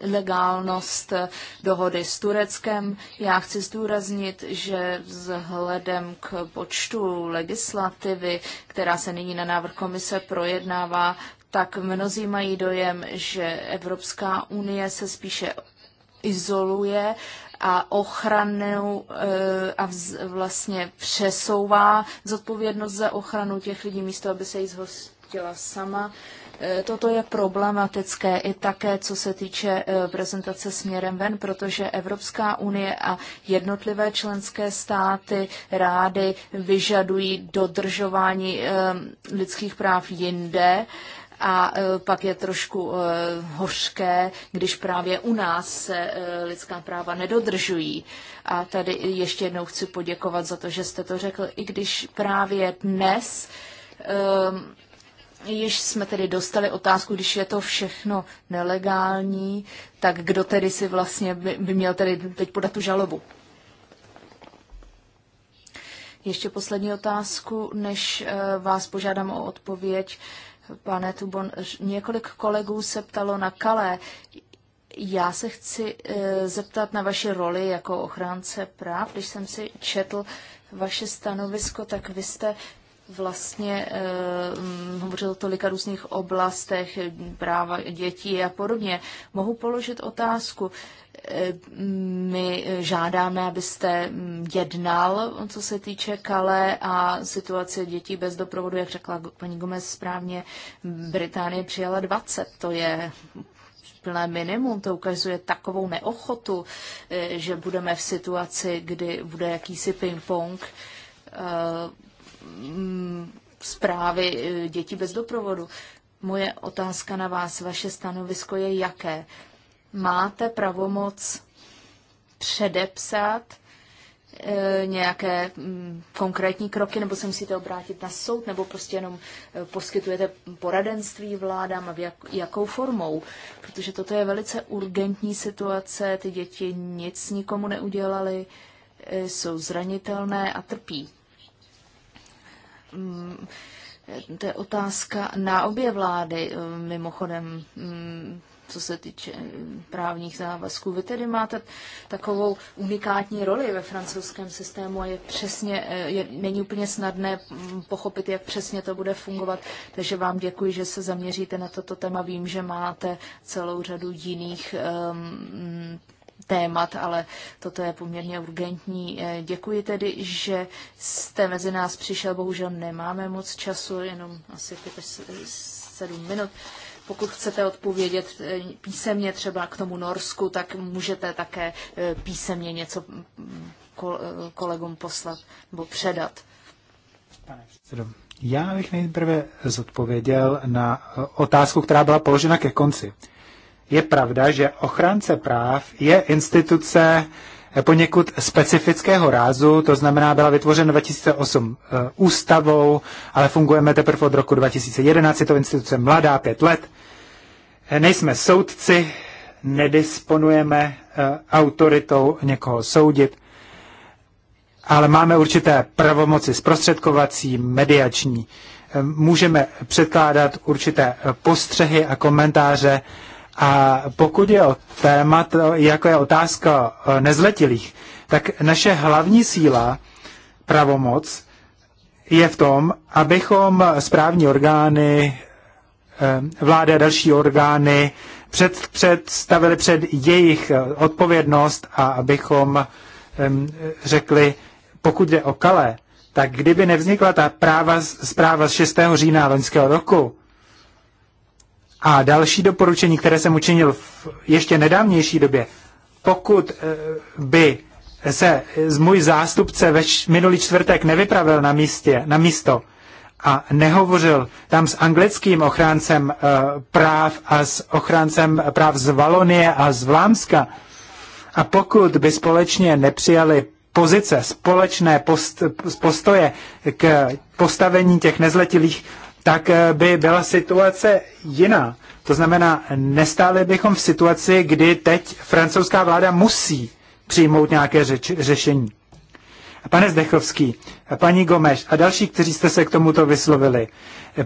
ilegálnost dohody s Tureckem. Já chci zdůraznit, že vzhledem k počtu legislativy, která se nyní na návrh komise projednává, tak mnozí mají dojem, že Evropská unie se spíše izoluje a ochranu eh, a vz, vlastně přesouvá zodpovědnost za ochranu těch lidí místo, aby se jí zhostila sama. Eh, toto je problematické i také, co se týče eh, prezentace směrem ven, protože Evropská unie a jednotlivé členské státy rády vyžadují dodržování lidských práv jinde a e, pak je trošku e, hořké, když právě u nás se e, lidská práva nedodržují. A tady ještě jednou chci poděkovat za to, že jste to řekl, i když právě dnes Již jsme tedy dostali otázku, když je to všechno nelegální, tak kdo tedy si vlastně by, by měl tedy teď podat tu žalobu? Ještě poslední otázku, než vás požádám o odpověď. Pane Tubon, několik kolegů se ptalo na Kalé. Já se chci eh, zeptat na vaši roli jako ochránce práv. Když jsem si četl vaše stanovisko, tak vy jste vlastně eh, hovořil o tolika různých oblastech, eh, práva dětí a podobně. Mohu položit otázku. Eh, my žádáme, abyste mm, jednal, co se týče Kale a situace dětí bez doprovodu, jak řekla paní Gomez správně, Británie přijala 20, to je plné minimum, to ukazuje takovou neochotu, eh, že budeme v situaci, kdy bude jakýsi ping-pong Mm, zprávy eh, dětí bez doprovodu. Moje otázka na vás, vaše stanovisko je jaké? Máte pravomoc předepsat e, nějaké m, mm, konkrétní kroky, nebo se musíte obrátit na soud, nebo prostě jenom e, poskytujete poradenství vládám a jak, jakou formou? Protože toto je velice urgentní situace, ty děti nic nikomu neudělali, e, jsou zranitelné a trpí. Mm, to je otázka na obě vlády, eh, mimochodem, mm, co se týče eh, právních závazků. Vy tedy máte takovou unikátní roli ve francouzském systému a je přesně, eh, je, není úplně snadné mm, pochopit, jak přesně to bude fungovat. Takže vám děkuji, že se zaměříte na toto téma. Vím, že máte celou řadu jiných um, témat, ale toto je poměrně urgentní. Eh, děkuji tedy, že jste mezi nás přišel. Bohužel nemáme moc času, jenom asi 7 minut. Pokud chcete odpovědět eh, písemně třeba k tomu Norsku, tak můžete také eh, písemně něco mm, kolegům poslat nebo předat. Pane předsedo, já bych nejprve zodpověděl na otázku, která byla položena ke konci je pravda, že ochránce práv je instituce poněkud specifického rázu, to znamená, byla vytvořena 2008 eh, ústavou, ale fungujeme teprve od roku 2011, je to instituce mladá, pět let. Eh, nejsme soudci, nedisponujeme eh, autoritou někoho soudit, ale máme určité pravomoci zprostředkovací, mediační. Můžeme předkládat určité postřehy a komentáře a pokud je o téma, jako je otázka eh, nezletilých, tak naše hlavní síla, pravomoc, je v tom, abychom správní orgány, eh, vláda, a další orgány před, představili před jejich eh, odpovědnost a abychom řekli, pokud jde o Kale, tak kdyby nevznikla ta práva, zpráva z 6. října loňského roku, a další doporučení, které jsem učinil v ještě nedávnější době, pokud eh, by se z můj zástupce ve minulý čtvrtek nevypravil na, místě, na místo a nehovořil tam s anglickým ochráncem eh, práv a s ochráncem práv z Valonie a z Vlámska, a pokud by společně nepřijali pozice, společné post, postoje k postavení těch nezletilých tak eh, by byla situace jiná. To znamená, nestáli bychom v situaci, kdy teď francouzská vláda musí přijmout nějaké řeč, řešení pane Zdechovský, paní Gomeš a další, kteří jste se k tomuto vyslovili.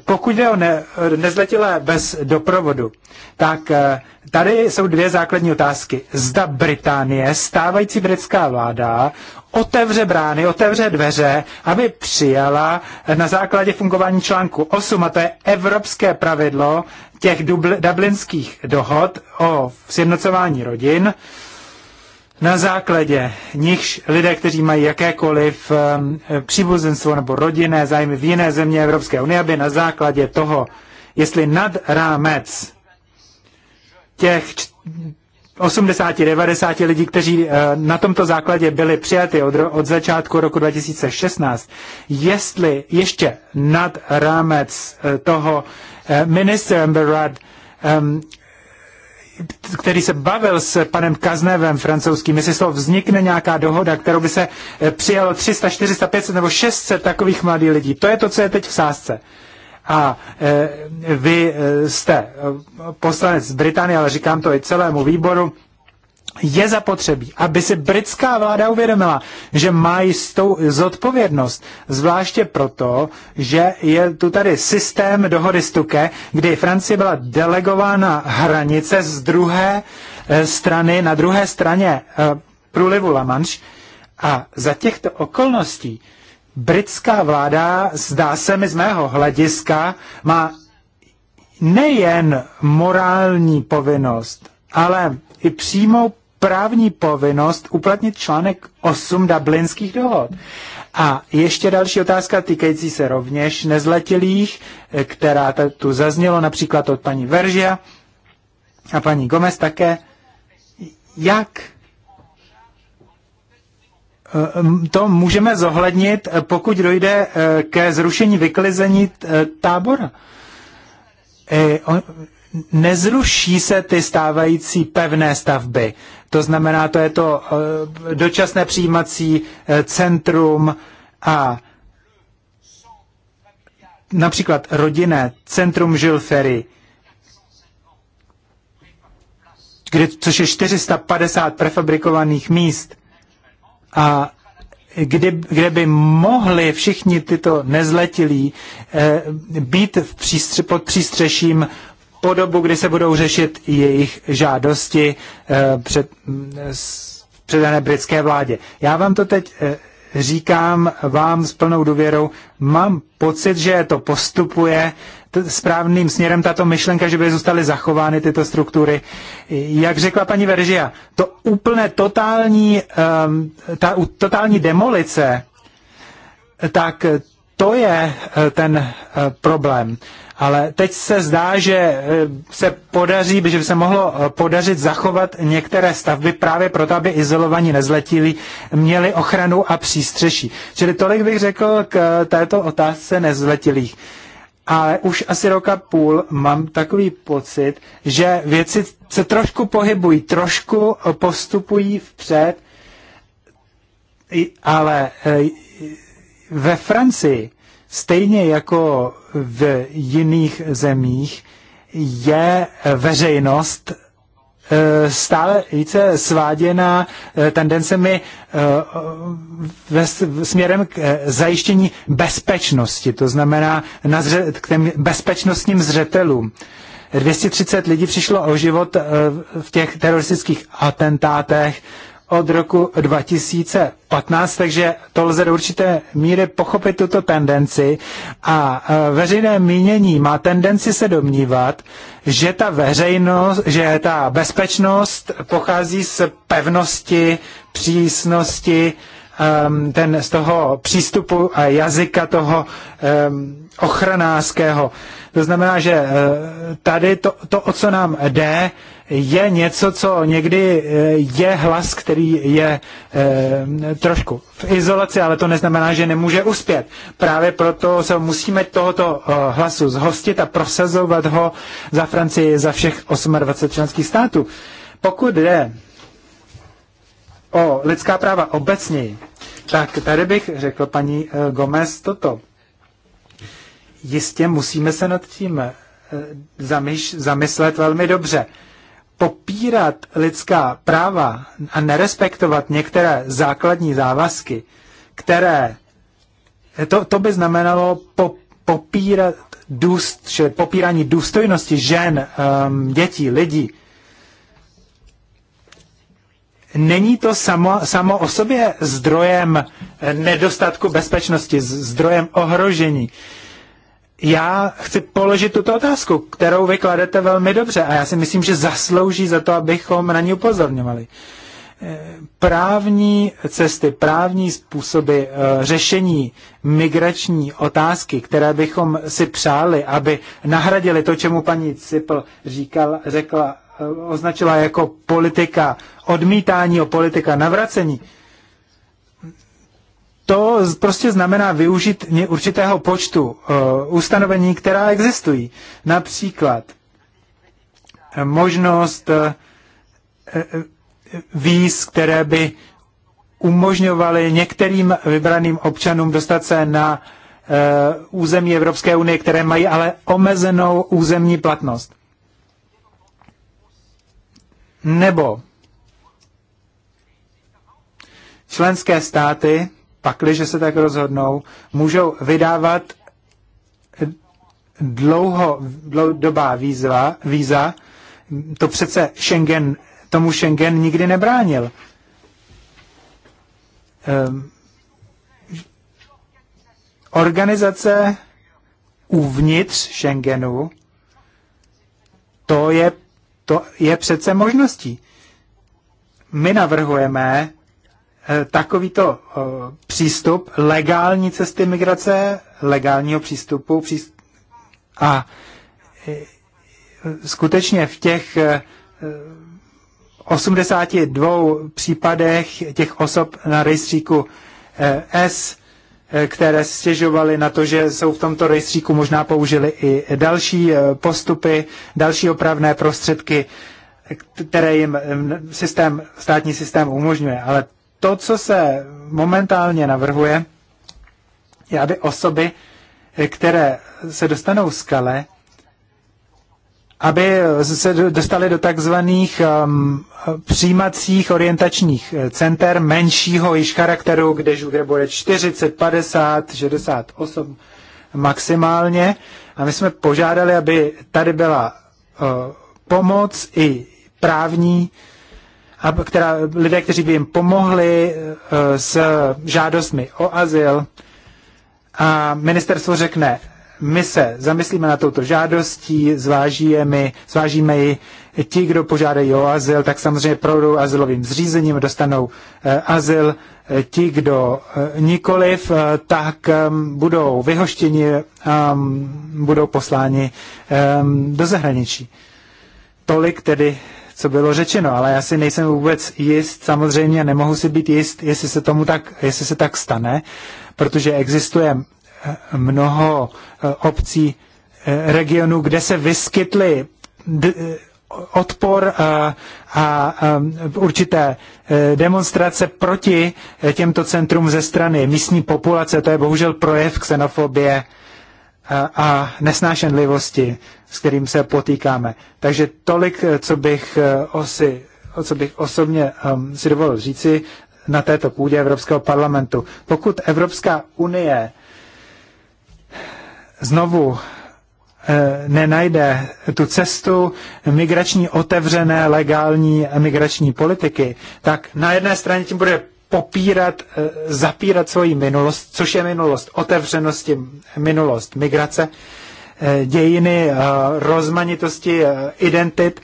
Pokud jde o ne, nezletilé bez doprovodu, tak eh, tady jsou dvě základní otázky. Zda Británie, stávající britská vláda, otevře brány, otevře dveře, aby přijala eh, na základě fungování článku 8, a to je evropské pravidlo těch dubl, dublinských dohod o sjednocování rodin, na základě nichž lidé, kteří mají jakékoliv eh, příbuzenstvo nebo rodinné zájmy v jiné země Evropské unie, aby na základě toho, jestli nad rámec těch 80-90 lidí, kteří eh, na tomto základě byli přijaty od, od začátku roku 2016, jestli ještě nad rámec eh, toho minister Amber Rudd ehm, který se bavil s panem Kaznevem francouzským, jestli z toho vznikne nějaká dohoda, kterou by se eh, přijalo 300, 400, 500 nebo 600 takových mladých lidí. To je to, co je teď v sázce. A e, vy eh, jste poslanec z Británie, ale říkám to i celému výboru, je zapotřebí, aby si britská vláda uvědomila, že má jistou zodpovědnost, zvláště proto, že je tu tady systém dohody Stuke, kdy Francie byla delegována hranice z druhé eh, strany, na druhé straně eh, průlivu La Manche a za těchto okolností britská vláda, zdá se mi z mého hlediska, má nejen morální povinnost, ale i přímou právní povinnost uplatnit článek 8 dublinských dohod. A ještě další otázka týkající se rovněž nezletilých, eh, která tu zaznělo například od paní Veržia a paní Gomez také. Jak eh, to můžeme zohlednit, eh, pokud dojde ke zrušení vyklizení tábora? nezruší se ty stávající pevné stavby. To znamená, to je to eh, dočasné přijímací eh, centrum a například rodinné centrum Žilfery, kde, což je 450 prefabrikovaných míst a kde, kde by mohli všichni tyto nezletilí eh, být v přístře, pod přístřeším po dobu, kdy se budou řešit jejich žádosti eh, před, předané britské vládě. Já vám to teď eh, říkám vám s plnou důvěrou, mám pocit, že to postupuje správným směrem tato myšlenka, že by zůstaly zachovány tyto struktury. Jak řekla paní Veržia, to úplně totální, um, ta totální demolice, tak to je eh, ten eh, problém. Ale teď se zdá, že eh, se podaří, že by se mohlo podařit zachovat některé stavby právě proto, aby izolovaní nezletili měli ochranu a přístřeší. Čili tolik bych řekl k této otázce nezletilých. Ale už asi roka půl mám takový pocit, že věci se trošku pohybují, trošku postupují vpřed, ale ve Francii, stejně jako v jiných zemích, je veřejnost eh, stále více sváděna eh, tendencemi eh, ve směrem k zajištění bezpečnosti, to znamená na zře- k těm bezpečnostním zřetelům. 230 lidí přišlo o život v těch teroristických atentátech od roku 2015, takže to lze do určité míry pochopit tuto tendenci a e, veřejné mínění má tendenci se domnívat, že ta veřejnost, že ta bezpečnost pochází z pevnosti, přísnosti, ten z toho přístupu a jazyka toho ochranářského. To znamená, že e, tady to, to, o co nám jde, je něco, co někdy eh, je hlas, který je e, trošku v izolaci, ale to neznamená, že nemůže uspět. Právě proto se musíme tohoto eh, hlasu zhostit a prosazovat ho za Francii, za všech 28 členských států. Pokud jde o lidská práva obecněji, tak tady bych řekl paní Gomez toto. Jistě musíme se nad tím zamyslet velmi dobře popírat lidská práva a nerespektovat některé základní závazky, které to, to by znamenalo po, popírat důst, že popírání důstojnosti žen, um, dětí, lidí. Není to samo, samo o sobě zdrojem nedostatku bezpečnosti, zdrojem ohrožení. Uh, já chci položit tuto otázku, kterou vy kladete velmi dobře a já si myslím, že zaslouží za to, abychom na ní upozorňovali. Eh, právní cesty, právní způsoby eh, řešení migrační otázky, které bychom si přáli, aby nahradili to, čemu paní Cipl říkal, řekla, eh, označila jako politika odmítání o politika navracení, to prostě znamená využít určitého počtu uh, ustanovení, která existují. Například eh, možnost uh, víz, které by umožňovaly některým vybraným občanům dostat se na uh, území Evropské unie, které mají ale omezenou územní platnost. Nebo členské státy pakliže se tak rozhodnou, můžou vydávat dlouho, dlouhodobá víza, víza, to přece Schengen, tomu Schengen nikdy nebránil. Um, organizace uvnitř Schengenu, to je, to je přece možností. My navrhujeme Eh, takovýto eh, přístup legální cesty migrace, legálního přístupu a eh, skutečně v těch 82 případech těch osob na rejstříku S, které stěžovaly na to, že jsou v tomto rejstříku, možná použili i další postupy, další opravné prostředky, které jim systém, státní systém umožňuje. Ale to, co se momentálně navrhuje, je, aby osoby, které se dostanou z Kale, aby se dostali do takzvaných um, přijímacích orientačních eh, center menšího již charakteru, kde, kde bude 40, 50, 60 osob maximálně. A my jsme požádali, aby tady byla uh, pomoc i právní která, lidé, kteří by jim pomohli eh, s žádostmi o azyl. A ministerstvo řekne, my se zamyslíme na touto žádostí, zvážíme, zvážíme ji, ti, kdo požádají o azyl, tak samozřejmě projdou azylovým zřízením, dostanou eh, azyl, eh, ti, kdo nikoliv, tak ehm, budou vyhoštěni, ehm, budou posláni ehm, do zahraničí. Tolik tedy co bylo řečeno, ale já si nejsem vůbec jist, samozřejmě nemohu si být jist, jestli se tomu tak, jestli se tak stane, protože existuje eh, mnoho eh, obcí, eh, regionů, kde se vyskytly odpor a, a, a určité demonstrace proti těmto centrum ze strany místní populace. To je bohužel projev xenofobie a nesnášenlivosti, s kterým se potýkáme. Takže tolik, eh, co bych, eh, osi, co bych osobně um, si dovolil říci na této půdě Evropského parlamentu. Pokud Evropská unie znovu eh, nenajde tu cestu migrační otevřené legální migrační politiky, tak na jedné straně tím bude popírat, eh, zapírat svoji minulost, což je minulost otevřenosti, minulost migrace, eh, dějiny, eh, rozmanitosti, identit.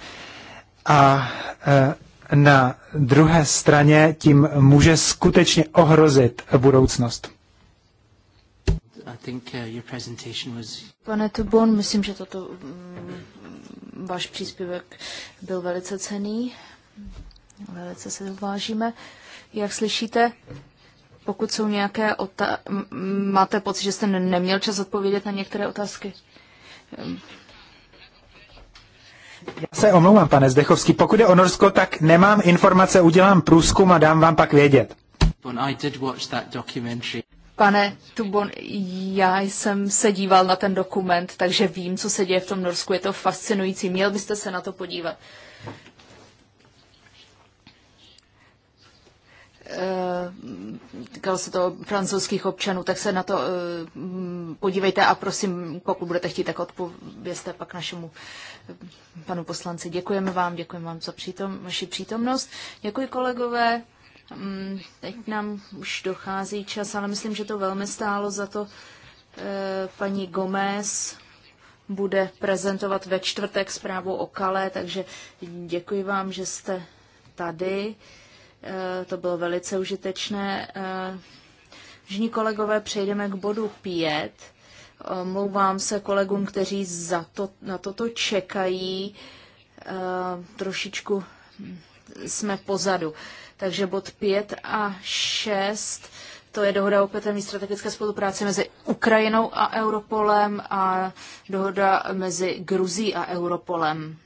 A na druhé straně tím může skutečně ohrozit budoucnost. Uh, Pane Tubon, myslím, že toto mm, váš příspěvek byl velice cený. Velice se vážíme. Jak slyšíte, pokud jsou nějaké otázky, máte pocit, že jste neměl čas odpovědět na některé otázky? Já se omlouvám, pane Zdechovský. Pokud je o Norsko, tak nemám informace, udělám průzkum a dám vám pak vědět. Pane Tubon, já jsem se díval na ten dokument, takže vím, co se děje v tom Norsku. Je to fascinující. Měl byste se na to podívat. Eh, týkalo se to francouzských občanů, tak se na to eh, podívejte a prosím, pokud budete chtít, tak odpovězte pak našemu eh, panu poslanci. Děkujeme vám, děkujeme vám za přítom, vaši přítomnost. Děkuji kolegové. Mm, teď nám už dochází čas, ale myslím, že to velmi stálo za to. Paní Gomez bude prezentovat ve čtvrtek zprávu o Kale, takže děkuji vám, že jste tady. Eh, to bylo velice užitečné. Eh, Žní kolegové, přejdeme k bodu 5. Mluvám se kolegům, kteří za to, na toto čekají. Eh, trošičku jsme pozadu. Takže bod 5 a 6, to je dohoda o petelní strategické spolupráci mezi Ukrajinou a Europolem a dohoda mezi Gruzí a Europolem.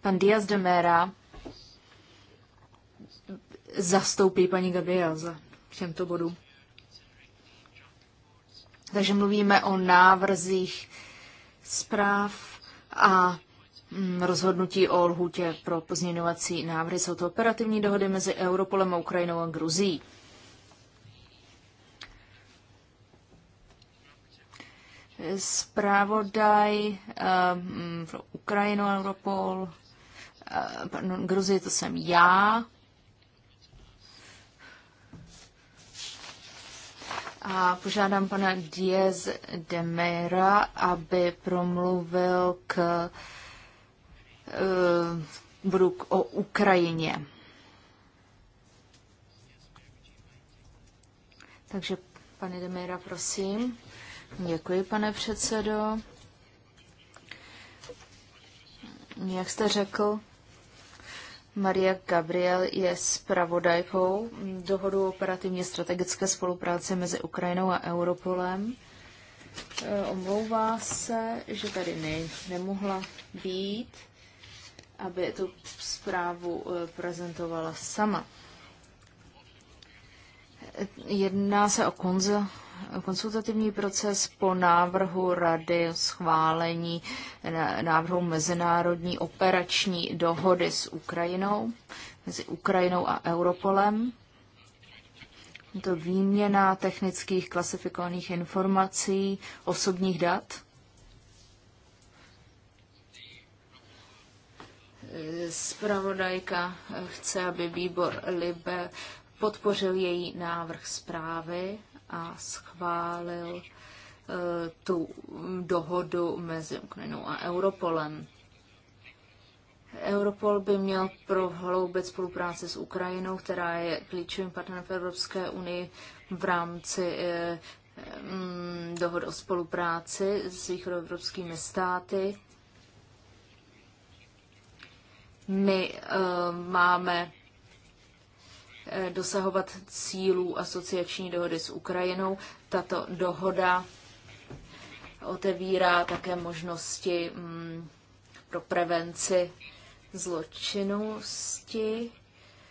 Pan Diaz de Mera zastoupí paní Gabriel za těmto bodům. Takže mluvíme o návrzích zpráv a mm, rozhodnutí o lhůtě pro pozměňovací návrhy. Jsou to operativní dohody mezi Europolem a Ukrajinou a Gruzí. Zprávodaj um, eh, mm, Ukrajinu Europol, uh, pardon, Gruzii to jsem já, A požádám pana Diez de Meira, aby promluvil k, e, budu k o Ukrajině. Takže, pane de Meira, prosím. Děkuji, pane předsedo. Jak jste řekl, Maria Gabriel je zpravodajkou dohodu o operativně strategické spolupráci mezi Ukrajinou a Europolem. E, omlouvá se, že tady ne, nemohla být, aby tu zprávu e, prezentovala sama. E, jedná se o konzul, konsultativní proces po návrhu Rady schválení návrhu mezinárodní operační dohody s Ukrajinou, mezi Ukrajinou a Europolem. Je to výměna technických klasifikovaných informací, osobních dat. Spravodajka chce, aby výbor Libe podpořil její návrh zprávy a schválil eh, tu dohodu mezi Ukrajinou a Europolem. Europol by měl prohloubit spolupráci s Ukrajinou, která je klíčovým partnerem v Evropské unii v rámci eh, mm, dohod o spolupráci s východoevropskými státy. My eh, máme Eh, dosahovat cílů asociační dohody s Ukrajinou. Tato dohoda otevírá také možnosti mm, pro prevenci zločinnosti,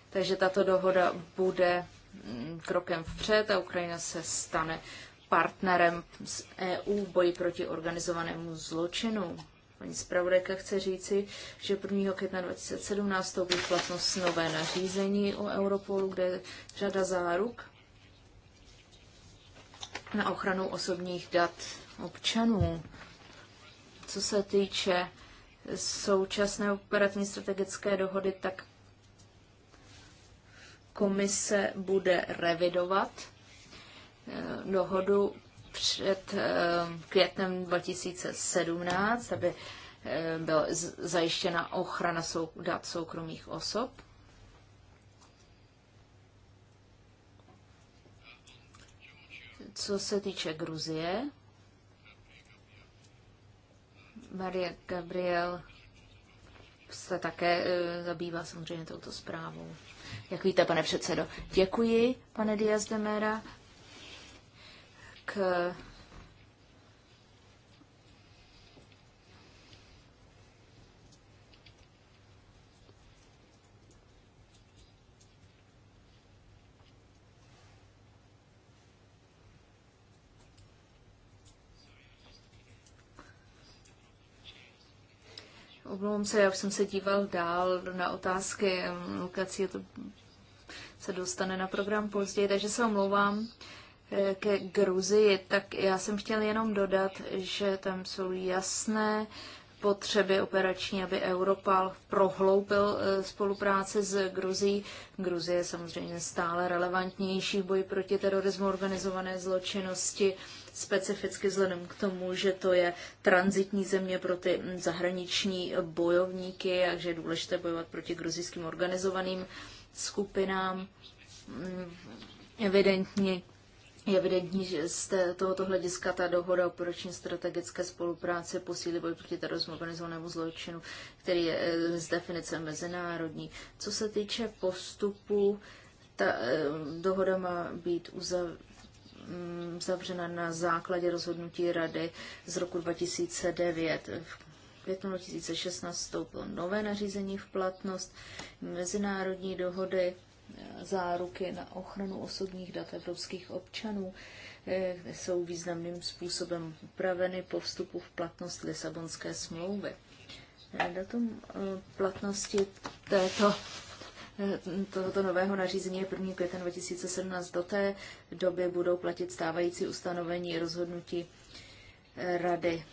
takže tato dohoda bude mm, krokem vpřed a Ukrajina se stane partnerem z EU v boji proti organizovanému zločinu. Paní zpravodajka chce říci, že 1. května 2017 vstoupí platnost nové nařízení o Europolu, kde je řada záruk na ochranu osobních dat občanů. Co se týče současné operativní strategické dohody, tak komise bude revidovat eh, dohodu před eh, květnem 2017, aby eh, byla zajištěna ochrana dat soukromých osob. Co se týče Gruzie, Marie Gabriel se také eh, zabývá samozřejmě touto zprávou. Jak víte, pane předsedo, děkuji, pane Diaz de Mera k Omlouvám se, já už jsem se díval dál na otázky. Lukací to se dostane na program později, takže se omlouvám. E, ke Gruzii, tak já jsem chtěl jenom dodat, že tam jsou jasné potřeby operační, aby Europal prohloubil e, spolupráci s Gruzií. Gruzie je samozřejmě stále relevantnější v boji proti terorismu, organizované zločinnosti, specificky vzhledem k tomu, že to je transitní země pro ty zahraniční bojovníky a že je důležité bojovat proti gruzijským organizovaným skupinám. Mm, evidentně je evidentní, že z tohoto hlediska ta dohoda o poroční strategické spolupráci posílí boj proti terorismu organizovanému zločinu, který je eh, z definice mezinárodní. Co se týče postupu, ta eh, dohoda má být mm, uzavřena na základě rozhodnutí Rady z roku 2009. V květnu 2016 vstoupilo nové nařízení v platnost mezinárodní dohody záruky na ochranu osobních dat evropských občanů, eh, jsou významným způsobem upraveny po vstupu v platnost Lisabonské smlouvy. Eh, datum eh, platnosti této tohoto nového nařízení je 1. květen 2017. Do té doby budou platit stávající ustanovení rozhodnutí Rady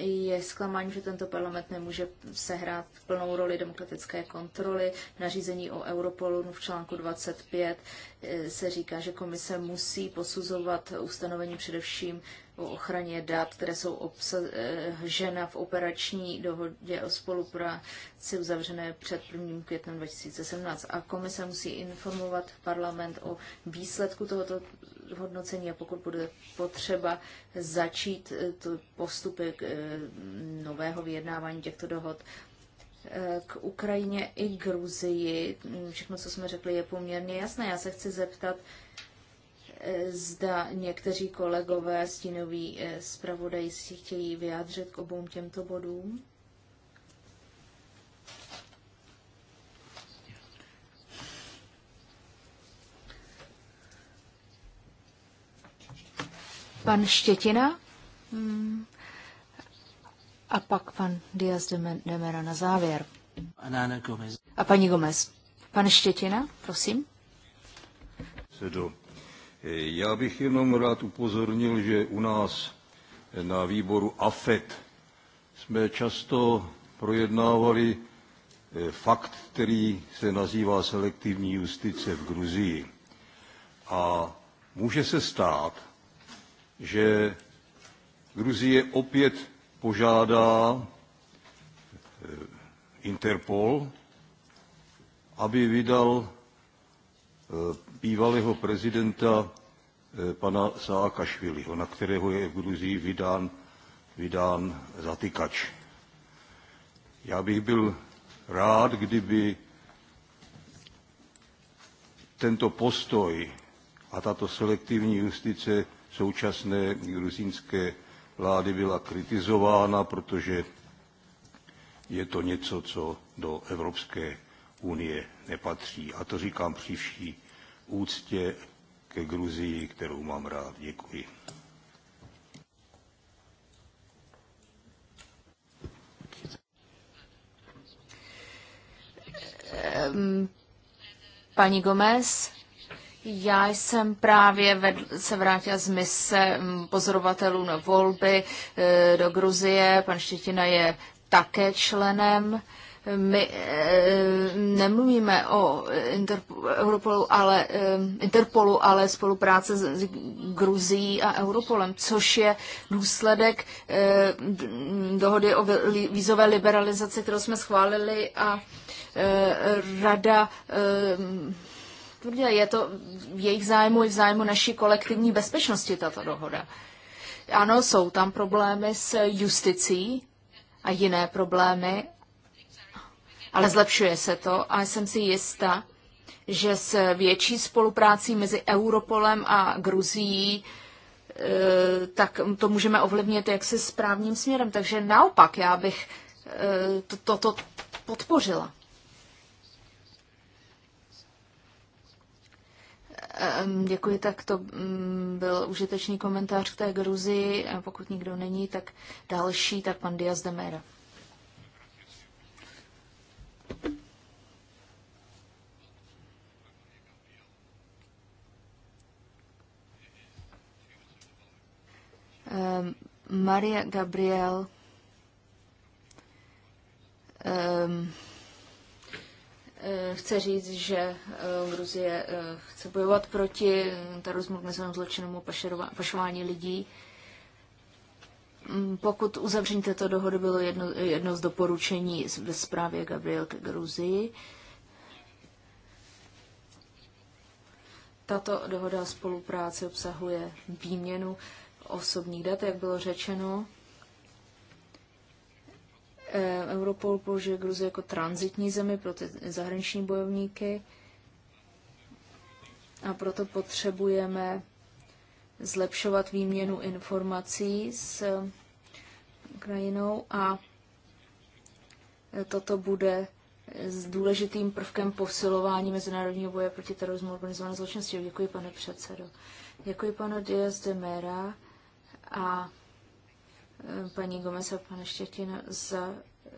je zklamání, že tento parlament nemůže sehrát plnou roli demokratické kontroly. Nařízení o Europolu v článku 25 eh, se říká, že komise musí posuzovat ustanovení především o ochraně dat, které jsou obsažena v operační dohodě o spolupráci uzavřené před 1. květnem 2017. A komise musí informovat parlament o výsledku tohoto hodnocení a pokud bude potřeba začít eh, postupy k eh, nového vyjednávání těchto dohod, eh, k Ukrajině i Gruzii. Mm, všechno, co jsme řekli, je poměrně jasné. Já se chci zeptat, zda někteří kolegové stínoví eh, zpravodaji si chtějí vyjádřit k obou těmto bodům. Pan Štětina hmm. a pak pan Diaz de Demera na závěr. A paní Gomez. Pan Štětina, prosím. Já bych jenom rád upozornil, že u nás na výboru AFET jsme často projednávali eh, fakt, který se nazývá selektivní justice v Gruzii. A může se stát, že Gruzie opět požádá eh, Interpol, aby vydal bývalého prezidenta eh, pana Saakašviliho, na kterého je v Gruzii vydán, vydán zatykač. Já bych byl rád, kdyby tento postoj a tato selektivní justice současné gruzínské vlády byla kritizována, protože je to něco, co do Evropské unie nepatří. A to říkám příští úctě ke Gruzii, kterou mám rád. Děkuji. Paní Gomez, já jsem právě vedl, se vrátila z mise mm, pozorovatelů na volby eh, do Gruzie. Pan Štětina je také členem my eh, nemluvíme o Europolu, ale, eh, Interpolu, ale spolupráce s Gruzií a Europolem, což je důsledek eh, dohody o vízové liberalizaci, kterou jsme schválili a rada E, je to v jejich zájmu i v zájmu naší kolektivní bezpečnosti tato dohoda. Ano, jsou tam problémy s justicí a jiné problémy, ale zlepšuje se to a jsem si jista, že s větší spoluprácí mezi Europolem a Gruzií e, tak to můžeme ovlivnit jaksi správným směrem. Takže naopak, já bych toto e, to, to podpořila. Ehm, děkuji, tak to mm, byl užitečný komentář k té Gruzii. Pokud nikdo není, tak další, tak pan Diaz de Mera. Ehm, Maria Gabriel um, chce říct, že eh, Gruzie eh, chce bojovat proti terorismu, organizovanému zločinnému pašování lidí. Mm, pokud uzavření této dohody bylo jedno, jedno z doporučení ve zprávě Gabriel k Gruzii, tato dohoda o spolupráci obsahuje výměnu osobních dat, jak bylo řečeno. Eh, Europol použije Gruzi jako transitní zemi pro ty zahraniční bojovníky a proto potřebujeme zlepšovat výměnu informací s eh, Ukrajinou a eh, toto bude eh, s důležitým prvkem posilování mezinárodního boje proti terorismu organizované zločinnosti. Děkuji, pane předsedo. Děkuji panu Diaz de Mera a paní Gomez a pane Štětina za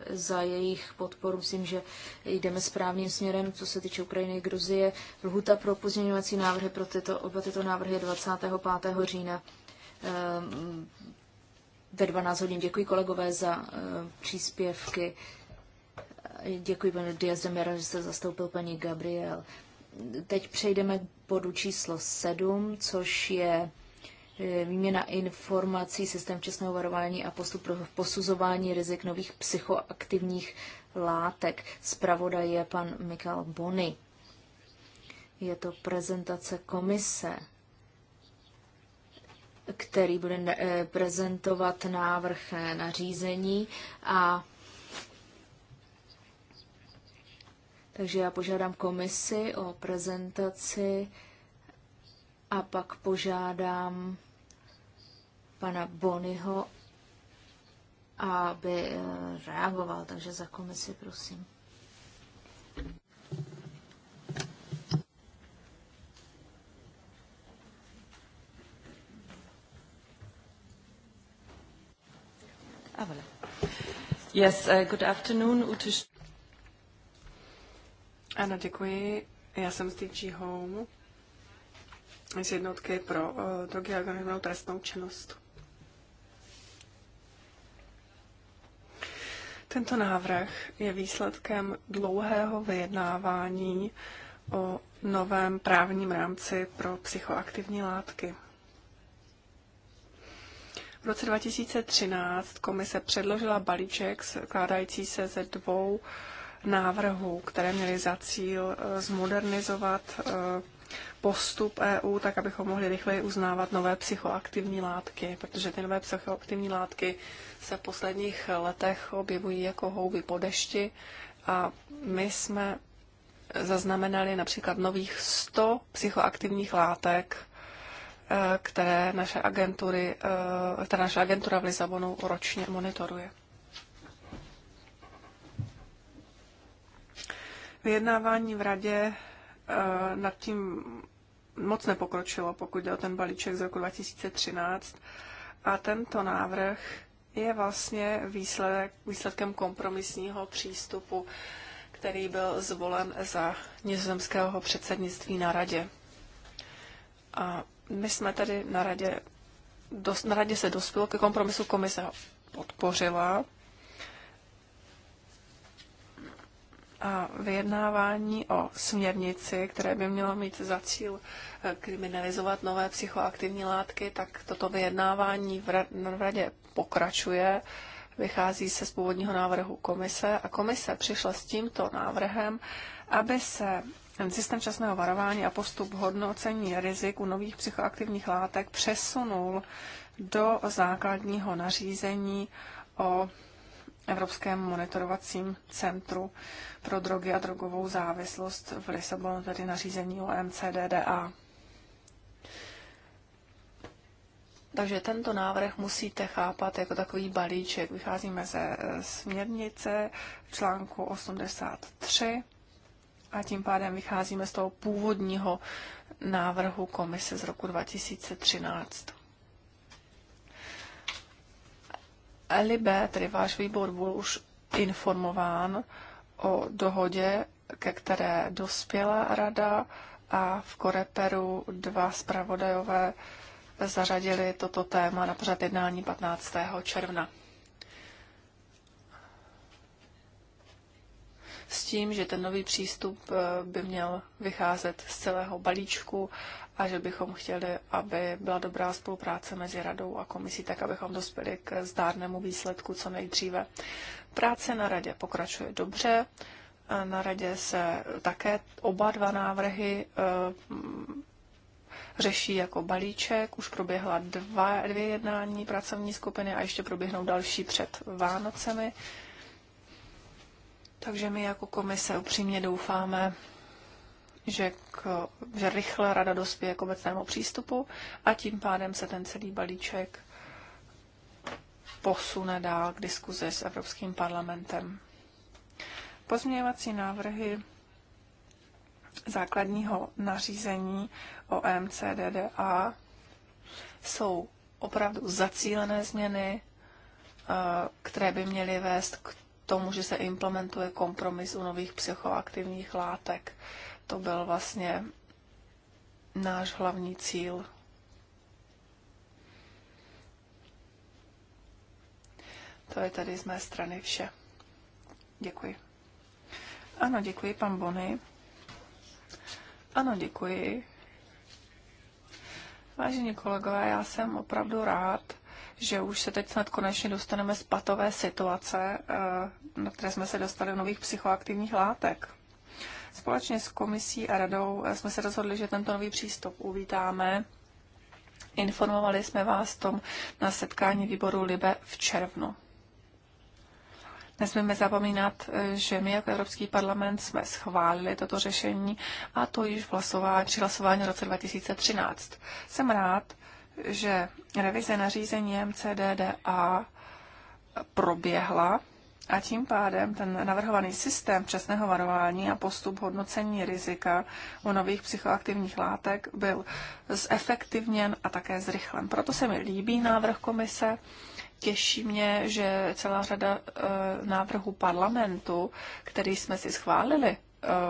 za jejich podporu. Myslím, že jdeme správným směrem, co se týče Ukrajiny a Gruzie. Lhuta pro pozměňovací návrhy pro tyto, oba tyto návrhy je 25. října ehm, ve 12 hodin. Děkuji kolegové za ehm, příspěvky. Děkuji panu Diaz de Mera, že jste zastoupil paní Gabriel. Teď přejdeme k bodu číslo 7, což je E, výměna informací, systém včasného varování a postup pro posuzování rizik nových psychoaktivních látek. Zpravodaj je pan Michal Bony. Je to prezentace komise, který bude e, prezentovat návrh e, na řízení a takže já požádám komisi o prezentaci a pak požádám pana Bonyho, aby eh, reagoval. Takže za komisi, prosím. Ah, yes, uh, good afternoon, Ute. Ano, děkuji. Já jsem z DG Home, z jednotky pro uh, drogy a trestnou činnost. Tento návrh je výsledkem dlouhého vyjednávání o novém právním rámci pro psychoaktivní látky. V roce 2013 komise předložila balíček skládající se ze dvou návrhů, které měly za cíl eh, zmodernizovat eh, postup EU, tak abychom mohli rychleji uznávat nové psychoaktivní látky, protože ty nové psychoaktivní látky se v posledních letech objevují jako houby po dešti a my jsme zaznamenali například nových 100 psychoaktivních látek, eh, které naše, agentury, eh, které naše agentura v Lisabonu ročně monitoruje. Vyjednávání v radě Eh, nad tím moc nepokročilo, pokud jde o ten balíček z roku 2013. A tento návrh je vlastně výsledek, výsledkem kompromisního přístupu, který byl zvolen za nizozemského předsednictví na radě. A my jsme tedy na radě, dos, na radě se dospělo ke kompromisu, komise ho podpořila vyjednávání o směrnici, které by mělo mít za cíl eh, kriminalizovat nové psychoaktivní látky, tak toto vyjednávání v radě pokračuje. Vychází se z původního návrhu komise a komise přišla s tímto návrhem, aby se systém časného varování a postup hodnocení rizik u nových psychoaktivních látek přesunul do základního nařízení o Evropském monitorovacím centru pro drogy a drogovou závislost v Lisabonu, tedy nařízení o MCDDA. Takže tento návrh musíte chápat jako takový balíček. Vycházíme ze e, směrnice článku 83 a tím pádem vycházíme z toho původního návrhu komise z roku 2013. Libe, tedy váš výbor, byl už informován o dohodě, ke které dospěla rada a v Koreperu dva zpravodajové zařadili toto téma na pořad jednání 15. června. S tím, že ten nový přístup eh, by měl vycházet z celého balíčku a že bychom chtěli, aby byla dobrá spolupráce mezi radou a komisí, tak abychom dospěli k zdárnému výsledku co nejdříve. Práce na radě pokračuje dobře. Eh, na radě se také oba dva návrhy eh, řeší jako balíček. Už proběhla dva, dvě jednání pracovní skupiny a ještě proběhnou další před Vánocemi. Takže my jako komise upřímně doufáme, že, k, že rychle rada dospěje k obecnému přístupu a tím pádem se ten celý balíček posune dál k diskuzi s Evropským parlamentem. Pozměňovací návrhy základního nařízení o MCDDA jsou opravdu zacílené změny, eh, které by měly vést k tomu, že se implementuje kompromis u nových psychoaktivních látek. To byl vlastně náš hlavní cíl. To je tady z mé strany vše. Děkuji. Ano, děkuji, pan Bony. Ano, děkuji. Vážení kolegové, já jsem opravdu rád, že už se teď snad konečně dostaneme z patové situace, eh, na které jsme se dostali v nových psychoaktivních látek. Společně s komisí a radou eh, jsme se rozhodli, že tento nový přístup uvítáme. Informovali jsme vás tom na setkání výboru Libe v červnu. Nesmíme zapomínat, eh, že my jako Evropský parlament jsme schválili toto řešení a to již v hlasování, při hlasování v roce 2013. Jsem rád, že revize nařízení MCDDA proběhla a tím pádem ten navrhovaný systém přesného varování a postup hodnocení rizika u nových psychoaktivních látek byl zefektivněn a také zrychlen. Proto se mi líbí návrh komise. Těší mě, že celá řada e, návrhů parlamentu, který jsme si schválili e,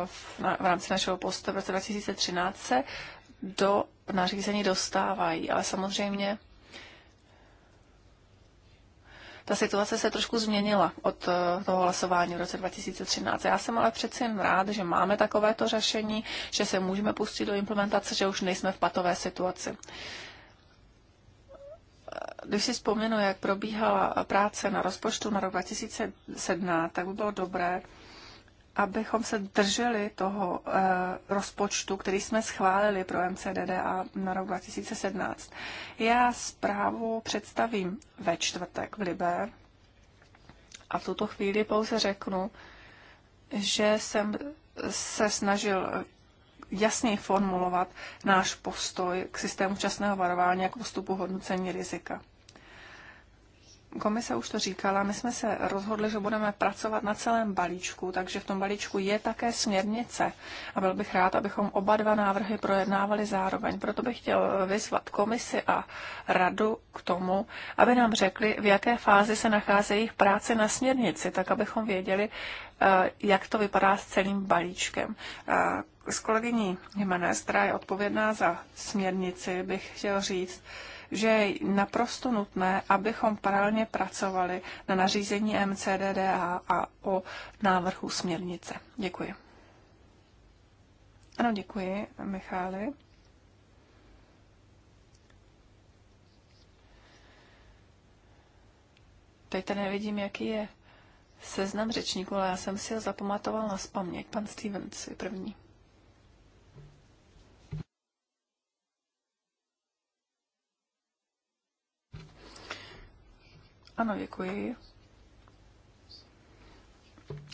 v, rámci našeho postu v roce 2013, se do nařízení dostávají. Ale samozřejmě ta situace se trošku změnila od eh, toho hlasování v roce 2013. Já jsem ale přeci jen rád, že máme takovéto řešení, že se můžeme pustit do implementace, že už nejsme v patové situaci. Eh, když si vzpomenu, jak probíhala práce na rozpočtu na rok 2017, tak by bylo dobré, abychom se drželi toho uh, rozpočtu, který jsme schválili pro MCDD a na rok 2017. Já zprávu představím ve čtvrtek v Libé a v tuto chvíli pouze řeknu, že jsem se snažil jasně formulovat náš postoj k systému včasného varování a k postupu hodnocení rizika komise už to říkala, my jsme se rozhodli, že budeme pracovat na celém balíčku, takže v tom balíčku je také směrnice. A byl bych rád, abychom oba dva návrhy projednávali zároveň. Proto bych chtěl vyzvat komisi a radu k tomu, aby nám řekli, v jaké fázi se nacházejí jejich práce na směrnici, tak abychom věděli, eh, jak to vypadá s celým balíčkem. S kolegyní Jimenez, která je odpovědná za směrnici, bych chtěl říct, že je naprosto nutné, abychom paralelně pracovali na nařízení MCDDA a o návrhu směrnice. Děkuji. Ano, děkuji, Michály. Teď tady nevidím, jaký je seznam řečníků, ale já jsem si ho zapamatoval na spaměť. Pan Stevens je první. Ano, děkuji.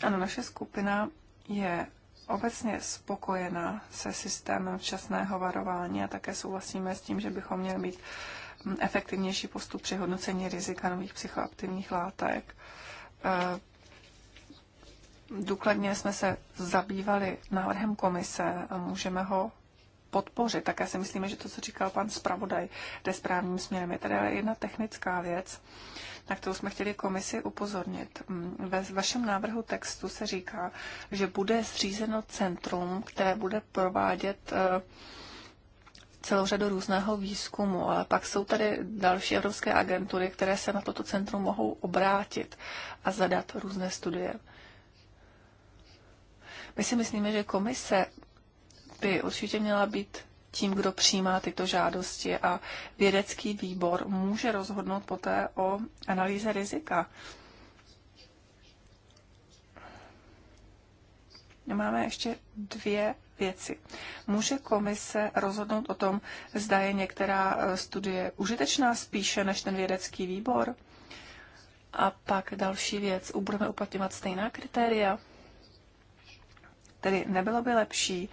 Ano, naše skupina je obecně spokojena se systémem včasného varování a také souhlasíme s tím, že bychom měli mít mm, efektivnější postup při hodnocení rizika nových psychoaktivních látek. Eh, důkladně jsme se zabývali návrhem komise a můžeme ho podpořit. já si myslím, že to, co říkal pan zpravodaj, jde správným směrem. Je tady jedna technická věc, na kterou jsme chtěli komisi upozornit. Mm, ve vašem návrhu textu se říká, že bude zřízeno centrum, které bude provádět e, celou řadu různého výzkumu, ale pak jsou tady další evropské agentury, které se na toto centrum mohou obrátit a zadat různé studie. My si myslíme, že komise by určitě měla být tím, kdo přijímá tyto žádosti a vědecký výbor může rozhodnout poté o analýze rizika. Máme ještě dvě věci. Může komise rozhodnout o tom, zda je některá eh, studie užitečná spíše než ten vědecký výbor? A pak další věc, budeme uplatňovat stejná kritéria? Tedy nebylo by lepší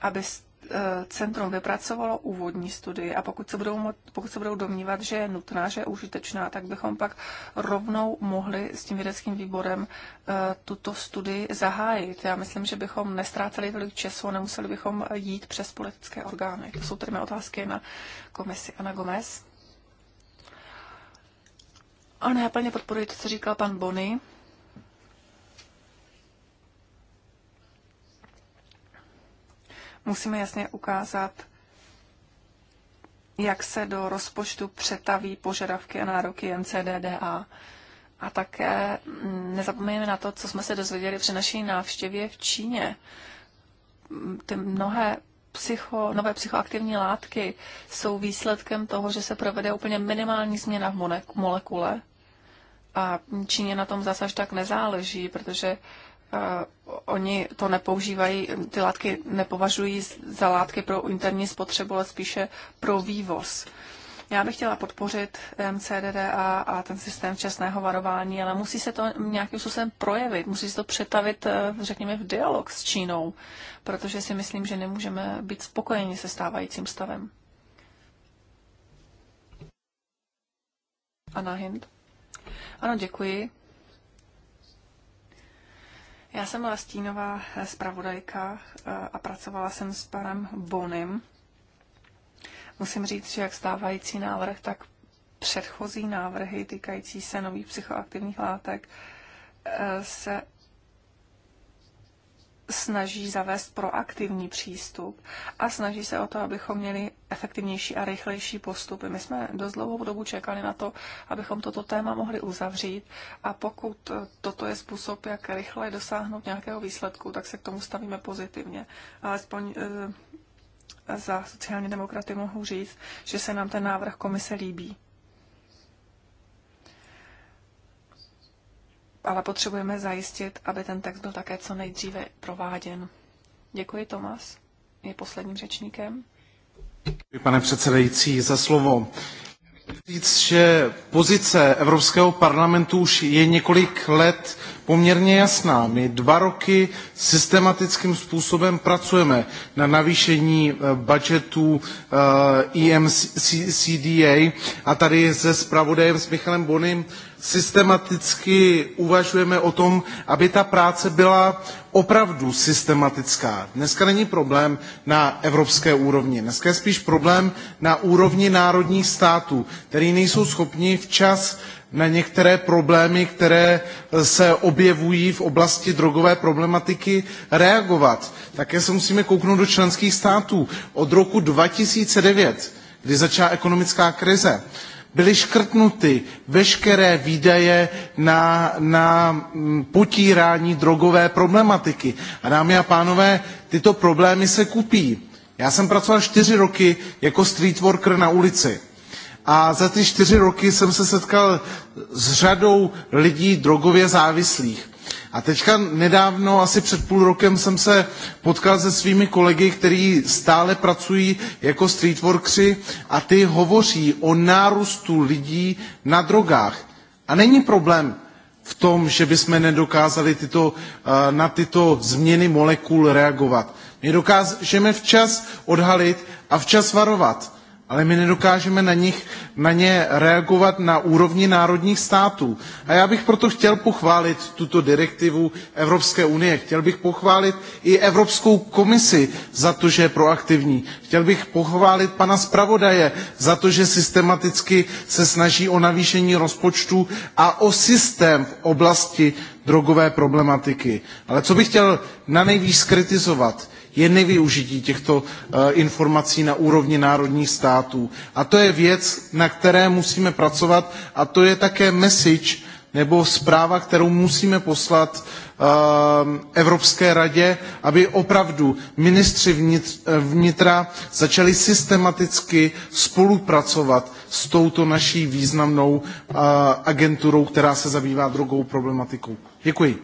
aby eh, centrum vypracovalo úvodní studii a pokud se, budou, pokud se budou domnívat, že je nutná, že je užitečná, tak bychom pak rovnou mohli s tím vědeckým výborem eh, tuto studii zahájit. Já myslím, že bychom nestráceli tolik času a nemuseli bychom jít přes politické orgány. To jsou tedy mé otázky na komisi. Ana Gomez. Ano, já plně podporuji to, co říkal pan Bony. musíme jasně ukázat, jak se do rozpočtu přetaví požadavky a nároky NCDDA, A také mm, nezapomeňme na to, co jsme se dozvěděli při naší návštěvě v Číně. Mm, ty mnohé psycho, nové psychoaktivní látky jsou výsledkem toho, že se provede úplně minimální změna v molekule. A Číně na tom zase až tak nezáleží, protože oni to nepoužívají, ty látky nepovažují za látky pro interní spotřebu, ale spíše pro vývoz. Já bych chtěla podpořit MCDDA a ten systém včasného varování, ale musí se to nějakým způsobem projevit, musí se to přetavit, eh, řekněme, v dialog s Čínou, protože si myslím, že nemůžeme být spokojeni se stávajícím stavem. Anna Hind. Ano, děkuji. Já jsem byla stínová zpravodajka eh, a pracovala jsem s panem Bonem. Musím říct, že jak stávající návrh, tak předchozí návrhy týkající se nových psychoaktivních látek eh, se snaží zavést proaktivní přístup a snaží se o to, abychom měli efektivnější a rychlejší postupy. My jsme dost dlouhou dobu čekali na to, abychom toto téma mohli uzavřít a pokud toto je způsob, jak rychle dosáhnout nějakého výsledku, tak se k tomu stavíme pozitivně. Alespoň eh, za sociální demokraty mohu říct, že se nám ten návrh komise líbí. ale potřebujeme zajistit, aby ten text byl také co nejdříve prováděn. Děkuji, Tomas. Je posledním řečníkem. Děkuji, pane předsedající, za slovo. Říct, že pozice Evropského parlamentu už je několik let poměrně jasná. My dva roky systematickým způsobem pracujeme na navýšení eh, budžetů EMCDA eh, e a tady se zpravodajem s Michalem Bonym systematicky uvažujeme o tom, aby ta práce byla opravdu systematická. Dneska není problém na evropské úrovni, dneska je spíš problém na úrovni národních států, který nejsou schopni včas uh, na některé problémy, které eh, se objevují v oblasti drogové problematiky, reagovat. Také se musíme kouknout do členských států. Od roku 2009, kdy začala ekonomická krize, byly škrtnuty veškeré výdaje na, na mm, potírání drogové problematiky. A dámy a pánové, tyto problémy se kupí. Já jsem pracoval čtyři roky jako street worker na ulici a za ty čtyři roky jsem se setkal s řadou lidí drogově závislých. A teďka nedávno, asi před půl rokem, jsem se potkal se svými kolegy, kteří stále pracují jako streetworkři a ty hovoří o nárůstu lidí na drogách. A není problém v tom, že bychom nedokázali tyto, eh, na tyto změny molekul reagovat. My dokážeme včas odhalit a včas varovat ale my nedokážeme na, nich, na ně reagovat na úrovni národních států. A já bych proto chtěl pochválit tuto direktivu Evropské unie. Chtěl bych pochválit i Evropskou komisi za to, že je proaktivní. Chtěl bych pochválit pana zpravodaje za to, že systematicky se snaží o navýšení rozpočtu a o systém v oblasti drogové problematiky. Ale co bych chtěl na nejvýš skritizovat, je nevyužití těchto eh, informací na úrovni národních států. A to je věc, na které musíme pracovat a to je také message nebo zpráva, kterou musíme poslat eh, Evropské radě, aby opravdu ministři eh, vnitra začali systematicky spolupracovat s touto naší významnou agenturou, která se zabývá drogovou problematikou. Děkuji.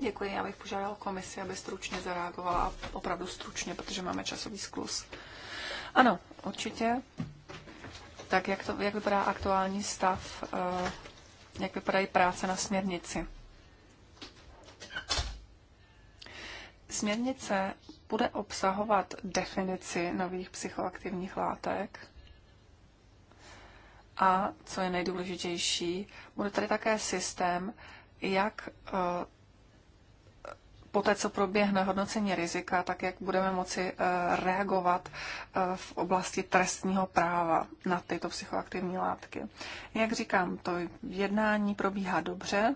Děkuji, já bych požádal komisi, aby stručně zareagovala opravdu stručně, protože máme časový sklus. Ano, určitě. Tak jak, to, jak vypadá aktuální stav, eh, jak vypadají práce na směrnici? Směrnice bude obsahovat definici nových psychoaktivních látek a, co je nejdůležitější, bude tady také systém, jak eh, poté, co proběhne hodnocení rizika, tak jak budeme moci eh, reagovat eh, v oblasti trestního práva na tyto psychoaktivní látky. Jak říkám, to jednání probíhá dobře.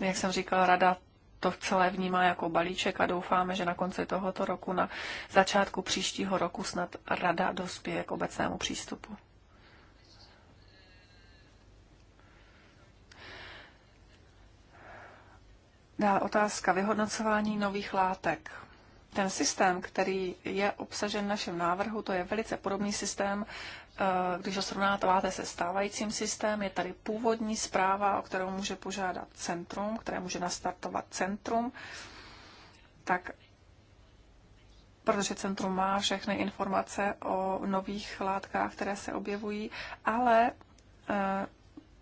Jak jsem říkala, rada to celé vnímá jako balíček a doufáme, že na konci tohoto roku, na začátku příštího roku snad rada dospěje k obecnému přístupu. Dále otázka vyhodnocování nových látek. Ten systém, který je obsažen v našem návrhu, to je velice podobný systém, eh, když ho srovnáváte se stávajícím systém, je tady původní zpráva, o kterou může požádat centrum, které může nastartovat centrum, tak protože centrum má všechny informace o nových látkách, které se objevují, ale eh,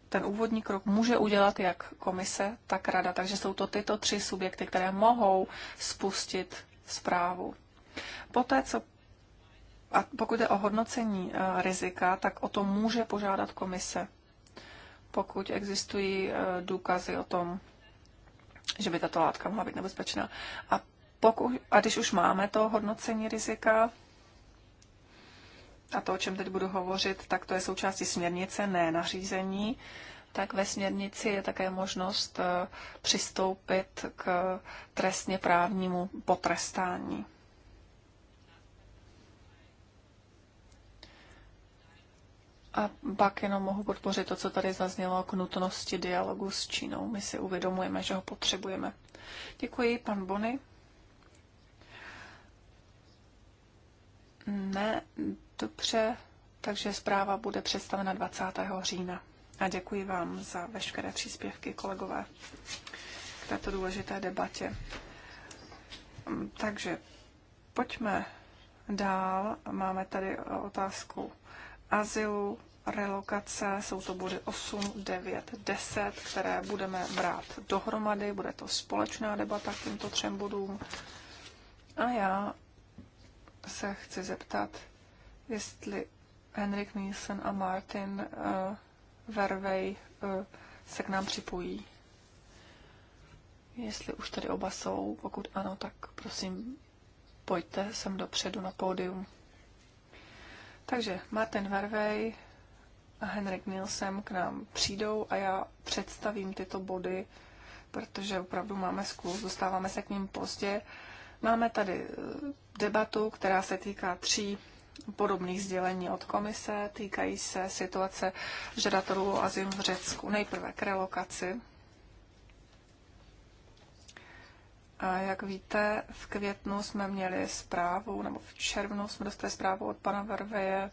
ten úvodní krok může udělat jak komise, tak rada. Takže jsou to tyto tři subjekty, které mohou spustit zprávu. Poté, co a pokud je o hodnocení eh, rizika, tak o to může požádat komise, pokud existují eh, důkazy o tom, že by tato látka mohla být nebezpečná. A, pokud, a když už máme to hodnocení rizika, a to, o čem teď budu hovořit, tak to je součástí směrnice, ne nařízení, tak ve směrnici je také možnost eh, přistoupit k trestně právnímu potrestání. A pak jenom mohu podpořit to, co tady zaznělo k nutnosti dialogu s Čínou. My si uvědomujeme, že ho potřebujeme. Děkuji, pan Bony. Ne, dobře, takže zpráva bude představena 20. října. A děkuji vám za veškeré příspěvky, kolegové, k této důležité debatě. Mm, takže pojďme dál. Máme tady otázku azylu, relokace, jsou to body 8, 9, 10, které budeme brát dohromady, bude to společná debata k těmto třem bodům. A já se chci zeptat, jestli Henrik Nielsen a Martin uh, Vervej uh, se k nám připojí. Jestli už tady oba jsou, pokud ano, tak prosím, pojďte sem dopředu na pódium. Takže Martin Vervej a Henrik Nielsen k nám přijdou a já představím tyto body, protože opravdu máme skluz, dostáváme se k ním pozdě. Uh, Máme tady eh, debatu, která se týká tří podobných sdělení od komise, týkají se situace žadatelů o azyl v Řecku. Nejprve k relokaci. A jak víte, v květnu jsme měli zprávu, nebo v červnu jsme dostali zprávu od pana Verveje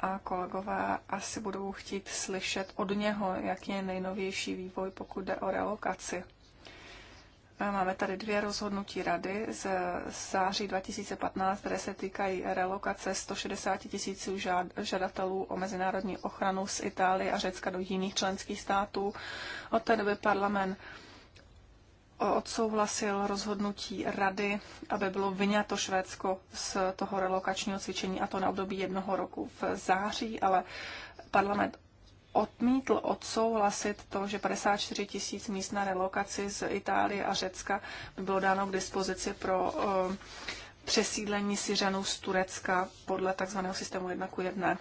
a kolegové asi budou chtít slyšet od něho, jaký je nejnovější vývoj, pokud jde o relokaci. Máme tady dvě rozhodnutí rady z září 2015, které se týkají relokace 160 tisíců žadatelů o mezinárodní ochranu z Itálie a Řecka do jiných členských států. Od té doby parlament odsouhlasil rozhodnutí rady, aby bylo vyňato Švédsko z toho relokačního cvičení, a to na období jednoho roku v září, ale parlament odmítl odsouhlasit to, že 54 tisíc míst na relokaci z Itálie a Řecka by bylo dáno k dispozici pro eh, přesídlení Syřanů z Turecka podle tzv. systému 1 k 1.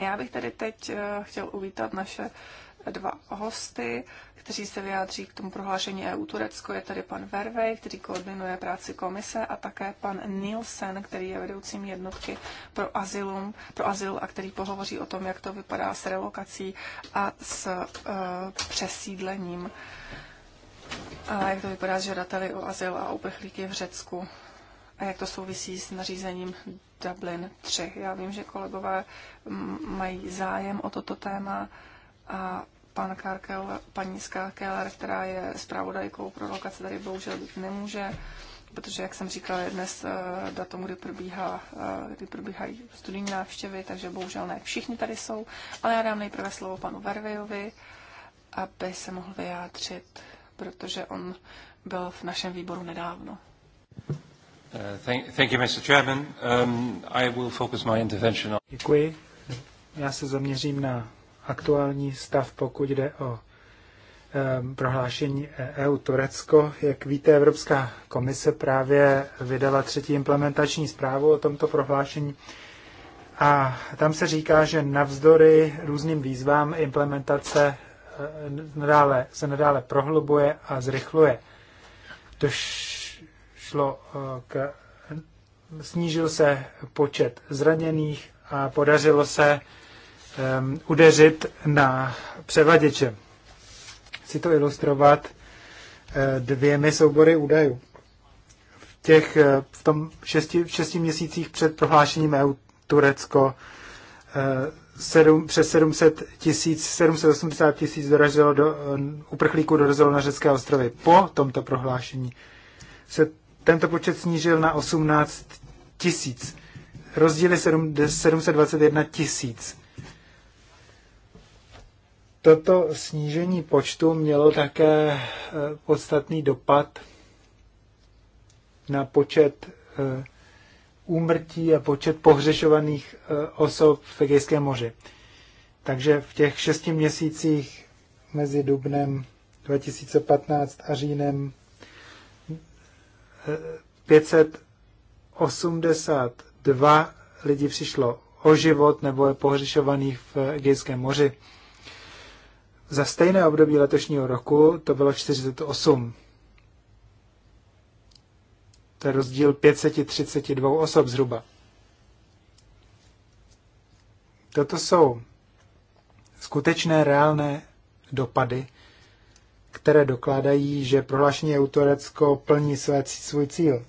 Já bych tedy teď eh, chtěl uvítat naše dva hosty, kteří se vyjádří k tomu prohlášení EU Turecko. Je tady pan Vervej, který koordinuje práci komise a také pan Nielsen, který je vedoucím jednotky pro, azylum, pro azyl a který pohovoří o tom, jak to vypadá s relokací a s uh, přesídlením. A jak to vypadá s žadateli o azyl a uprchlíky v Řecku a jak to souvisí s nařízením Dublin 3. Já vím, že kolegové mají zájem o toto téma a pan Karkel, paní Skákeler, která je zpravodajkou pro lokace, tady bohužel být nemůže, protože, jak jsem říkala, je dnes eh, datum, kdy, probíhá, eh, kdy probíhají studijní návštěvy, takže bohužel ne všichni tady jsou. Ale já dám nejprve slovo panu Vervejovi, aby se mohl vyjádřit, protože on byl v našem výboru nedávno. Děkuji. Já se zaměřím na aktuální stav, pokud jde o prohlášení EU Turecko. Jak víte, Evropská komise právě vydala třetí implementační zprávu o tomto prohlášení. A tam se říká, že navzdory různým výzvám implementace eh, nadále, se nadále prohlubuje a zrychluje. To šlo eh, k, snížil se počet zraněných a podařilo se um, udeřit na převaděče. Chci to ilustrovat uh, dvěmi soubory údajů. V, těch, uh, v tom šesti, šesti měsících před prohlášením EU Turecko uh, sedm, přes 700 tisíc, 780 tisíc dorazilo do, uprchlíků dorazilo na řecké ostrovy. Po tomto prohlášení se tento počet snížil na 18 tisíc. Rozdíly 7, 721 tisíc. Toto snížení počtu mělo také eh, podstatný dopad na počet eh, úmrtí a počet pohřešovaných eh, osob v Egejském moři. Takže v těch šesti měsících mezi dubnem 2015 a říjnem 582 lidí přišlo o život nebo je pohřešovaných v Egejském moři. Za stejné období letošního roku to bylo 48. To je rozdíl 532 osob zhruba. Toto jsou skutečné reálné dopady, které dokládají, že prohlášení EU Turecko plní své, svůj cíl.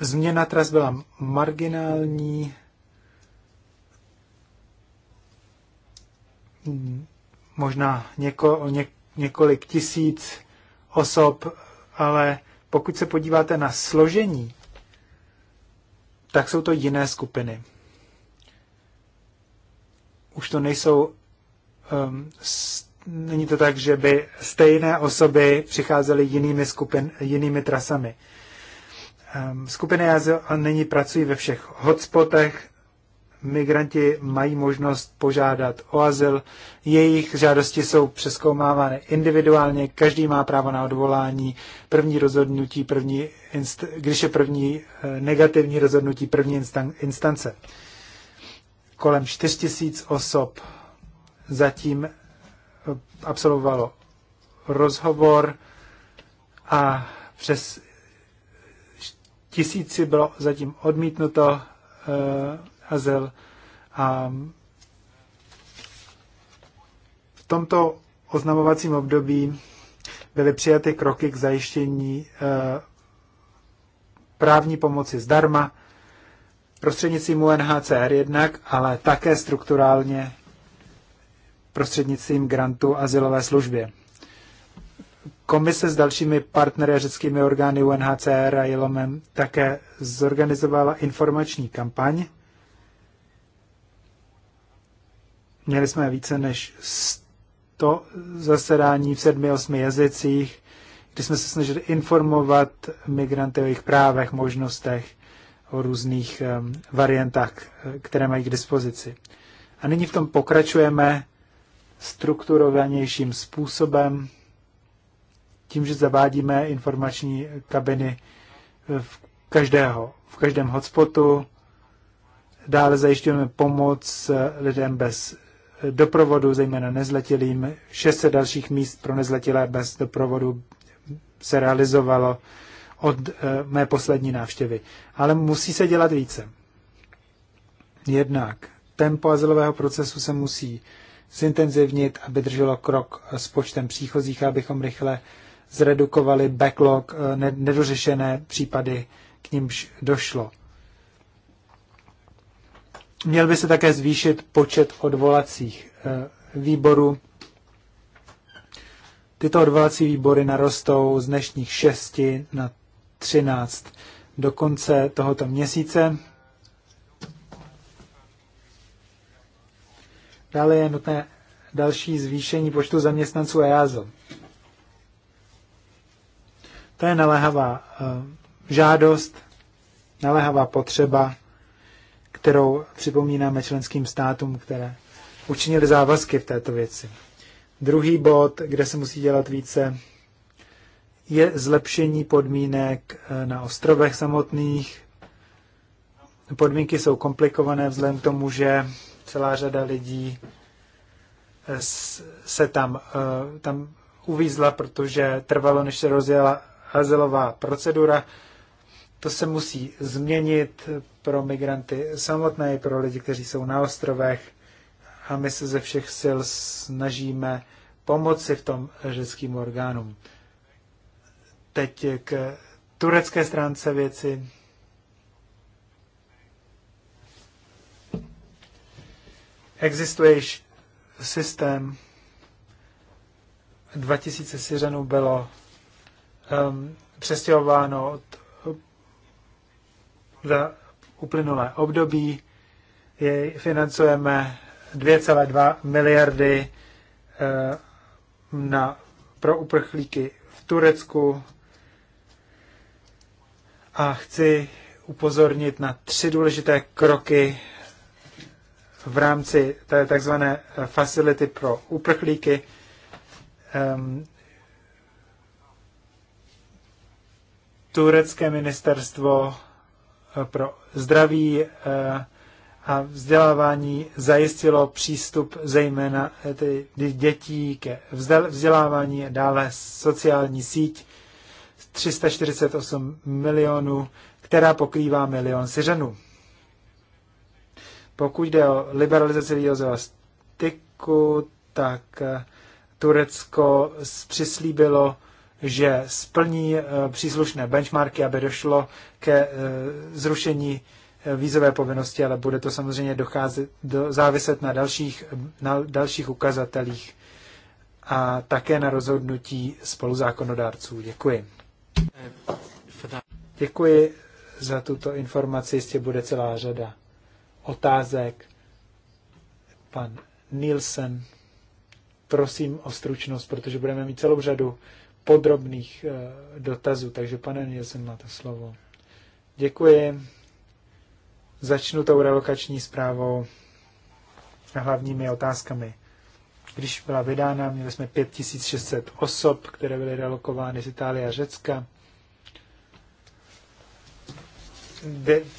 Změna tras byla marginální, možná něko, ně, několik tisíc osob, ale pokud se podíváte na složení, tak jsou to jiné skupiny. Už to nejsou, um, s, není to tak, že by stejné osoby přicházely jinými, skupin, jinými trasami. Um, skupiny a nyní pracují ve všech hotspotech, migranti mají možnost požádat o azyl. Jejich žádosti jsou přeskoumávány individuálně, každý má právo na odvolání, první rozhodnutí, první inst- když je první eh, negativní rozhodnutí první instan- instance. Kolem 4000 tisíc osob zatím eh, absolvovalo rozhovor a přes tisíci bylo zatím odmítnuto eh, Hazel. A v tomto oznamovacím období byly přijaty kroky k zajištění eh, právní pomoci zdarma, prostřednictvím UNHCR jednak, ale také strukturálně prostřednictvím grantu asilové službě. Komise s dalšími partnery a řeckými orgány UNHCR a ILOMem e také zorganizovala informační kampaň Měli jsme více než 100 zasedání v sedmi, osmi jazycích, kdy jsme se snažili informovat migranty o jejich právech, možnostech, o různých variantách, eh, které mají k dispozici. A nyní v tom pokračujeme strukturovanějším způsobem, tím, že zavádíme informační kabiny v, každého, v každém hotspotu, dále zajišťujeme pomoc eh, lidem bez doprovodu, zejména nezletilým. 600 dalších míst pro nezletilé bez doprovodu se realizovalo od eh, mé poslední návštěvy. Ale musí se dělat více. Jednak tempo azylového procesu se musí zintenzivnit, aby drželo krok s počtem příchozích, abychom rychle zredukovali backlog, eh, nedořešené případy, k nímž došlo. Měl by se také zvýšit počet odvolacích eh, výborů. Tyto odvolací výbory narostou z dnešních 6 na 13 do konce tohoto měsíce. Dále je nutné další zvýšení počtu zaměstnanců EASO. To je naléhavá eh, žádost, naléhavá potřeba kterou připomínáme členským státům, které učinili závazky v této věci. Druhý bod, kde se musí dělat více, je zlepšení podmínek eh, na ostrovech samotných. Podmínky jsou komplikované vzhledem k tomu, že celá řada lidí eh, se tam, eh, tam uvízla, protože trvalo, než se rozjela azylová procedura to se musí změnit pro migranty samotné, pro lidi, kteří jsou na ostrovech. A my se ze všech sil snažíme pomoci v tom řeckým orgánům. Teď k turecké stránce věci. Existuje již systém, 2000 Syřanů bylo um, přestěhováno od za uplynulé období. Jej financujeme 2,2 miliardy eh, na, pro uprchlíky v Turecku. A chci upozornit na tři důležité kroky v rámci té takzvané eh, facility pro uprchlíky. Ehm, turecké ministerstvo pro zdraví eh, a vzdělávání zajistilo přístup zejména eh, dětí ke vzdělávání a dále sociální síť 348 milionů, která pokrývá milion Syřanů. Pokud jde o liberalizaci vízového styku, tak eh, Turecko přislíbilo že splní eh, příslušné benchmarky, aby došlo ke eh, zrušení eh, vízové povinnosti, ale bude to samozřejmě docházet, do, záviset na dalších, na dalších ukazatelích a také na rozhodnutí spoluzákonodárců. Děkuji. Děkuji za tuto informaci, jistě bude celá řada otázek. Pan Nielsen prosím o stručnost, protože budeme mít celou řadu podrobných eh, dotazů. Takže pane Nielsen, máte slovo. Děkuji. Začnu tou relokační zprávou a hlavními otázkami. Když byla vydána, měli jsme 5600 osob, které byly relokovány z Itálie a Řecka.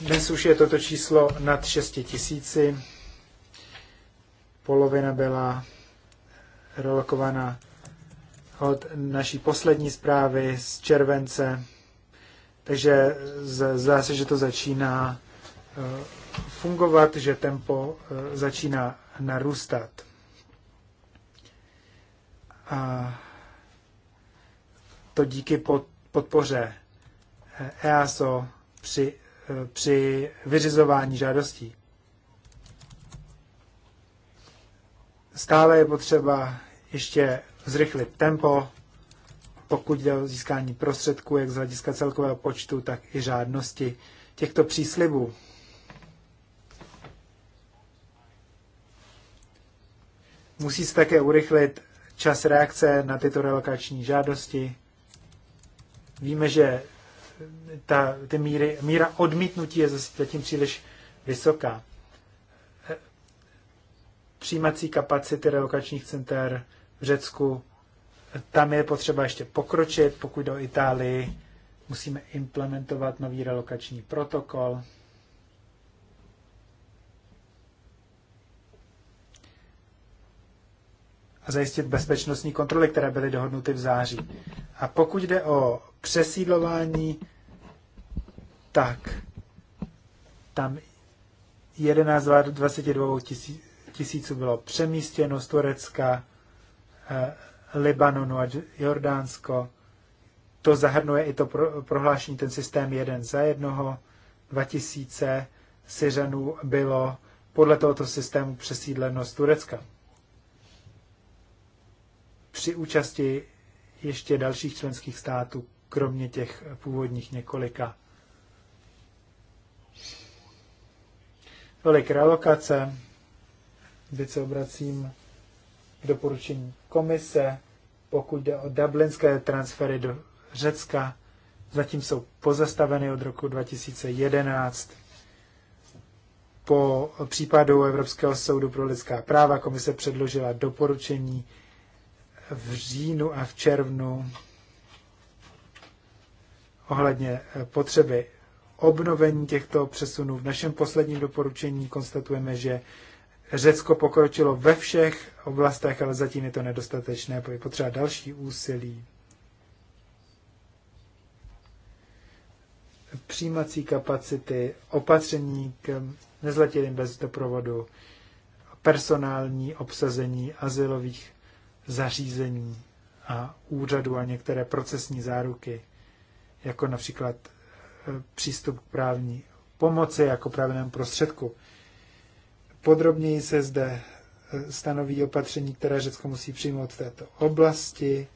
Dnes už je toto číslo nad 6000. Polovina byla relokovaná od naší poslední zprávy z července. Takže zdá se, že to začíná eh, fungovat, že tempo eh, začíná narůstat. A to díky podpoře EASO eh, e při, při vyřizování žádostí. Stále je potřeba ještě zrychlit tempo, pokud jde o získání prostředků, jak z hlediska celkového počtu, tak i řádnosti těchto příslibů. Musí se také urychlit čas reakce na tyto relokační žádosti. Víme, že ta, ty míry, míra odmítnutí je zatím příliš vysoká přijímací kapacity relokačních center v Řecku. Tam je potřeba ještě pokročit, pokud do Itálii musíme implementovat nový relokační protokol. a zajistit bezpečnostní kontroly, které byly dohodnuty v září. A pokud jde o přesídlování, tak tam 11 22 tisíců bylo přemístěno z Turecka, eh, Libanonu a Jordánsko. To zahrnuje i to prohlášení, ten systém jeden za jednoho. 2000 Syřanů bylo podle tohoto systému přesídleno z Turecka. Při účasti ještě dalších členských států, kromě těch původních několika. Tolik relokace, kdy se obracím k doporučení komise, pokud jde o dublinské transfery do Řecka, zatím jsou pozastaveny od roku 2011. Po případu Evropského soudu pro lidská práva komise předložila doporučení v říjnu a v červnu ohledně eh, potřeby obnovení těchto přesunů. V našem posledním doporučení konstatujeme, že Řecko pokročilo ve všech oblastech, ale zatím je to nedostatečné, je potřeba další úsilí. Přijímací kapacity, opatření k nezletilým bez doprovodu, personální obsazení asilových zařízení a úřadů a některé procesní záruky, jako například e, přístup k právní pomoci jako právnému prostředku. Podrobněji se zde eh, stanoví opatření, které Řecko musí přijmout v této oblasti.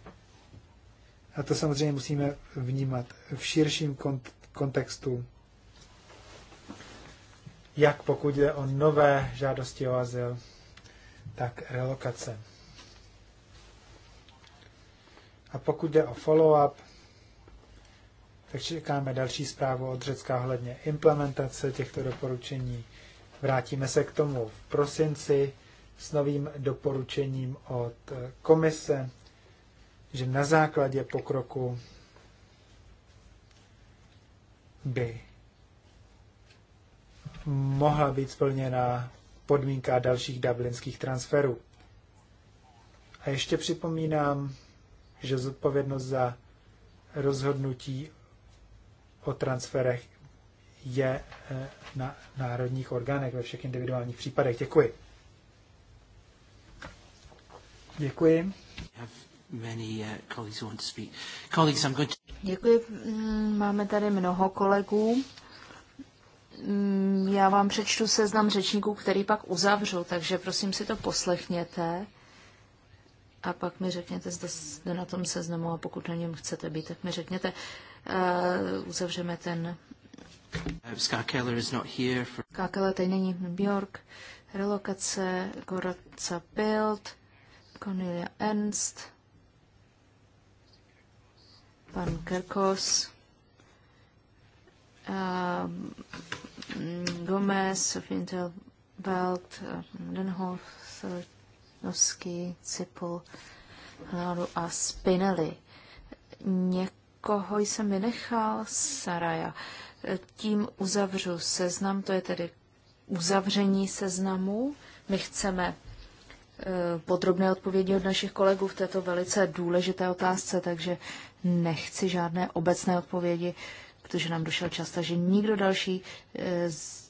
A to samozřejmě musíme vnímat v širším kont- kontextu, jak pokud jde o nové žádosti o azyl, tak relokace. A pokud jde o follow-up, tak čekáme další zprávu od Řecka ohledně implementace těchto doporučení Vrátíme se k tomu v prosinci s novým doporučením od komise, že na základě pokroku by mohla být splněna podmínka dalších dublinských transferů. A ještě připomínám, že zodpovědnost za rozhodnutí o transferech je eh, na národních orgánech ve všech individuálních případech. Děkuji. Děkuji. Děkuji. Mm, máme tady mnoho kolegů. Mm, já vám přečtu seznam řečníků, který pak uzavřu, takže prosím si to poslechněte a pak mi řekněte, zda jste na tom seznamu a pokud na něm chcete být, tak mi řekněte. Eh, uzavřeme ten Scott Keller tady není v New York. Relokace Goraca Bild, Cornelia Ernst, pan Kerkos, um, Gomez, Sofintel Belt, um, Denhoff, Novský, Cipul, Hládu a Spinelli. Někoho jsem vynechal, Saraja. Uh, tím uzavřu seznam, to je tedy uzavření seznamu. My chceme eh, podrobné odpovědi od našich kolegů v této velice důležité otázce, takže nechci žádné obecné odpovědi, protože nám došel čas, takže nikdo další eh, z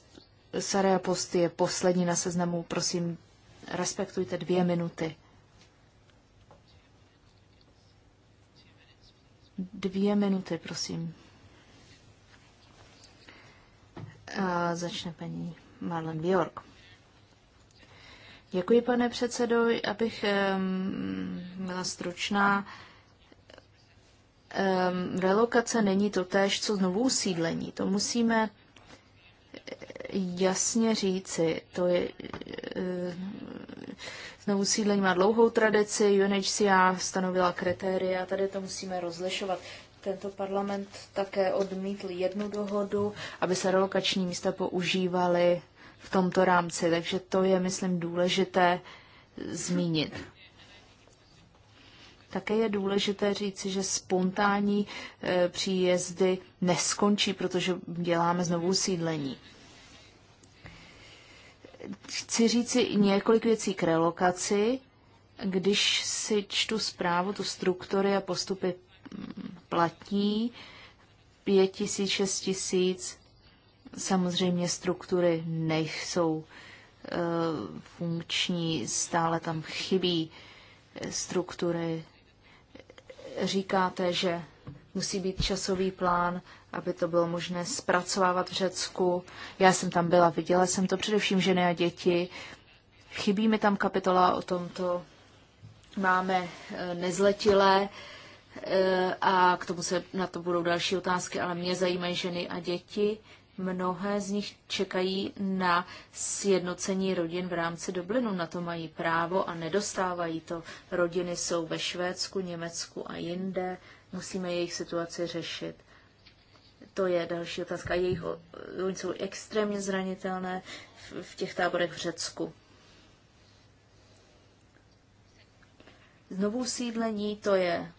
Posty je poslední na seznamu. Prosím, respektujte dvě minuty. Dvě minuty, prosím. začne paní Marlen Bjork. Děkuji, pane předsedo. Abych um, byla stručná, um, relokace není to též, co znovu usídlení. To musíme eh, jasně říci. To je, eh, znovu sídlení má dlouhou tradici, UNHCR stanovila kritéria, tady to musíme rozlišovat. Tento parlament také odmítl jednu dohodu, aby se relokační místa používaly v tomto rámci, takže to je, myslím, důležité zmínit. Také je důležité říci, že spontánní e, příjezdy neskončí, protože děláme znovu sídlení. Chci říci několik věcí k relokaci. Když si čtu zprávu, tu struktury a postupy mm, platí, pět tisíc, šest tisíc. Samozřejmě struktury nejsou e, funkční, stále tam chybí eh, struktury. Říkáte, že musí být časový plán, aby to bylo možné zpracovávat v Řecku. Já jsem tam byla, viděla jsem to především ženy a děti. Chybí mi tam kapitola o tomto. Máme eh, nezletilé, Eh, a k tomu se na to budou další otázky, ale mě zajímají ženy a děti. Mnohé z nich čekají na sjednocení rodin v rámci Dublinu. Na to mají právo a nedostávají to. Rodiny jsou ve Švédsku, Německu a jinde. Musíme jejich situaci řešit. To je další otázka. Jejich, oni jsou extrémně zranitelné v, v těch táborech v Řecku. Znovu sídlení to je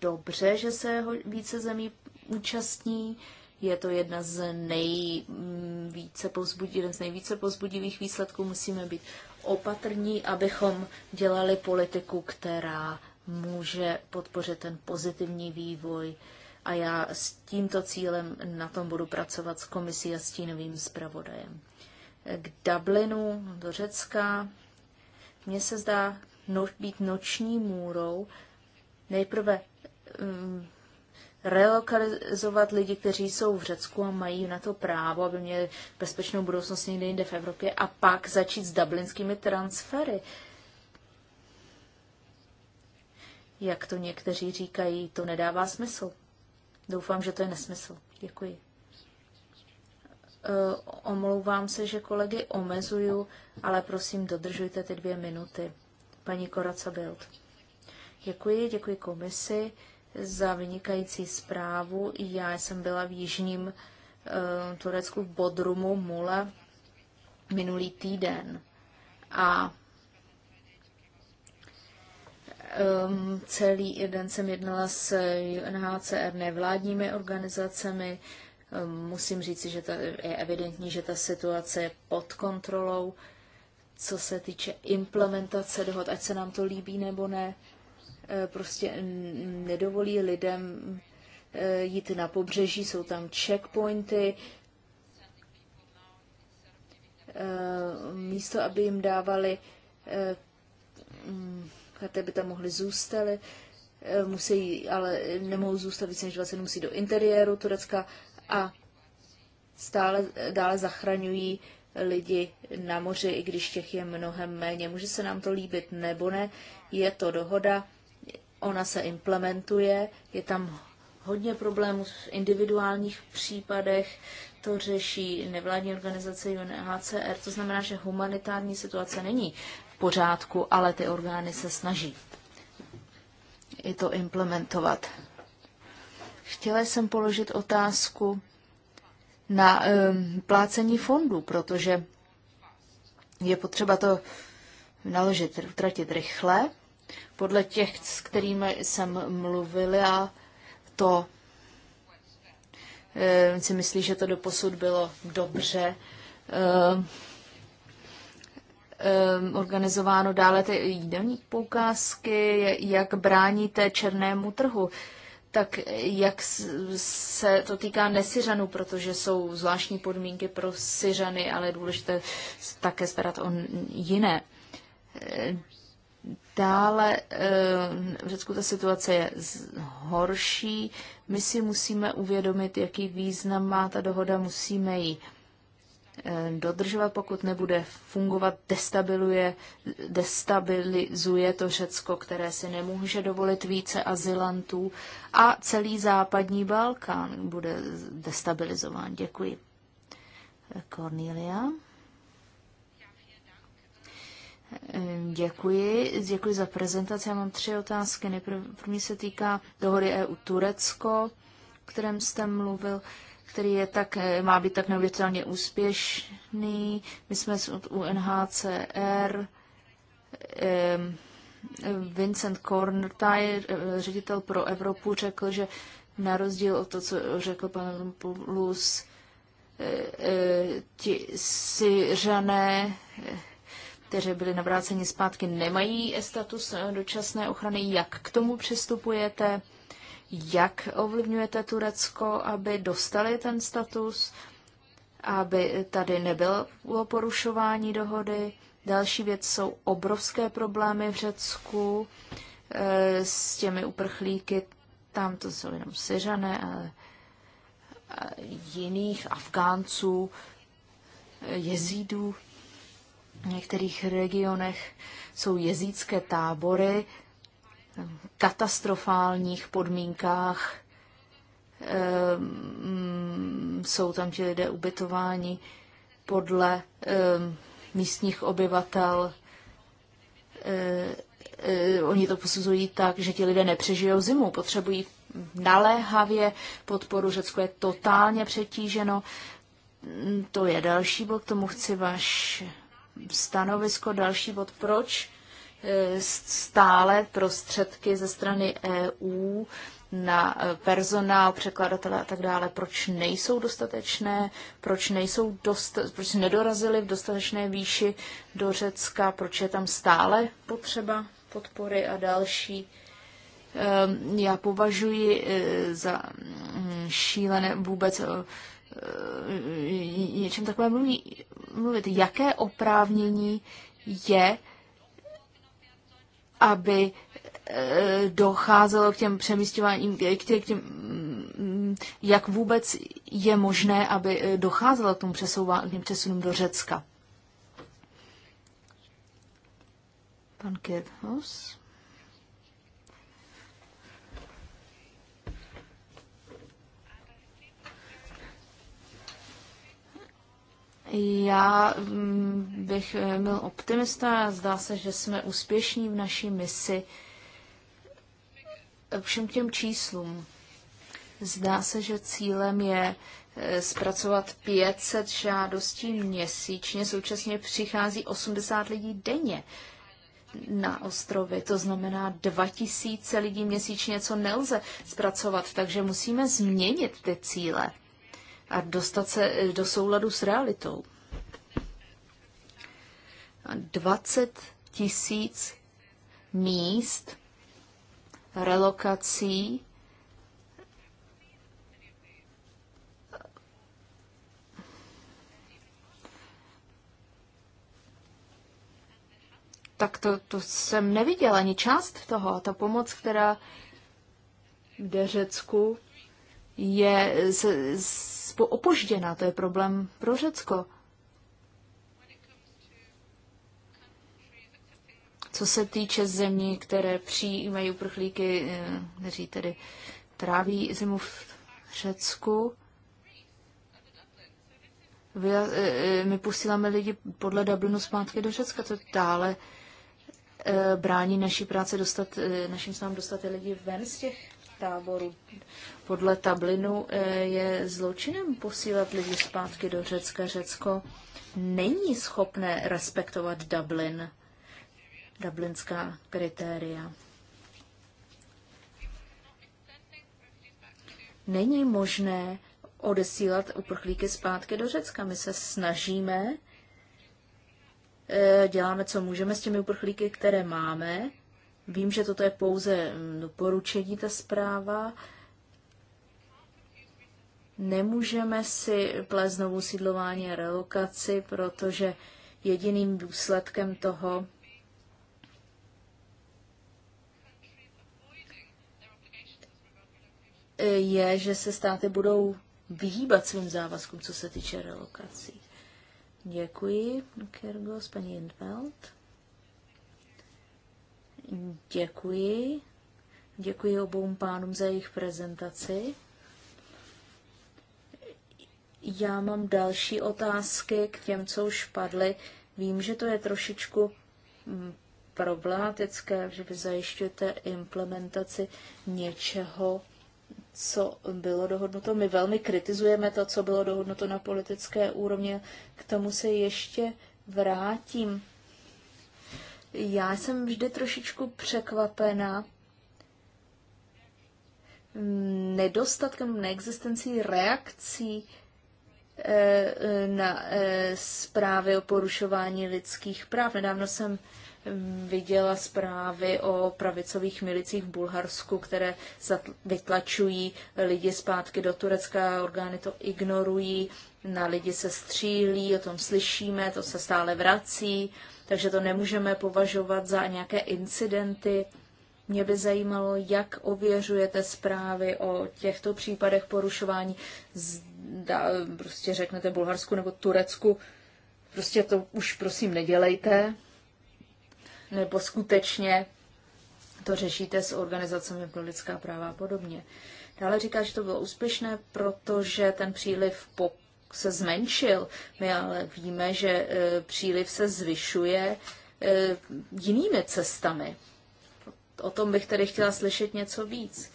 dobře, že se ho více zemí účastní. Je to jedna z nejvíce povzbudí, jeden z nejvíce pozbudivých výsledků. Musíme být opatrní, abychom dělali politiku, která může podpořit ten pozitivní vývoj. A já s tímto cílem na tom budu pracovat s komisí a stínovým zpravodajem. K Dublinu, do Řecka, mně se zdá no, být noční můrou, nejprve Eh, relokalizovat lidi, kteří jsou v Řecku a mají na to právo, aby měli bezpečnou budoucnost někde jinde v Evropě a pak začít s dublinskými transfery. Jak to někteří říkají, to nedává smysl. Doufám, že to je nesmysl. Děkuji. Eh, omlouvám se, že kolegy omezuju, ale prosím, dodržujte ty dvě minuty. Paní Koraca Bild. Děkuji, děkuji komisi za vynikající zprávu. Já jsem byla v jižním eh, Turecku v Bodrumu Mule minulý týden a um, celý den jsem jednala s UNHCR nevládními organizacemi. Um, musím říct, že ta, je evidentní, že ta situace je pod kontrolou, co se týče implementace dohod, ať se nám to líbí nebo ne. Eh, prostě nedovolí lidem eh, jít na pobřeží, jsou tam checkpointy. Eh, místo, aby jim dávali, mm, by tam mohli zůstali, musí, ale nemohou zůstat více než 20, musí do interiéru Turecka a stále dále zachraňují lidi na moři, i když těch je mnohem méně. Může se nám to líbit nebo ne, je to dohoda, ona se implementuje, je tam hodně problémů v individuálních případech, to řeší nevládní organizace UNHCR, to znamená, že humanitární situace není v pořádku, ale ty orgány se snaží i to implementovat. Chtěla jsem položit otázku na um, plácení fondů, protože je potřeba to naložit, utratit rychle, podle těch, s kterými jsem mluvila, to eh, si myslí, že to doposud bylo dobře eh, eh, organizováno dále ty jídelní poukázky, jak bráníte černému trhu, tak jak se to týká nesyřanů, protože jsou zvláštní podmínky pro syřany, ale je důležité také starat o jiné. Dále eh, v Řecku ta situace je horší. My si musíme uvědomit, jaký význam má ta dohoda, musíme ji eh, dodržovat, pokud nebude fungovat, destabiluje, destabilizuje to Řecko, které si nemůže dovolit více azylantů a celý západní Balkán bude destabilizován. Děkuji. Cornelia. Děkuji. Děkuji za prezentaci. Já mám tři otázky. První se týká dohody EU Turecko, o kterém jste mluvil, který je tak, má být tak neuvěřitelně úspěšný. My jsme od UNHCR, Vincent Korntaj, ředitel pro Evropu, řekl, že na rozdíl od toho, co řekl pan Lumpulus, e, e, ti Syřané kteří byli navráceni zpátky, nemají status eh, dočasné ochrany. Jak k tomu přistupujete? Jak ovlivňujete Turecko, aby dostali ten status, aby tady nebylo porušování dohody? Další věc jsou obrovské problémy v Řecku eh, s těmi uprchlíky. Tam to jsou jenom Syřané, ale eh, jiných Afgánců, jezídů. V některých regionech jsou jezícké tábory v katastrofálních podmínkách. Ehm, mm, jsou tam ti lidé ubytováni podle ehm, místních obyvatel. E, e, oni to posuzují tak, že ti lidé nepřežijou zimu, potřebují naléhavě podporu. Řecko je totálně přetíženo. Mm, to je další bod, k tomu chci vaš, stanovisko, další bod, proč eh, stále prostředky ze strany EU na eh, personál, překladatele a tak dále, proč nejsou dostatečné, proč, nejsou dost, proč nedorazili v dostatečné výši do Řecka, proč je tam stále potřeba podpory a další. Ehm, já považuji eh, za mm, šílené vůbec něčem takové mluví mluvit, jaké oprávnění je, aby e, docházelo k těm přemístěváním, k těm, k těm, mm, jak vůbec je možné, aby e, docházelo k tomu přesouvá, k těm přesunům do Řecka. Pan Kirchhoff. Já mm, bych eh, byl optimista, zdá se, že jsme úspěšní v naší misi. Všem těm číslům. Zdá se, že cílem je eh, zpracovat 500 žádostí měsíčně, současně přichází 80 lidí denně na ostrovy, to znamená 2000 lidí měsíčně, co nelze zpracovat, takže musíme změnit ty cíle a dostat se eh, do souladu s realitou. 20 tisíc míst relokací tak to, to jsem neviděla ani část toho. Ta pomoc, která jde Řecku, je, vazbu opožděna. To je problém pro Řecko. Co se týče zemí, které přijímají uprchlíky, eh, kteří tedy tráví zimu v Řecku, eh, my posíláme lidi podle Dublinu zpátky do Řecka, to dále eh, brání naší práci dostat, našim snám dostat ty lidi ven z těch táboru Podle Tablinu eh, je zločinem posílat lidi zpátky do Řecka. Řecko není schopné respektovat Dublin, dublinská kritéria. Není možné odesílat uprchlíky zpátky do Řecka. My se snažíme, eh, děláme, co můžeme s těmi uprchlíky, které máme, Vím, že toto je pouze mm, doporučení, ta zpráva. Nemůžeme si plést znovu sídlování a relokaci, protože jediným důsledkem toho je, že se státy budou vyhýbat svým závazkům, co se týče relokací. Děkuji, Kergos, paní Jindveld. Děkuji. Děkuji obou pánům za jejich prezentaci. Já mám další otázky k těm, co už padly. Vím, že to je trošičku mm, problematické, že vy zajišťujete implementaci něčeho, co bylo dohodnuto. My velmi kritizujeme to, co bylo dohodnuto na politické úrovni. K tomu se ještě vrátím. Já jsem vždy trošičku překvapena nedostatkem, neexistencí reakcí eh, eh, na eh, zprávy o porušování lidských práv. Nedávno jsem viděla zprávy o pravicových milicích v Bulharsku, které vytlačují lidi zpátky do Turecka, orgány to ignorují, na lidi se střílí, o tom slyšíme, to se stále vrací. Um, takže to nemůžeme považovat za nějaké incidenty. Mě by zajímalo, jak ověřujete zprávy o těchto případech porušování. Zda, prostě řeknete Bulharsku nebo Turecku, prostě to už prosím nedělejte, nebo skutečně to řešíte s organizacemi pro lidská práva a podobně. Dále říká, že to bylo úspěšné, protože ten příliv po se zmenšil. My ale víme, že e, příliv se zvyšuje e, jinými cestami. O tom bych tedy chtěla slyšet něco víc.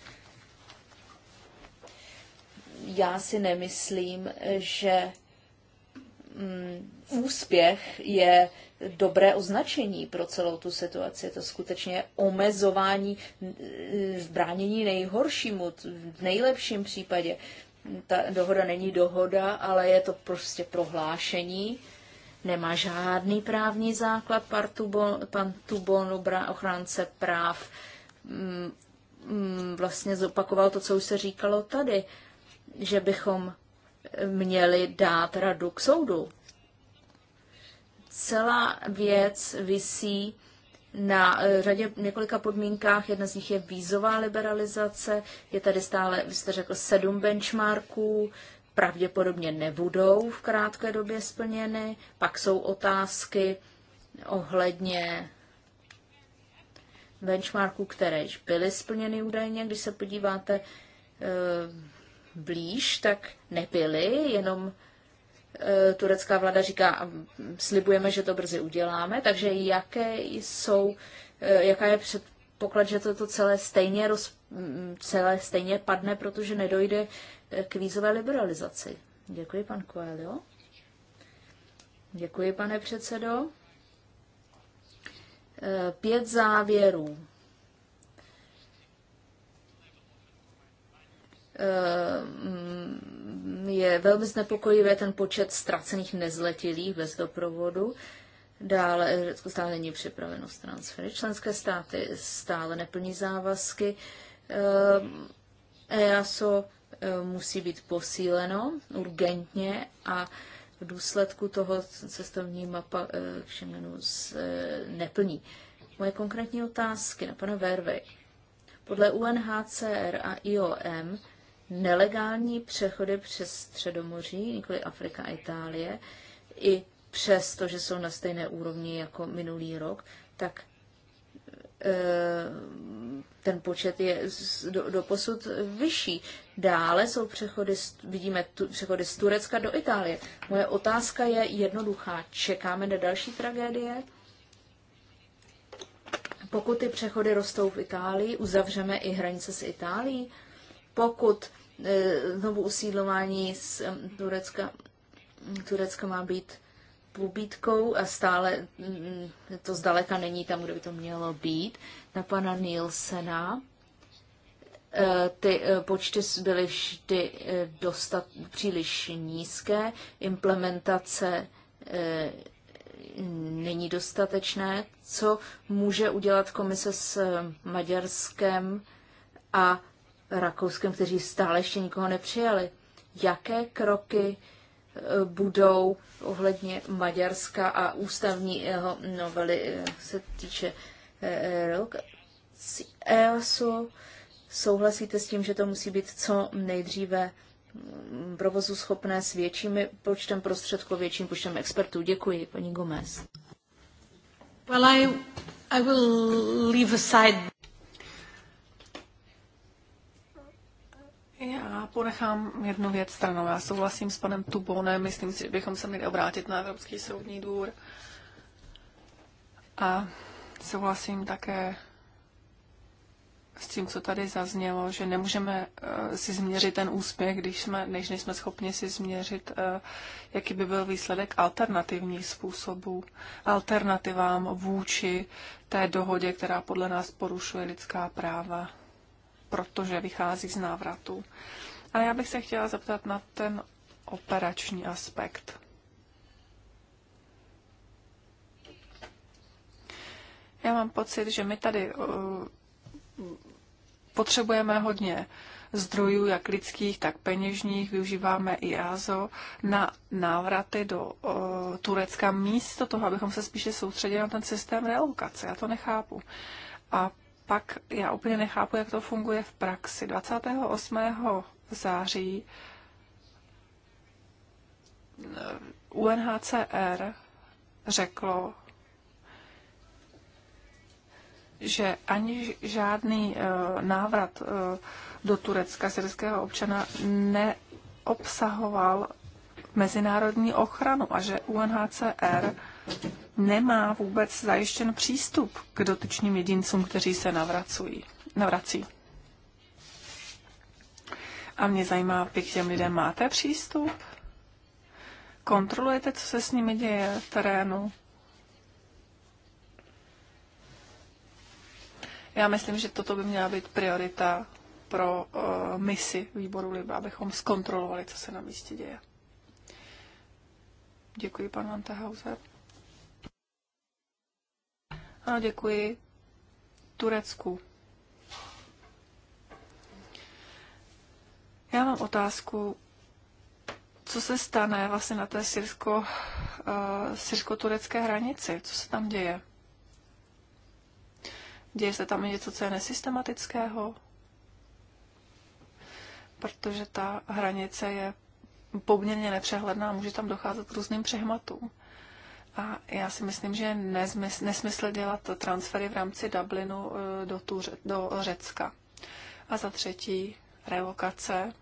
Já si nemyslím, že mm, úspěch je dobré označení pro celou tu situaci. To skutečně je omezování, e, bránění nejhoršímu, v nejlepším případě ta dohoda není dohoda, ale je to prostě prohlášení. Nemá žádný právní základ, pan Tubon, ochránce práv, mm, mm, vlastně zopakoval to, co už se říkalo tady, že bychom měli dát radu k soudu. Celá věc visí na eh, řadě několika podmínkách, jedna z nich je vízová liberalizace, je tady stále, vy jste řekl, sedm benchmarků, pravděpodobně nebudou v krátké době splněny, pak jsou otázky ohledně benchmarků, které již byly splněny údajně, když se podíváte e, blíž, tak nebyly, jenom Eh, turecká vláda říká, slibujeme, že to brzy uděláme, takže jaké jsou, eh, jaká je předpoklad, že toto celé stejně, roz, mm, celé stejně padne, protože nedojde eh, k vízové liberalizaci. Děkuji, pan Coelho. Děkuji, pane předsedo. Pět závěrů. Uh, je velmi znepokojivé ten počet ztracených nezletilých bez doprovodu. Dále Řecko stále není připraveno s transfery. Členské státy stále neplní závazky. Ehm, EASO ehm, musí být posíleno urgentně a v důsledku toho cestovní mapa k ehm, Schengenu neplní. Moje konkrétní otázky na pana Verve. Podle UNHCR a IOM nelegální přechody přes Středomoří, nikoli Afrika a Itálie, i přes to, že jsou na stejné úrovni jako minulý rok, tak eh, ten počet je do, do posud vyšší. Dále jsou přechody, vidíme tu, přechody z Turecka do Itálie. Moje otázka je jednoduchá. Čekáme na další tragédie? Pokud ty přechody rostou v Itálii, uzavřeme i hranice s Itálií? pokud eh, znovu usídlování z eh, Turecka, Turecka má být půbítkou a stále mm, to zdaleka není tam, kde by to mělo být, na pana Nielsena. Eh, ty počty byly vždy dostat příliš nízké, implementace není dostatečné. Co může udělat komise s Maďarskem a Rakouskem, kteří stále ještě nikoho nepřijali. Jaké kroky e, budou ohledně Maďarska a ústavní novely e, se týče e, EASu. Souhlasíte s tím, že to musí být co nejdříve mm, provozu schopné s většími počtem prostředků, větším počtem expertů. Děkuji, paní Gomez. Well, I, I will leave aside... Já ponechám jednu věc stranou. Já souhlasím s panem Tubonem, myslím si, že bychom se měli obrátit na Evropský soudní dvůr. A souhlasím také s tím, co tady zaznělo, že nemůžeme uh, si změřit ten úspěch, když jsme, než nejsme schopni si změřit, uh, jaký by byl výsledek alternativních způsobů, alternativám vůči té dohodě, která podle nás porušuje lidská práva protože vychází z návratu. Ale já bych se chtěla zeptat na ten operační aspekt. Já mám pocit, že my tady uh, potřebujeme hodně zdrojů, jak lidských, tak peněžních, využíváme i AZO na návraty do uh, Turecka místo toho, abychom se spíše soustředili na ten systém relokace. Já to nechápu. A pak já úplně nechápu, jak to funguje v praxi. 28. září eh, UNHCR řeklo, že ani žádný uh, návrat uh, do Turecka syrského občana neobsahoval mezinárodní ochranu a že UNHCR nemá vůbec zajištěn přístup k dotyčným jedincům, kteří se navracují, navrací. A mě zajímá, vy k těm lidem máte přístup? Kontrolujete, co se s nimi děje v terénu? Já myslím, že toto by měla být priorita pro uh, misi výboru Liba, abychom zkontrolovali, co se na místě děje. Děkuji, pan Vantahauser. Ano, děkuji. Turecku. Já mám otázku, co se stane vlastně na té syrsko, uh, syrsko-turecké hranici? Co se tam děje? Děje se tam něco, co je nesystematického? Protože ta hranice je poměrně nepřehledná, může tam docházet k různým přehmatům. A já si myslím, že nezmysl, nesmysl dělat transfery v rámci Dublinu eh, do, tu, do Řecka. A za třetí, relokace.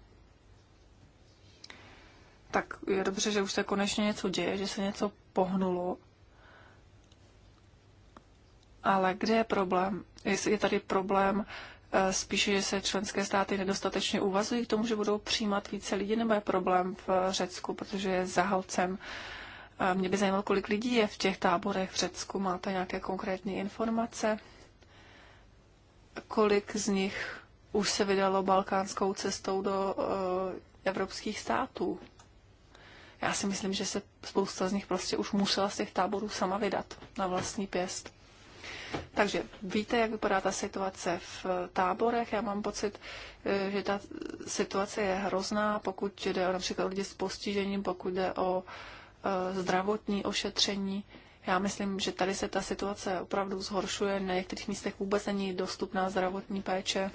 Tak je dobře, že už se konečně něco děje, že se něco pohnulo. Ale kde je problém? Je tady problém eh, spíše, že se členské státy nedostatečně uvazují k tomu, že budou přijímat více lidí, nebo je problém v Řecku, protože je zahalcem uh, mě by zajímalo, kolik lidí je v těch táborech v Řecku. Máte nějaké konkrétní informace? Kolik z nich už se vydalo balkánskou cestou do uh, evropských států? Já si myslím, že se spousta z nich prostě už musela z těch táborů sama vydat na vlastní pěst. Takže víte, jak vypadá ta situace v táborech. Já mám pocit, eh, že ta situace je hrozná, pokud jde o například lidi s postižením, pokud jde o uh, Eh, zdravotní ošetření. Já myslím, že tady se ta situace opravdu zhoršuje. Na některých místech vůbec není dostupná zdravotní péče.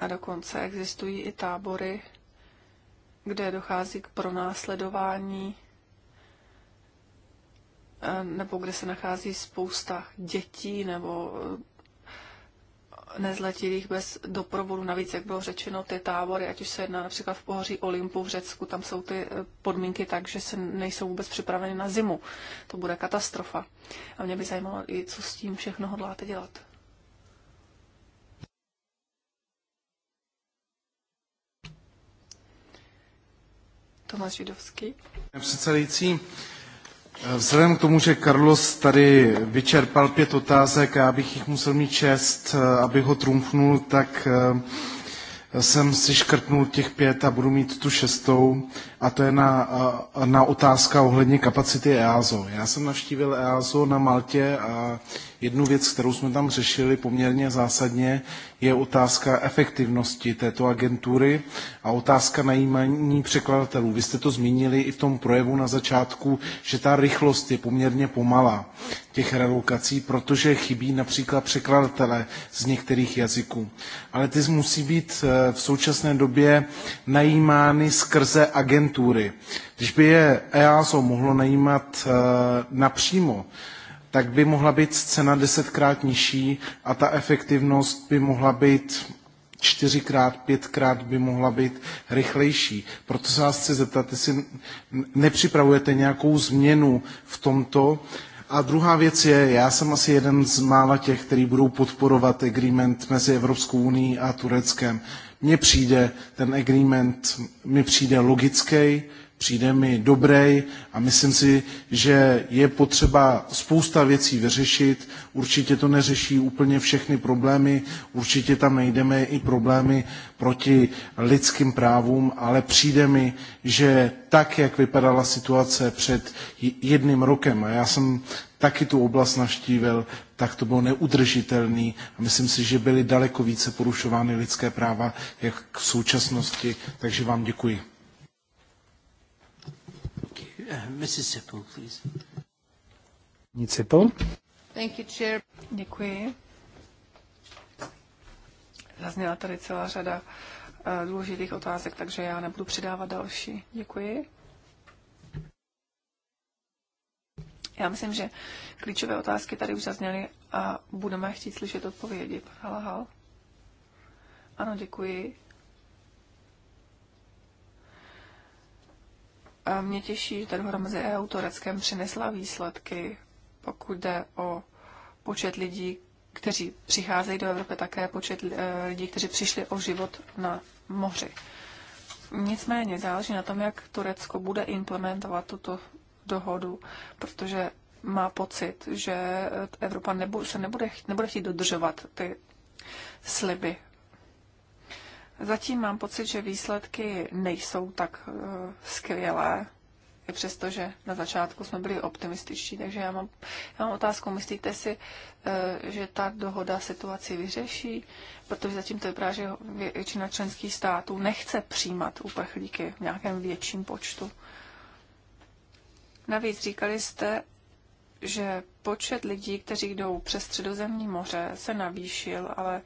A dokonce existují i tábory, kde dochází k pronásledování eh, nebo kde se nachází spousta dětí nebo eh, nezletilých bez doprovodu. Navíc, jak bylo řečeno, ty tábory, ať už se jedná například v pohoří Olympu v Řecku, tam jsou ty eh, podmínky tak, že se nejsou vůbec připraveny na zimu. To bude katastrofa. A mě by zajímalo i, co s tím všechno hodláte dělat. Tomáš Židovský. Předsedající, Vzhledem k tomu, že Carlos tady vyčerpal pět otázek a já bych jich musel mít šest, eh, abych ho trumfnul, tak eh, jsem si škrtnul těch pět a budu mít tu šestou, a to je na, eh, na otázka ohledně kapacity EASO. Já jsem navštívil EASO na Maltě a Jednu věc, kterou jsme tam řešili poměrně zásadně, je otázka efektivnosti této agentury a otázka najímání překladatelů. Vy jste to zmínili i v tom projevu na začátku, že ta rychlost je poměrně pomalá těch relokací, protože chybí například překladatele z některých jazyků. Ale ty musí být eh, v současné době najímány skrze agentury. Když by je EASO mohlo najímat eh, napřímo, tak by mohla být cena desetkrát nižší a ta efektivnost by mohla být čtyřikrát, pětkrát by mohla být rychlejší. Proto se vás chci zeptat, jestli nepřipravujete nějakou změnu v tomto. A druhá věc je, já jsem asi jeden z mála těch, kteří budou podporovat agreement mezi Evropskou unii a Tureckem. Mně přijde ten agreement, mi přijde logický, přijde mi dobrý a myslím si, že je potřeba spousta věcí vyřešit. Určitě to neřeší úplně všechny problémy, určitě tam najdeme i problémy proti lidským právům, ale přijde mi, že tak, jak vypadala situace před jedným rokem, a já jsem taky tu oblast navštívil, tak to bylo neudržitelný a myslím si, že byly daleko více porušovány lidské práva, jak v současnosti, takže vám děkuji. Mrs. Sippel, please. Sippel. Thank you, Chair. Děkuji. Zazněla tady celá řada eh, důležitých otázek, takže já nebudu přidávat další. Děkuji. Já myslím, že klíčové otázky tady už zazněly a budeme chtít slyšet odpovědi. Pan Halahal. Ano, děkuji. mě těší, že ta dohoda mezi EU a Tureckem přinesla výsledky, pokud jde o počet lidí, kteří přicházejí do Evropy, také počet eh, lidí, kteří přišli o život na moři. Nicméně záleží na tom, jak Turecko bude implementovat tuto dohodu, protože má pocit, že Evropa nebu, se nebude, nebude chtít dodržovat ty sliby Zatím mám pocit, že výsledky nejsou tak eh, skvělé, i přesto, že na začátku jsme byli optimističtí. Takže já mám, já mám otázku, myslíte si, eh, že ta dohoda situaci vyřeší? Protože zatím to vypadá, že většina členských států nechce přijímat uprchlíky v nějakém větším počtu. Navíc říkali jste, že počet lidí, kteří jdou přes středozemní moře, se navýšil, ale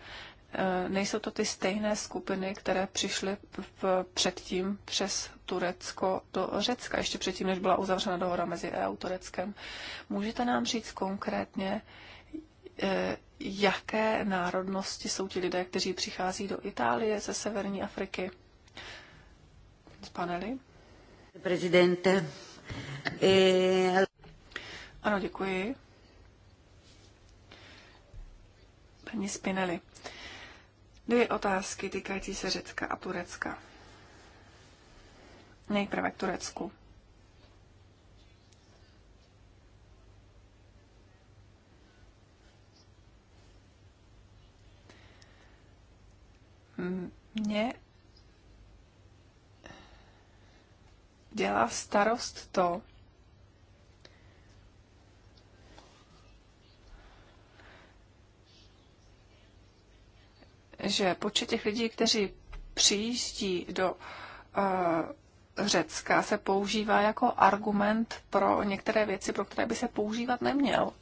Eh, nejsou to ty stejné skupiny, které přišly v, předtím přes Turecko do Řecka, ještě předtím, než byla uzavřena dohoda mezi EU a Tureckem. Můžete nám říct konkrétně, eh, jaké národnosti jsou ti lidé, kteří přichází do Itálie ze severní Afriky? Spaneli? Prezidente. E... Ano, děkuji. Paní Spinelli. Dvě otázky týkající se Řecka a Turecka. Nejprve k Turecku. Mně dělá starost to, že počet těch lidí, kteří přijíždí do uh, Řecka, se používá jako argument pro některé věci, pro které by se používat neměl.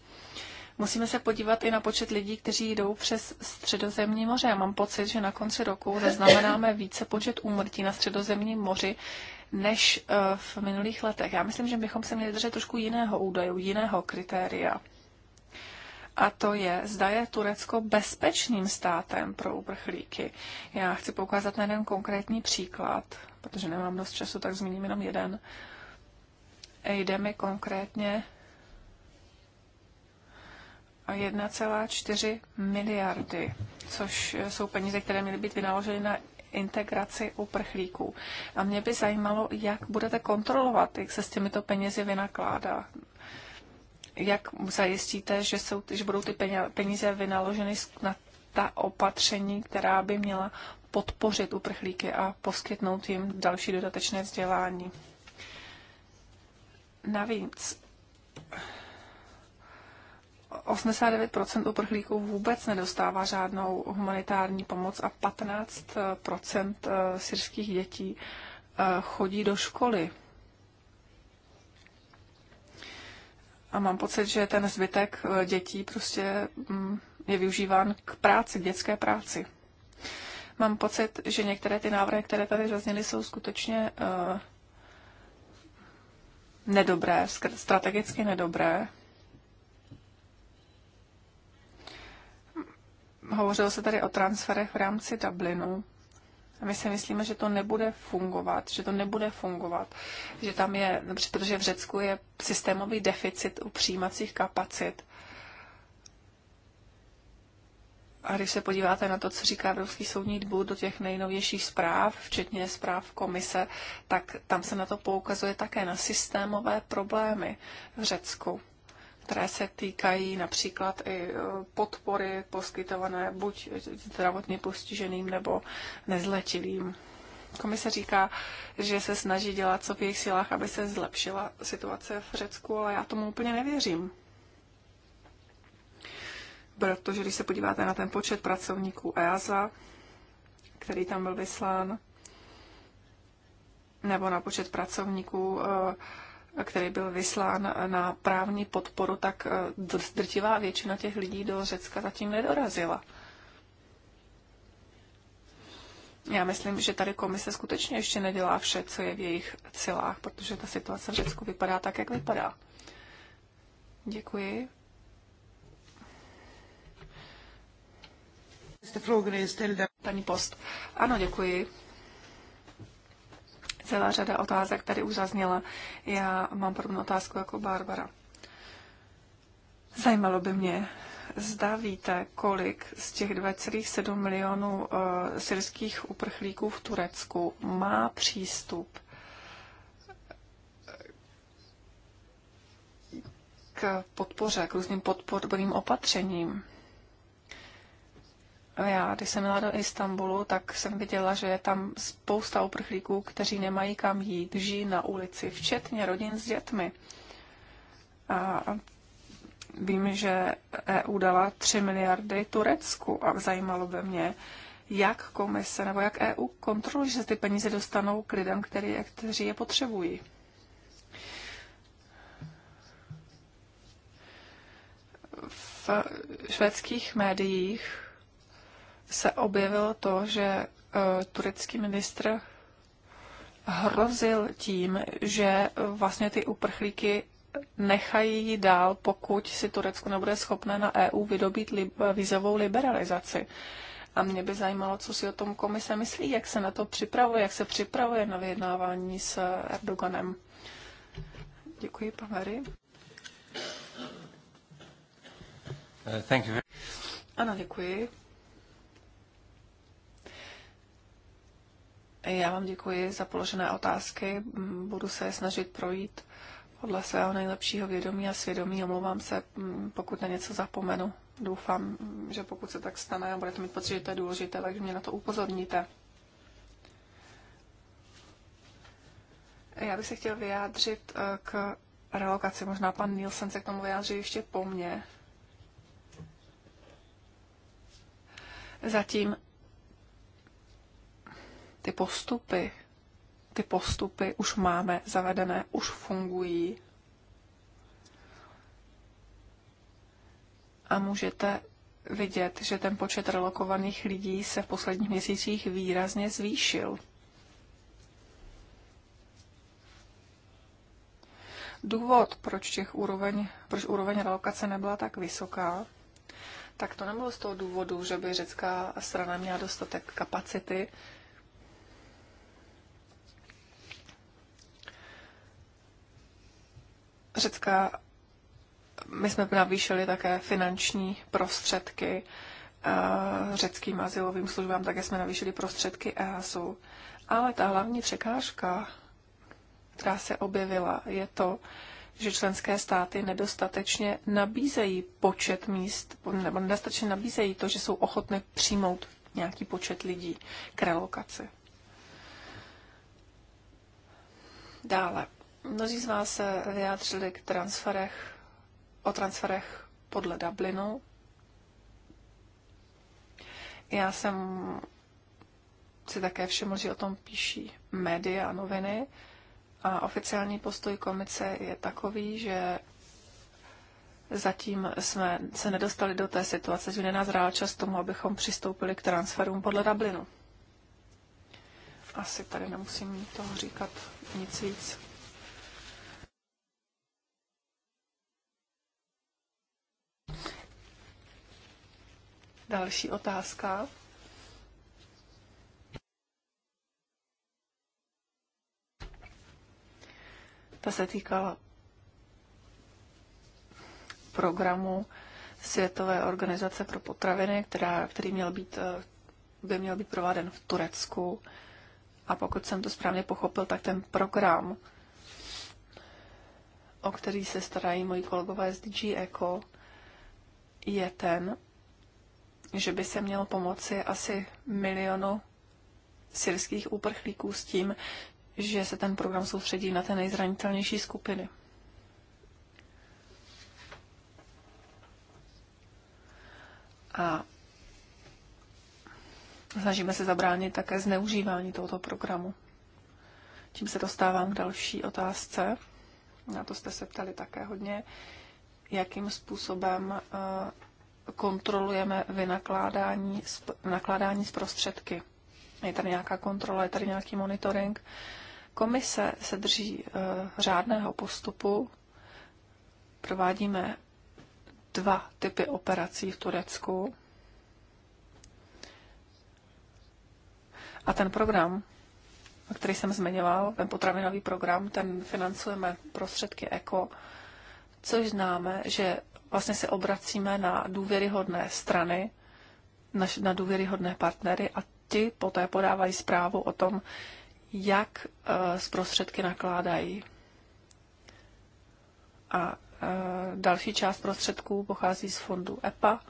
Musíme se podívat i na počet lidí, kteří jdou přes středozemní moře. Já mám pocit, že na konci roku zaznamenáme více počet úmrtí na středozemním moři než eh, v minulých letech. Já myslím, že bychom se měli držet trošku jiného údaju, jiného kritéria a to je, zda je Turecko bezpečným státem pro uprchlíky. Já chci poukázat na jeden konkrétní příklad, protože nemám dost času, tak zmíním jenom jeden. Jde mi konkrétně 1,4 miliardy, což jsou peníze, které měly být vynaloženy na integraci uprchlíků. A mě by zajímalo, jak budete kontrolovat, jak se s těmito penězi vynakládá jak zajistíte, že, jsou, že budou ty peníze vynaloženy na ta opatření, která by měla podpořit uprchlíky a poskytnout jim další dodatečné vzdělání. Navíc 89% uprchlíků vůbec nedostává žádnou humanitární pomoc a 15% eh, syrských dětí eh, chodí do školy A mám pocit, že ten zbytek eh, dětí prostě mm, je využíván k práci, k dětské práci. Mám pocit, že některé ty návrhy, které tady zazněly, jsou skutečně eh, nedobré, strategicky nedobré. Hovořilo se tady o transferech v rámci Dublinu. My si myslíme, že to nebude fungovat, že to nebude fungovat, že tam je, protože v Řecku je systémový deficit u přijímacích kapacit. A když se podíváte na to, co říká Evropský soudní dvůr do těch nejnovějších zpráv, včetně zpráv komise, tak tam se na to poukazuje také na systémové problémy v Řecku které se týkají například i e, podpory poskytované buď zdravotně postiženým nebo nezletilým. Komise říká, že se snaží dělat, co v jejich silách, aby se zlepšila situace v Řecku, ale já tomu úplně nevěřím. Protože když se podíváte na ten počet pracovníků EASA, který tam byl vyslán, nebo na počet pracovníků uh, který byl vyslán na právní podporu, tak eh, drtivá většina těch lidí do Řecka zatím nedorazila. Já myslím, že tady komise skutečně ještě nedělá vše, co je v jejich silách, protože ta situace v Řecku vypadá tak, jak vypadá. Děkuji. Paní Post. Ano, děkuji. Celá řada otázek tady už zazněla. Já mám podobnou otázku jako Barbara. Zajímalo by mě, zda víte, kolik z těch 2,7 milionů eh, syrských uprchlíků v Turecku má přístup k podpoře, k různým podporným opatřením. Já, když jsem jela do Istanbulu, tak jsem viděla, že je tam spousta uprchlíků, kteří nemají kam jít, žijí na ulici, včetně rodin s dětmi. A vím, že EU dala 3 miliardy Turecku a zajímalo by mě, jak komise nebo jak EU kontroluje, že ty peníze dostanou k lidem, který, kteří je potřebují. V švédských médiích se objevilo to, že e, turecký ministr hrozil tím, že vlastně ty uprchlíky nechají dál, pokud si Turecko nebude schopné na EU vydobít li- vízovou liberalizaci. A mě by zajímalo, co si o tom komise myslí, jak se na to připravuje, jak se připravuje na vyjednávání s Erdoganem. Děkuji, pan uh, you. Ano, děkuji. Já vám děkuji za položené otázky. Mm, Budu se snažit projít podle svého nejlepšího vědomí a svědomí. Omlouvám se, mm, pokud na něco zapomenu. Doufám, mm, že pokud se tak stane a budete mít pocit, že to je důležité, takže mě na to upozorníte. Já bych se chtěl vyjádřit eh, k relokaci. Možná pan Nielsen se k tomu vyjádří ještě po mně. Zatím ty postupy, ty postupy už máme zavedené, už fungují. A můžete vidět, že ten počet relokovaných lidí se v posledních měsících výrazně zvýšil. Důvod, proč, těch úroveň, proč úroveň relokace nebyla tak vysoká, tak to nebylo z toho důvodu, že by řecká strana měla dostatek kapacity Řecka my jsme navýšili také finanční prostředky eh, řeckým azylovým službám, také jsme navýšili prostředky EASu. Ale ta hlavní překážka, která se objevila, je to, že členské státy nedostatečně nabízejí počet míst, nebo nedostatečně nabízejí to, že jsou ochotné přijmout nějaký počet lidí k relokaci. Dále. Mnozí z vás se vyjádřili k transferech, o transferech podle Dublinu. Já jsem si také všiml, že o tom píší média a noviny. A oficiální postoj komice je takový, že zatím jsme se nedostali do té situace, že nenazrál čas tomu, abychom přistoupili k transferům podle Dublinu. Asi tady nemusím toho říkat nic víc. Další otázka. Ta se týkala programu Světové organizace pro potraviny, která, který měl být, eh, by měl být prováden v Turecku. A pokud jsem to správně pochopil, tak ten program, o který se starají moji kolegové z DG Eco, je ten, že by se mělo pomoci asi milionu syrských úprchlíků s tím, že se ten program soustředí na ty nejzranitelnější skupiny. A snažíme se zabránit také zneužívání tohoto programu. Tím se dostávám k další otázce. Na to jste se ptali také hodně. Uh, jakým způsobem eh, kontrolujeme vynakládání nakládání s prostředky. Je tady nějaká kontrola, je tady nějaký monitoring. Komise se drží eh, řádného postupu. Provádíme dva typy operací v Turecku. A ten program, který jsem zmiňoval, ten potravinový program, ten financujeme prostředky ECO což známe, že vlastně se obracíme na důvěryhodné strany, na důvěryhodné partnery a ti poté podávají zprávu o tom, jak eh, s prostředky nakládají. A eh, další část prostředků pochází z fondu EPA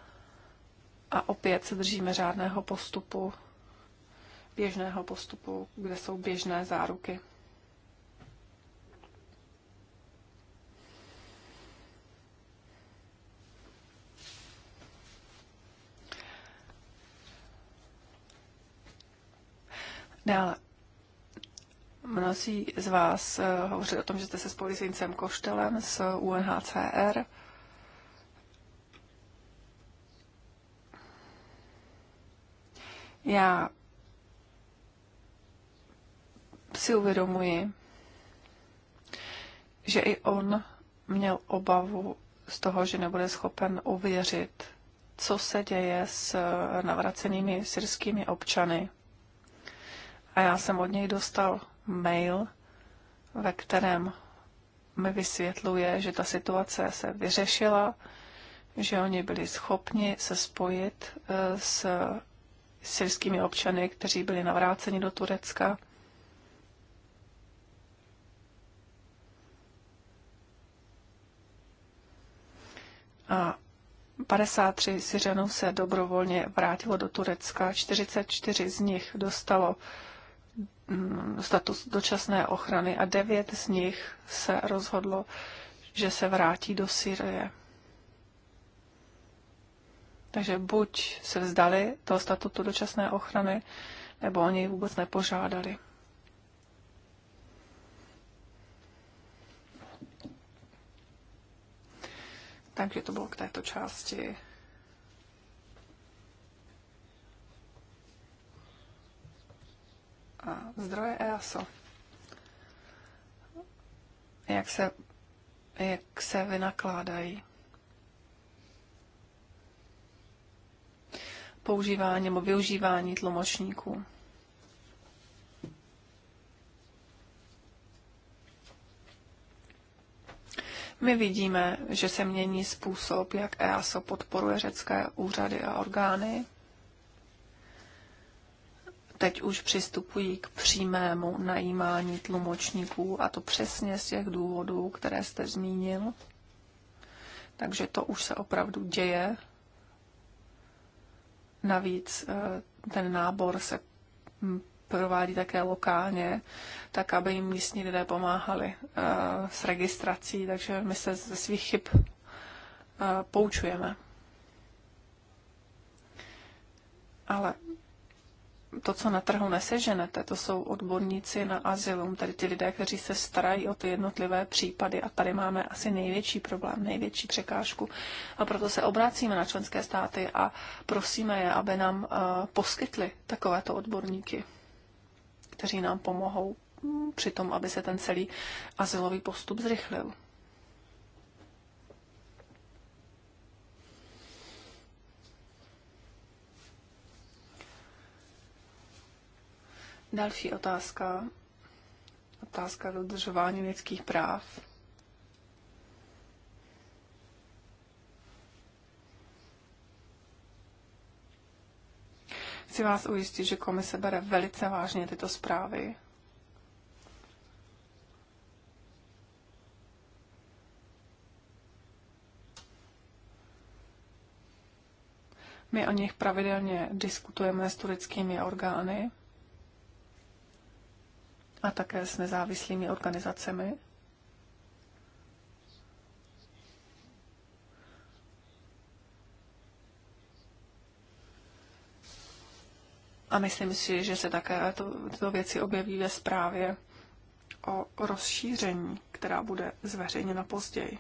a opět se držíme řádného postupu, běžného postupu, kde jsou běžné záruky. Dále. Mnozí z vás eh, hovoří o tom, že jste se spojili s Vincem Koštelem z UNHCR. Já si uvědomuji, že i on měl obavu z toho, že nebude schopen uvěřit, co se děje s navracenými syrskými občany a já jsem od něj dostal mail, ve kterém mi vysvětluje, že ta situace se vyřešila, že oni byli schopni se spojit eh, s syrskými občany, kteří byli navráceni do Turecka. A 53 Syřanů se dobrovolně vrátilo do Turecka, 44 z nich dostalo Mm, status dočasné ochrany a devět z nich se rozhodlo, že se vrátí do Syrie. Takže buď se vzdali toho statutu dočasné ochrany, nebo o něj vůbec nepožádali. Takže to bylo k této části zdroje EASO. Jak se, jak se vynakládají. Používání nebo využívání tlumočníků. My vidíme, že se mění způsob, jak EASO podporuje řecké úřady a orgány teď už přistupují k přímému najímání tlumočníků a to přesně z těch důvodů, které jste zmínil. Takže to už se opravdu děje. Navíc eh, ten nábor se hm, provádí také lokálně, tak aby jim místní lidé pomáhali eh, s registrací, takže my se ze svých chyb eh, poučujeme. Ale to, co na trhu neseženete, to jsou odborníci na azylum, tedy ti lidé, kteří se starají o ty jednotlivé případy a tady máme asi největší problém, největší překážku a proto se obracíme na členské státy a prosíme je, aby nám eh, poskytli takovéto odborníky, kteří nám pomohou mm, při tom, aby se ten celý azylový postup zrychlil. Další otázka. Otázka dodržování lidských práv. Chci vás ujistit, že komise bere velice vážně tyto zprávy. My o nich pravidelně diskutujeme s tureckými orgány a také s nezávislými organizacemi. A myslím si, že se také to, tyto věci objeví ve zprávě o rozšíření, která bude zveřejněna později.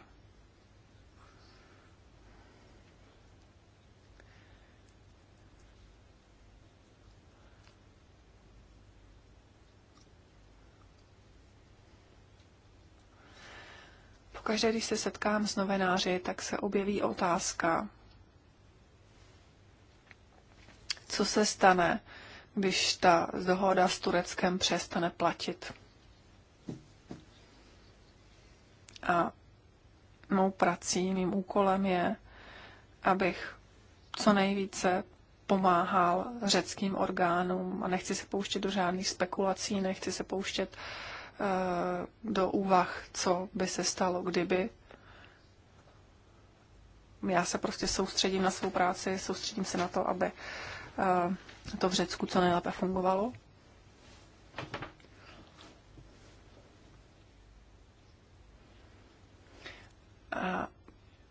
Pokaždé, když se setkám s novináři, tak se objeví otázka, co se stane, když ta dohoda s Tureckem přestane platit. A mou prací, mým úkolem je, abych co nejvíce pomáhal řeckým orgánům a nechci se pouštět do žádných spekulací, nechci se pouštět Eh, do úvah, co by se stalo, kdyby. Já se prostě soustředím na svou práci, soustředím se na to, aby eh, to v Řecku co nejlépe fungovalo. A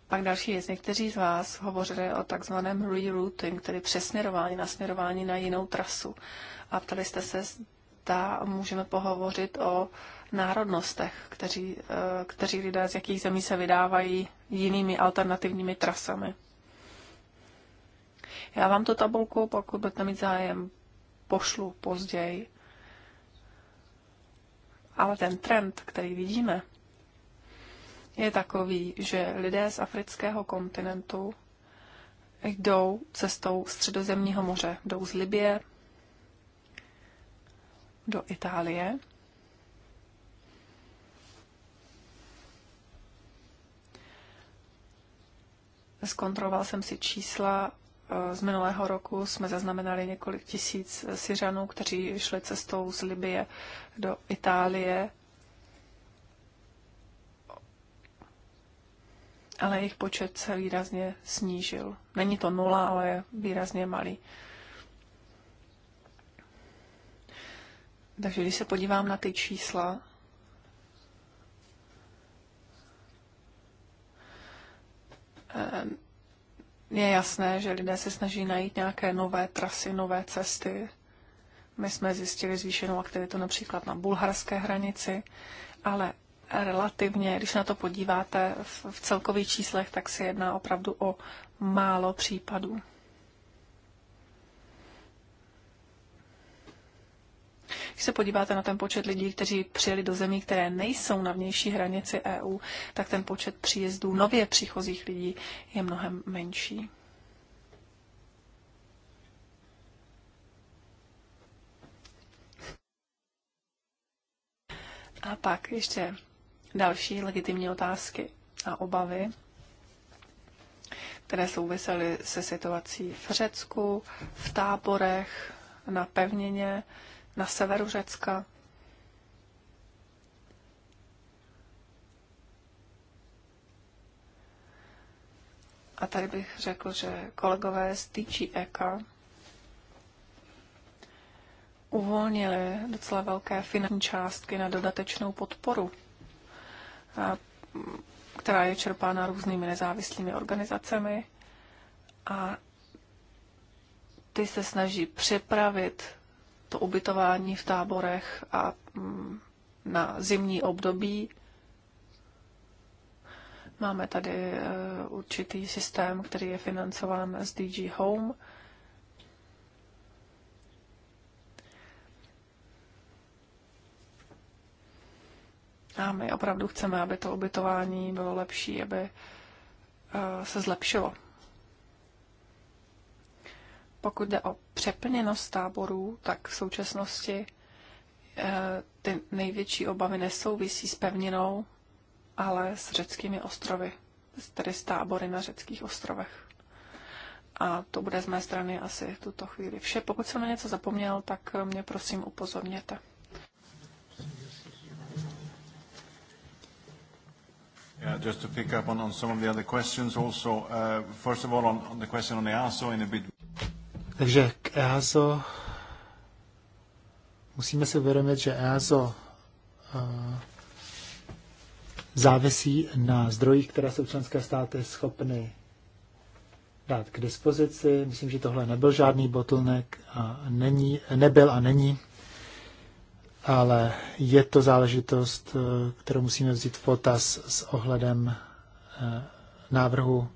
pak další věc. Někteří z vás hovořili o takzvaném rerouting, tedy přesměrování, nasměrování na jinou trasu. A ptali jste se, léta můžeme pohovořit o národnostech, kteří, eh, kteří lidé z jakých zemí se vydávají jinými alternativními trasami. Já vám tu tabulku, pokud budete mít zájem, pošlu později. Ale ten trend, který vidíme, je takový, že lidé z afrického kontinentu jdou cestou středozemního moře. Jdou z Libie, do Itálie. Zkontroloval jsem si čísla. Eh, z minulého roku jsme zaznamenali několik tisíc Syřanů, kteří šli cestou z Libie do Itálie. Ale jejich počet se výrazně snížil. Není to nula, ale je výrazně malý. Takže když se podívám na ty čísla, ehm, je jasné, že lidé se snaží najít nějaké nové trasy, nové cesty. My jsme zjistili zvýšenou aktivitu například na bulharské hranici, ale relativně, když na to podíváte v celkových číslech, tak se jedná opravdu o málo případů. Když se podíváte na ten počet lidí, kteří přijeli do zemí, které nejsou na vnější hranici EU, tak ten počet příjezdů nově příchozích lidí je mnohem menší. A pak ještě další legitimní otázky a obavy, které souvisely se situací v Řecku, v táborech, na pevnině, na severu Řecka. A tady bych řekl, že kolegové z DG ECA uvolnili docela velké finanční částky na dodatečnou podporu, která je čerpána různými nezávislými organizacemi a ty se snaží připravit to ubytování v táborech a mm, na zimní období. Máme tady e, určitý systém, který je financován z DG Home. A my opravdu chceme, aby to ubytování bylo lepší, aby e, se zlepšilo. Pokud jde o přeplněnost táborů, tak v současnosti eh, ty největší obavy nesouvisí s pevninou, ale s řeckými ostrovy, tedy s tábory na řeckých ostrovech. A to bude z mé strany asi tuto chvíli vše. Pokud jsem na něco zapomněl, tak eh, mě prosím upozorněte. Yeah, just to pick up on, on some of the other questions also. Uh, first of all, on, on the question on the ASO in a bit takže k EASO musíme se uvědomit, že EASO eh, závisí na zdrojích, které jsou členské státy schopny dát k dispozici. Myslím, že tohle nebyl žádný bottleneck a není, nebyl a není, ale je to záležitost, eh, kterou musíme vzít v potaz s ohledem eh, návrhu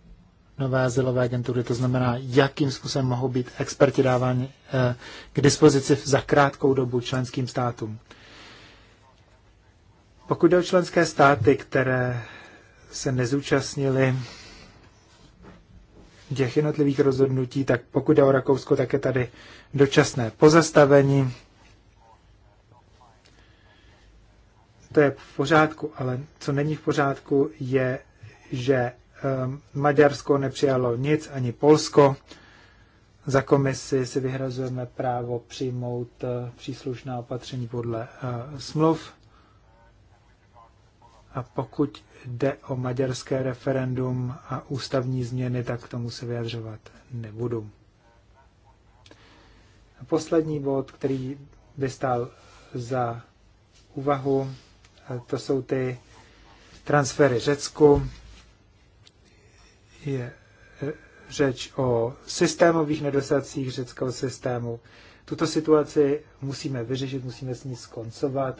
nové azylové agentury, to znamená, jakým způsobem mohou být experti dáváni eh, k dispozici za krátkou dobu členským státům. Pokud jde o členské státy, které se nezúčastnili těch jednotlivých rozhodnutí, tak pokud jde o Rakousko, tak je tady dočasné pozastavení. To je v pořádku, ale co není v pořádku, je, že Ehm, Maďarsko nepřijalo nic, ani Polsko. Za komisi si vyhrazujeme právo přijmout eh, příslušná opatření podle eh, smluv. A pokud jde o maďarské referendum a ústavní změny, tak k tomu se vyjadřovat nebudu. A poslední bod, který by stál za úvahu, eh, to jsou ty transfery Řecku je e, řeč o systémových nedostacích řeckého systému. Tuto situaci musíme vyřešit, musíme s ní skoncovat.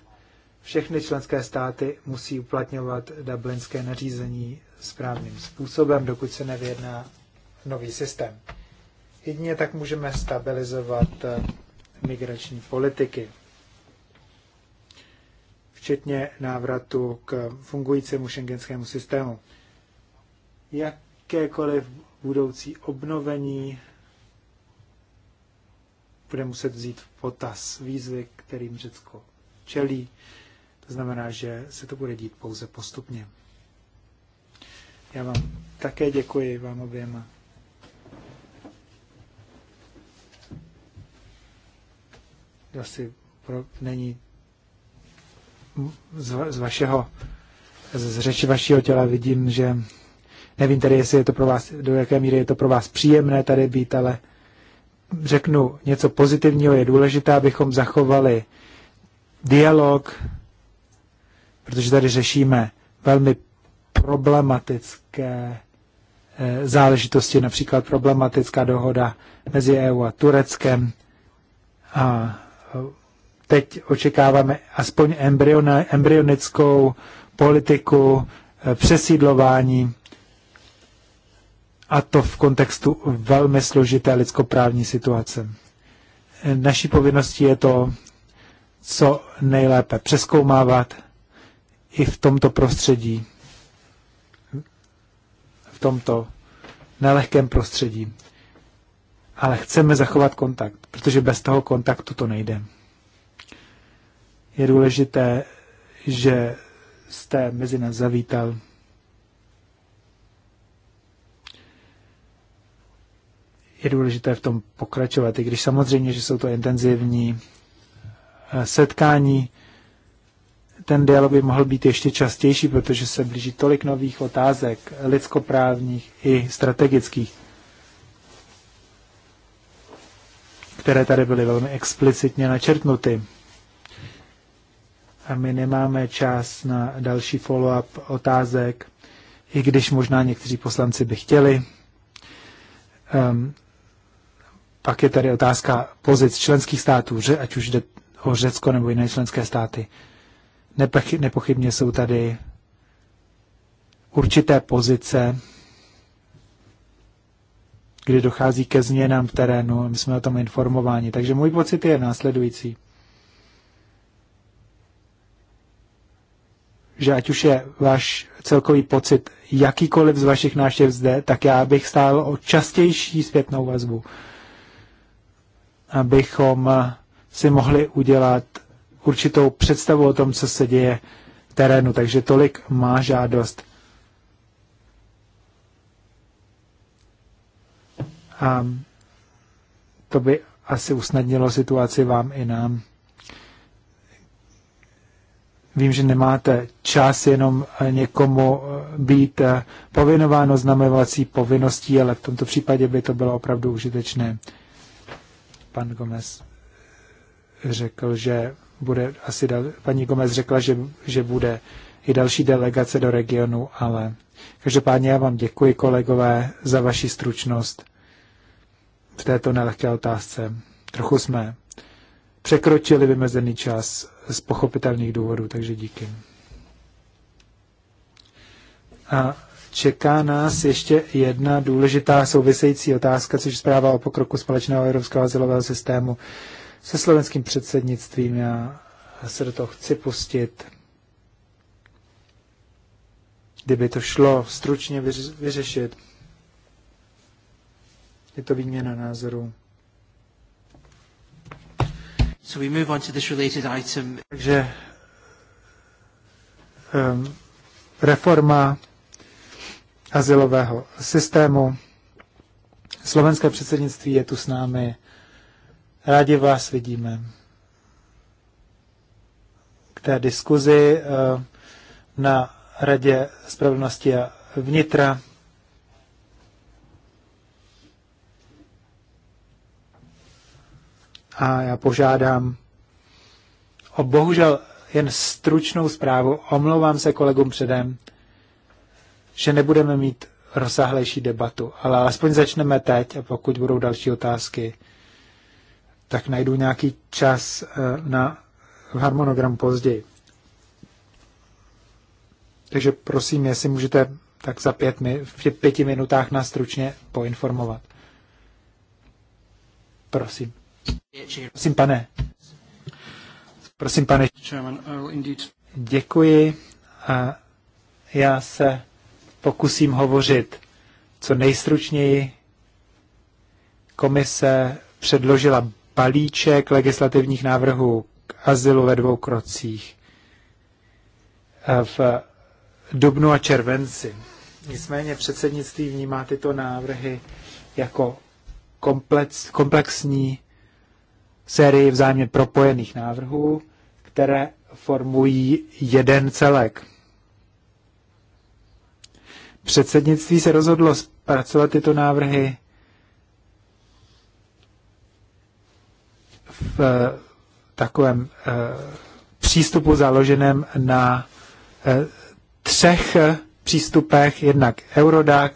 Všechny členské státy musí uplatňovat dublinské nařízení správným způsobem, dokud se nevyjedná nový systém. Jedině tak můžeme stabilizovat e, migrační politiky, včetně návratu k fungujícímu šengenskému systému. Jak jakékoliv budoucí obnovení bude muset vzít v potaz výzvy, kterým Řecko čelí. To znamená, že se to bude dít pouze postupně. Já vám také děkuji, vám oběma. Asi pro, není z, z vašeho, z, z řeči vašeho těla vidím, že Nevím tedy, jestli je to pro vás, do jaké míry je to pro vás příjemné tady být, ale řeknu něco pozitivního. Je důležité, abychom zachovali dialog, protože tady řešíme velmi problematické eh, záležitosti, například problematická dohoda mezi EU a Tureckem. A eh, teď očekáváme aspoň embryona, embryonickou politiku eh, přesídlování a to v kontextu velmi složité lidskoprávní situace. Naší povinností je to, co nejlépe přeskoumávat i v tomto prostředí, v tomto nelehkém prostředí. Ale chceme zachovat kontakt, protože bez toho kontaktu to nejde. Je důležité, že jste mezi nás zavítal je důležité v tom pokračovat, i když samozřejmě, že jsou to intenzivní eh, setkání, ten dialog by mohl být ještě častější, protože se blíží tolik nových otázek, lidskoprávních i strategických, které tady byly velmi explicitně načrtnuty. A my nemáme čas na další follow-up otázek, i když možná někteří poslanci by chtěli. Um, pak je tady otázka pozic členských států, že ať už jde o Řecko nebo jiné členské státy. Nepochybně jsou tady určité pozice, kdy dochází ke změnám v terénu. My jsme o tom informováni. Takže můj pocit je následující. Že ať už je váš celkový pocit jakýkoliv z vašich návštěv zde, tak já bych stál o častější zpětnou vazbu abychom si mohli udělat určitou představu o tom, co se děje v terénu. Takže tolik má žádost. A to by asi usnadnilo situaci vám i nám. Vím, že nemáte čas jenom někomu být povinováno znamenovací povinností, ale v tomto případě by to bylo opravdu užitečné pan Gomez řekl, že bude asi, dal, paní Gomez řekla, že, že bude i další delegace do regionu, ale každopádně já vám děkuji, kolegové, za vaši stručnost v této nelehké otázce. Trochu jsme překročili vymezený čas z pochopitelných důvodů, takže díky. A čeká nás ještě jedna důležitá související otázka, což zpráva o pokroku společného evropského asilového systému se slovenským předsednictvím. Já se do toho chci pustit. Kdyby to šlo stručně vyřešit, je to výměna názoru. So we move on to this related item. Takže um, reforma azylového systému. Slovenské předsednictví je tu s námi. Rádi vás vidíme k té diskuzi eh, na Radě spravedlnosti a vnitra. A já požádám o bohužel jen stručnou zprávu. Omlouvám se kolegům předem že nebudeme mít rozsáhlejší debatu, ale alespoň začneme teď a pokud budou další otázky, tak najdu nějaký čas eh, na harmonogram později. Takže prosím, jestli můžete tak za pět, v pěti minutách nás stručně poinformovat. Prosím. Prosím, pane. Prosím, pane. Děkuji. A já se pokusím hovořit co nejstručněji. Komise předložila balíček legislativních návrhů k azylu ve dvou krocích e, v dubnu a červenci. Nicméně předsednictví vnímá tyto návrhy jako komplex, komplexní sérii vzájemně propojených návrhů, které formují jeden celek. Předsednictví se rozhodlo zpracovat tyto návrhy v eh, takovém eh, přístupu založeném na eh, třech přístupech, jednak Eurodac,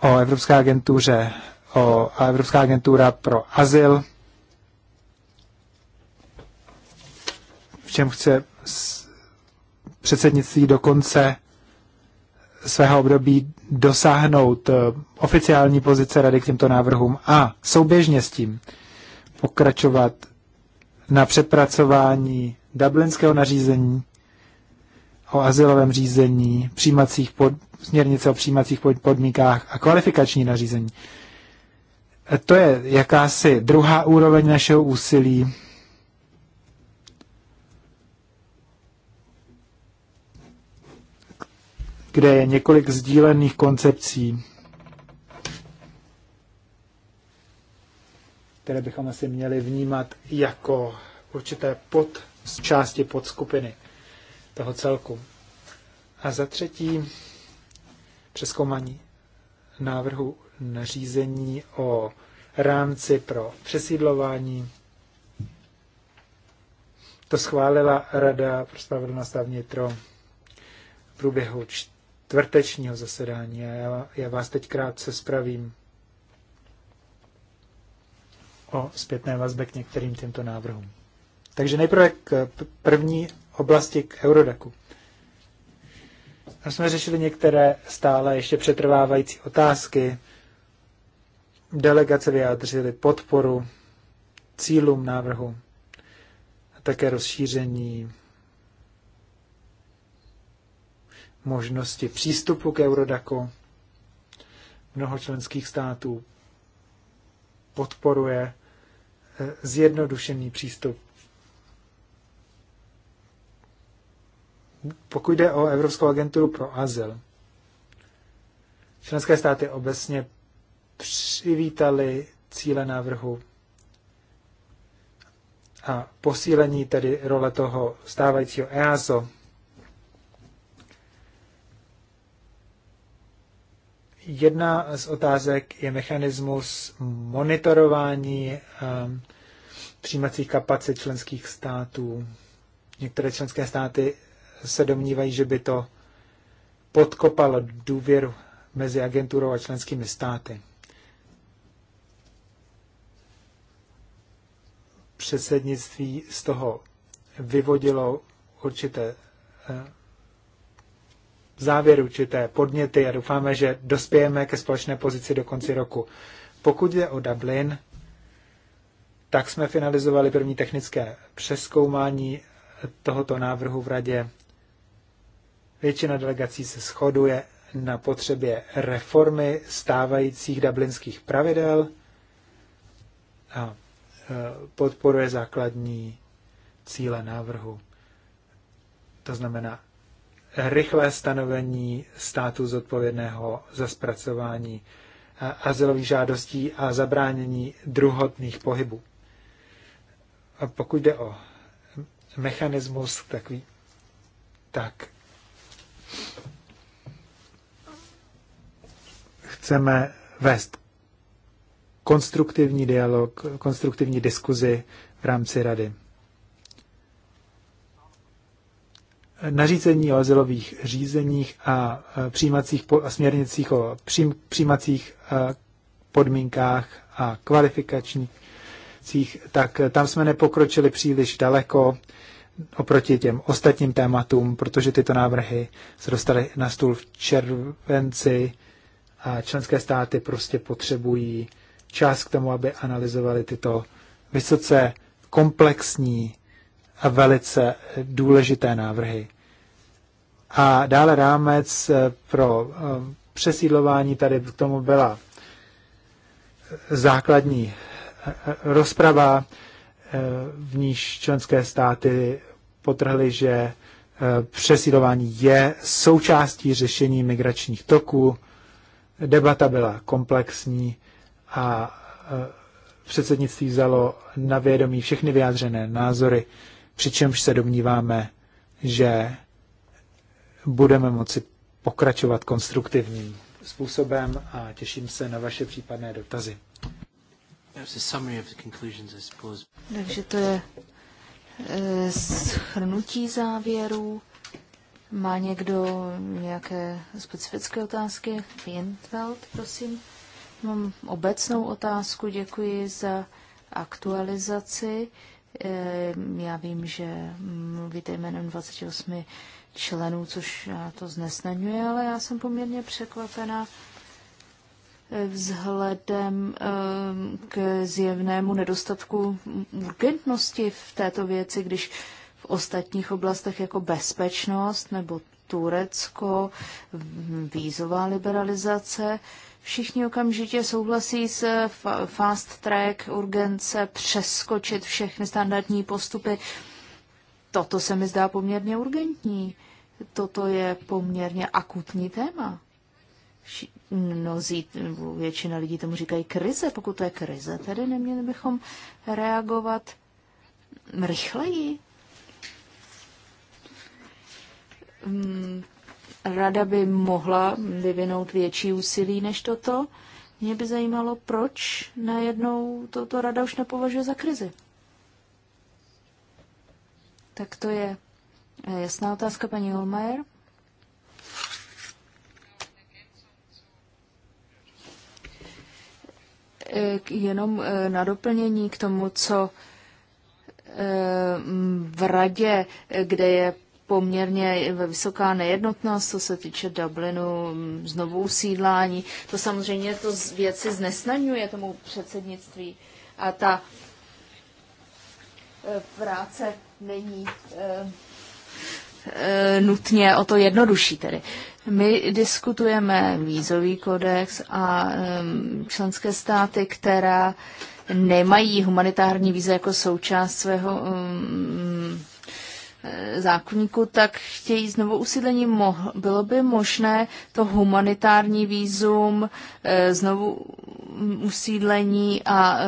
o Evropské agentuře, o Evropská agentura pro azyl, v čem chce předsednictví do konce svého období dosáhnout eh, oficiální pozice rady k těmto návrhům a souběžně s tím pokračovat na přepracování dublinského nařízení o asilovém řízení, přijímacích pod, směrnice o přijímacích pod, podmínkách a kvalifikační nařízení. Eh, to je jakási druhá úroveň našeho úsilí kde je několik sdílených koncepcí, které bychom asi měli vnímat jako určité pod, z části podskupiny toho celku. A za třetí přeskoumání návrhu nařízení o rámci pro přesídlování. To schválila Rada pro spravedlnost a vnitro v průběhu čtvrtečního zasedání. Já, já vás teď krátce spravím o zpětné vazbě k některým těmto návrhům. Takže nejprve k první oblasti k Eurodaku. Tam jsme řešili některé stále ještě přetrvávající otázky. Delegace vyjádřili podporu cílům návrhu a také rozšíření možnosti přístupu k Eurodaku. Mnoho členských států podporuje eh, zjednodušený přístup. Pokud jde o Evropskou agenturu pro azyl, členské státy obecně přivítali cíle návrhu a posílení tedy role toho stávajícího EASO Jedna z otázek je mechanismus monitorování ehm, přijímacích kapacit členských států. Některé členské státy se domnívají, že by to podkopalo důvěru mezi agenturou a členskými státy. Předsednictví z toho vyvodilo určité eh, závěr určité podněty a doufáme, že dospějeme ke společné pozici do konci roku. Pokud jde o Dublin, tak jsme finalizovali první technické přeskoumání tohoto návrhu v radě. Většina delegací se shoduje na potřebě reformy stávajících dublinských pravidel a e, podporuje základní cíle návrhu. To znamená rychlé stanovení státu zodpovědného za zpracování azylových žádostí a zabránění druhotných pohybů. A pokud jde o mechanismus takový, tak chceme vést konstruktivní dialog, konstruktivní diskuzi v rámci rady nařízení o azylových řízeních a e, přijímacích a směrnicích o přijímacích e, podmínkách a kvalifikačních, tak e, tam jsme nepokročili příliš daleko oproti těm ostatním tématům, protože tyto návrhy se dostaly na stůl v červenci a členské státy prostě potřebují čas k tomu, aby analyzovali tyto vysoce komplexní velice důležité návrhy. A dále rámec eh, pro eh, přesídlování, tady k tomu byla základní eh, rozprava, v níž členské státy potrhly, že přesídlování je součástí řešení migračních toků. Debata byla komplexní a předsednictví vzalo na vědomí všechny vyjádřené názory přičemž se domníváme, že budeme moci pokračovat konstruktivním způsobem a těším se na vaše případné dotazy. Takže to je eh, shrnutí závěrů. Má někdo nějaké specifické otázky? Pientveld, prosím. Mám obecnou otázku. Děkuji za aktualizaci. Eh, já vím, že mluvíte jménem 28 členů, což to znesnaňuje, ale já jsem poměrně překvapena eh, vzhledem eh, k zjevnému nedostatku urgentnosti v této věci, když v ostatních oblastech jako bezpečnost nebo Turecko, vízová liberalizace, Všichni okamžitě souhlasí s eh, fast track, urgence, přeskočit všechny standardní postupy. Toto se mi zdá poměrně urgentní. Toto je poměrně akutní téma. Mnozí, většina lidí tomu říkají krize. Pokud to je krize, tedy neměli bychom reagovat rychleji. Hmm, Rada by mohla vyvinout větší úsilí než toto. Mě by zajímalo, proč najednou toto rada už nepovažuje za krizi. Tak to je eh, jasná otázka paní Holmajer. Eh, jenom eh, na doplnění k tomu, co v radě, kde je poměrně vysoká nejednotnost, co se týče Dublinu, znovu usídlání. To samozřejmě to věci znesnaňuje tomu předsednictví a ta e, práce není e, e, nutně o to jednodušší tedy. My diskutujeme vízový kodex a členské státy, která nemají humanitární víze jako součást svého Eh, zákonníků, tak chtějí znovu usídlení. Bylo by možné to humanitární výzum, eh, znovu usídlení a eh,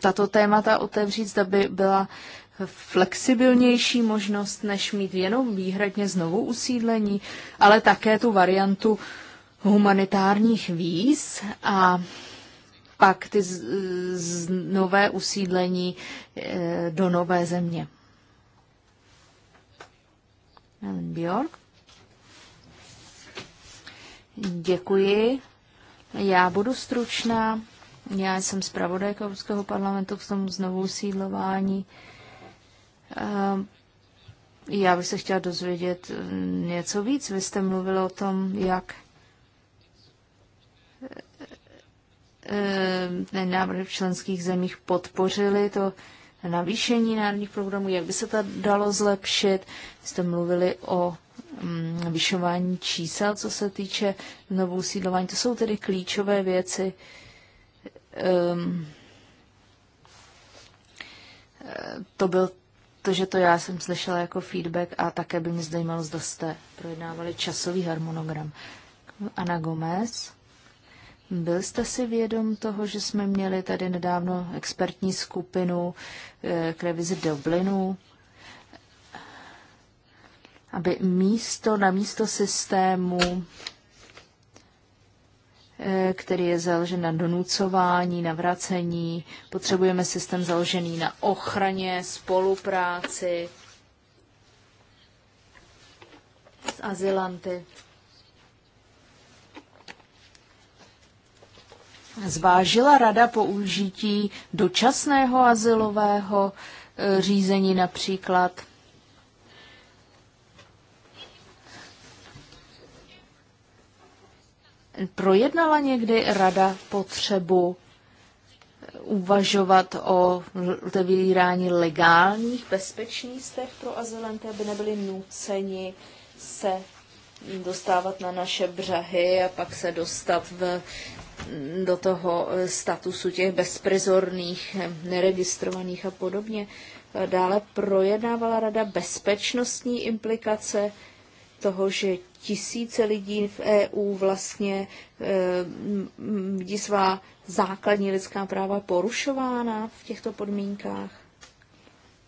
tato témata otevřít, zda by byla flexibilnější možnost, než mít jenom výhradně znovu usídlení, ale také tu variantu humanitárních víz a pak ty z, z nové usídlení e, do nové země. Ellen Bjork. Děkuji. Já budu stručná. Já jsem zpravodajka Evropského parlamentu v tom znovu sídlování. Ehm, já bych se chtěla dozvědět mm, něco víc. Vy jste mluvil o tom, jak ehm, návrh v členských zemích podpořili to navýšení národních programů, jak by se to dalo zlepšit. Jste mluvili o mm, vyšování čísel, co se týče novou sídlování. To jsou tedy klíčové věci. Um, to byl to, že to já jsem slyšela jako feedback a také by mě zajímalo, zda jste projednávali časový harmonogram. Ana Gomez. Byl jste si vědom toho, že jsme měli tady nedávno expertní skupinu eh, k revizi Dublinu, aby místo na místo systému, eh, který je založen na donucování, na vracení, potřebujeme systém založený na ochraně, spolupráci s azylanty. Zvážila rada použití dočasného azylového e, řízení například? Projednala někdy rada potřebu e, uvažovat o otevírání legálních bezpečnostech pro azylanty, aby nebyli nuceni se dostávat na naše břehy a pak se dostat v do toho eh, statusu těch bezprizorných, eh, neregistrovaných a podobně. Dále projednávala Rada bezpečnostní implikace toho, že tisíce lidí v EU vlastně eh, vidí svá základní lidská práva porušována v těchto podmínkách.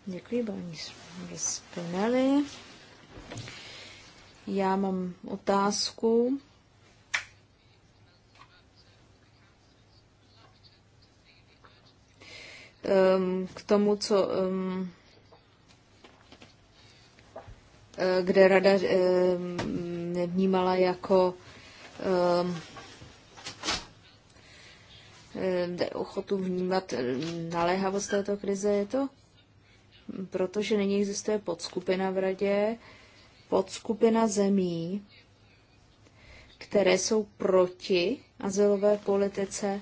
Děkuji, paní Spinelli. Já mám otázku Um, k tomu, co um, eh, kde rada eh, vnímala jako um, eh, ochotu vnímat naléhavost této krize, je to, protože není existuje podskupina v radě, podskupina zemí, které jsou proti azylové politice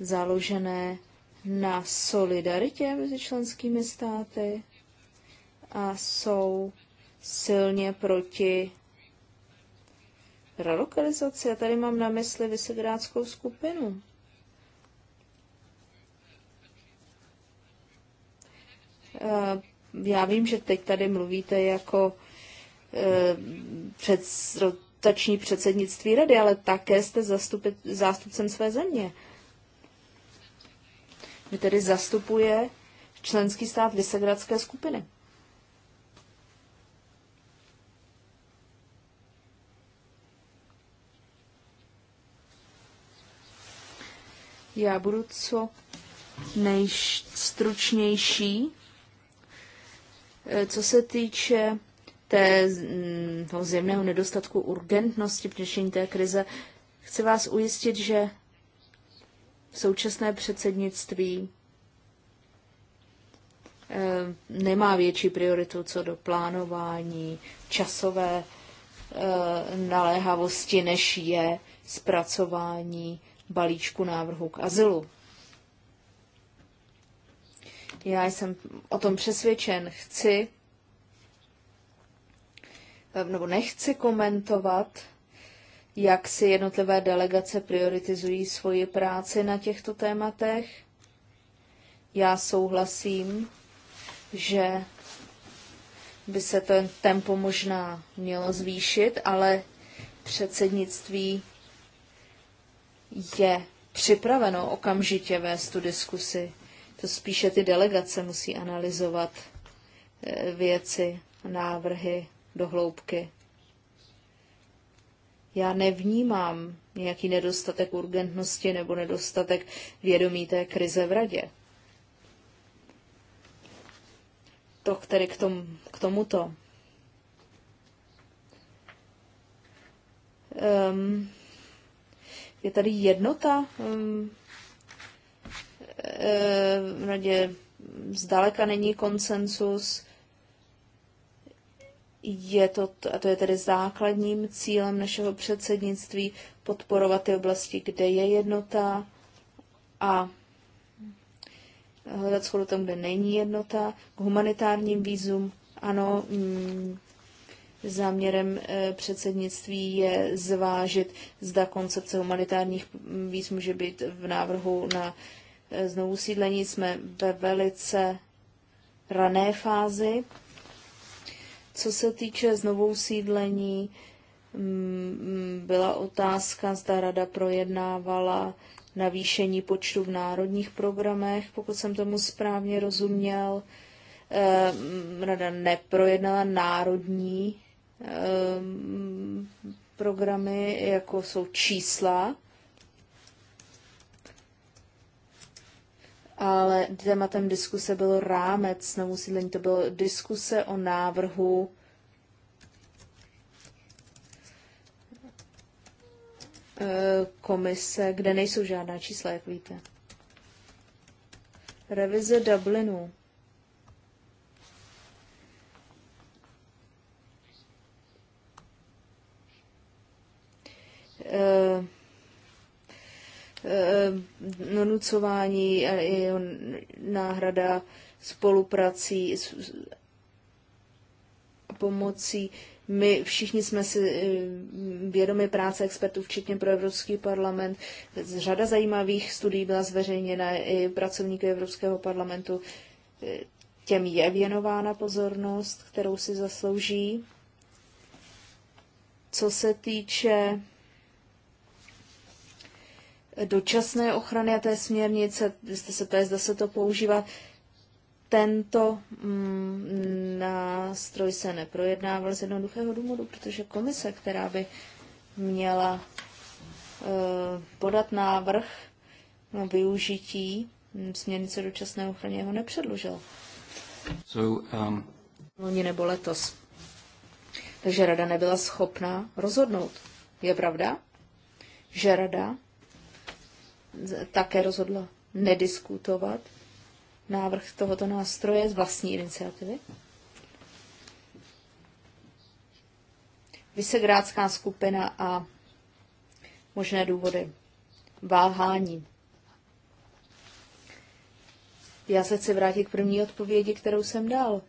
založené na solidaritě mezi členskými státy a jsou silně proti relokalizaci. Já tady mám na mysli Vysegrádskou skupinu. Eh, já vím, že teď tady mluvíte jako eh, před, roční předsednictví rady, ale také jste zastupit, zástupcem své země tedy zastupuje členský stát Vysegradské skupiny. Já budu co nejstručnější. Eh, co se týče té, mm, toho zjemného nedostatku urgentnosti v řešení té krize, chci vás ujistit, že současné předsednictví eh, nemá větší prioritu co do plánování časové eh, naléhavosti, než je zpracování balíčku návrhu k azylu. Já jsem o tom přesvědčen. Chci, eh, nebo nechci komentovat jak si jednotlivé delegace prioritizují svoji práci na těchto tématech. Já souhlasím, že by se ten tempo možná mělo zvýšit, ale předsednictví je připraveno okamžitě vést tu diskusi. To spíše ty delegace musí analyzovat eh, věci, návrhy do hloubky já nevnímám nějaký nedostatek urgentnosti nebo nedostatek vědomí té krize v radě. To, který k, tom, k tomuto. Um, je tady jednota um, e, v radě. Zdaleka není konsensus je to, a to je tedy základním cílem našeho předsednictví, podporovat ty oblasti, kde je jednota a hledat schodu tam, kde není jednota. K humanitárním výzum, ano, mm, záměrem e, předsednictví je zvážit, zda koncepce humanitárních víz může být v návrhu na e, znovu sídlení. Jsme ve velice rané fázi co se týče znovu sídlení, mm, mm, byla otázka, zda rada projednávala navýšení počtu v národních programech, pokud jsem tomu správně rozuměl. Eh, rada neprojednala národní eh, programy, jako jsou čísla ale tématem diskuse byl rámec na usídlení. To bylo diskuse o návrhu e, komise, kde nejsou žádná čísla, jak víte. Revize Dublinu. Uh, donucování eh, a jeho náhrada spoluprací a pomocí. My všichni jsme si eh, vědomi práce expertů, včetně pro Evropský parlament. Řada zajímavých studií byla zveřejněna i pracovníky Evropského parlamentu. Eh, těm je věnována pozornost, kterou si zaslouží. Co se týče dočasné ochrany a té směrnice, jste se ptali, zda se to používá. Tento mm, nástroj se neprojednával z jednoduchého důvodu, protože komise, která by měla e, podat návrh na využití mm, směrnice dočasné ochrany, ho nepředložila. So, um... Loni nebo letos. Takže rada nebyla schopná rozhodnout. Je pravda, že rada také rozhodla nediskutovat návrh tohoto nástroje z vlastní iniciativy. Vysegrádská skupina a možné důvody váhání. Já se chci vrátit k první odpovědi, kterou jsem dal.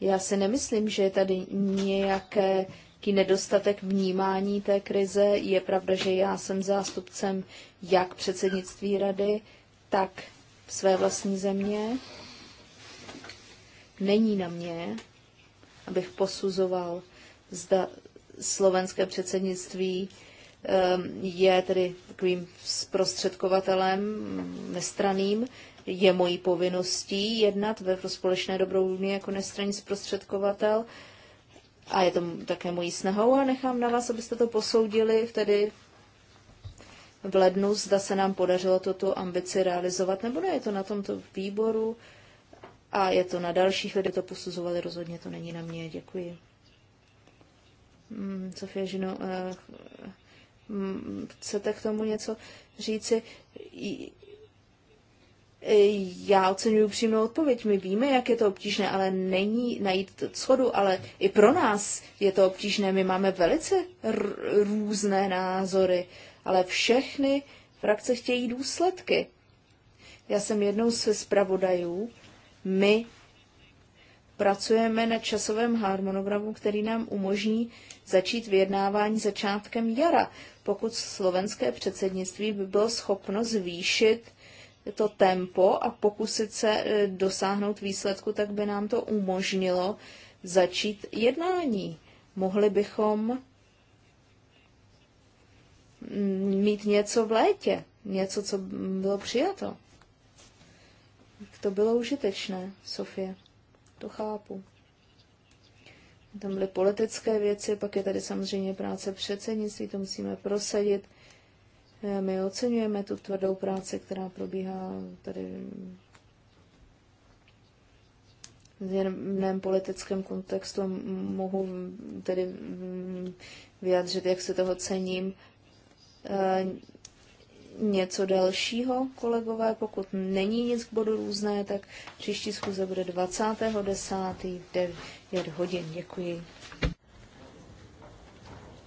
Já si nemyslím, že je tady nějaké nějaký nedostatek vnímání té krize. Je pravda, že já jsem zástupcem jak předsednictví rady, tak své vlastní země. Není na mě, abych posuzoval, zda slovenské předsednictví ehm, je tedy takovým zprostředkovatelem nestraným, je mojí povinností jednat ve společné dobrou unii jako nestraný zprostředkovatel a je to také mojí snahou a nechám na vás, abyste to posoudili tedy v lednu, zda se nám podařilo tuto ambici realizovat, nebo ne, je to na tomto výboru a je to na dalších lidech, to posuzovali, rozhodně to není na mě, děkuji. Mm, Sofie Žino, eh, mm, chcete k tomu něco říci? E, já oceňuji přímou odpověď. My víme, jak je to obtížné, ale není najít schodu, ale i pro nás je to obtížné. My máme velice různé názory, ale všechny frakce chtějí důsledky. Já jsem jednou ze zpravodajů. My pracujeme na časovém harmonogramu, který nám umožní začít vyjednávání začátkem jara, pokud slovenské předsednictví by bylo schopno zvýšit to tempo a pokusit se e, dosáhnout výsledku, tak by nám to umožnilo začít jednání. Mohli bychom mm, mít něco v létě, něco, co bylo přijato. To bylo užitečné, Sofie. To chápu. Tam byly politické věci, pak je tady samozřejmě práce předsednictví, to musíme prosadit. My oceňujeme tu tvrdou práci, která probíhá tady v jiném politickém kontextu. Mohu tedy vyjádřit, jak se toho cením. E, něco dalšího, kolegové, pokud není nic k bodu různé, tak příští schůze bude 20.10. v 9 hodin. Děkuji.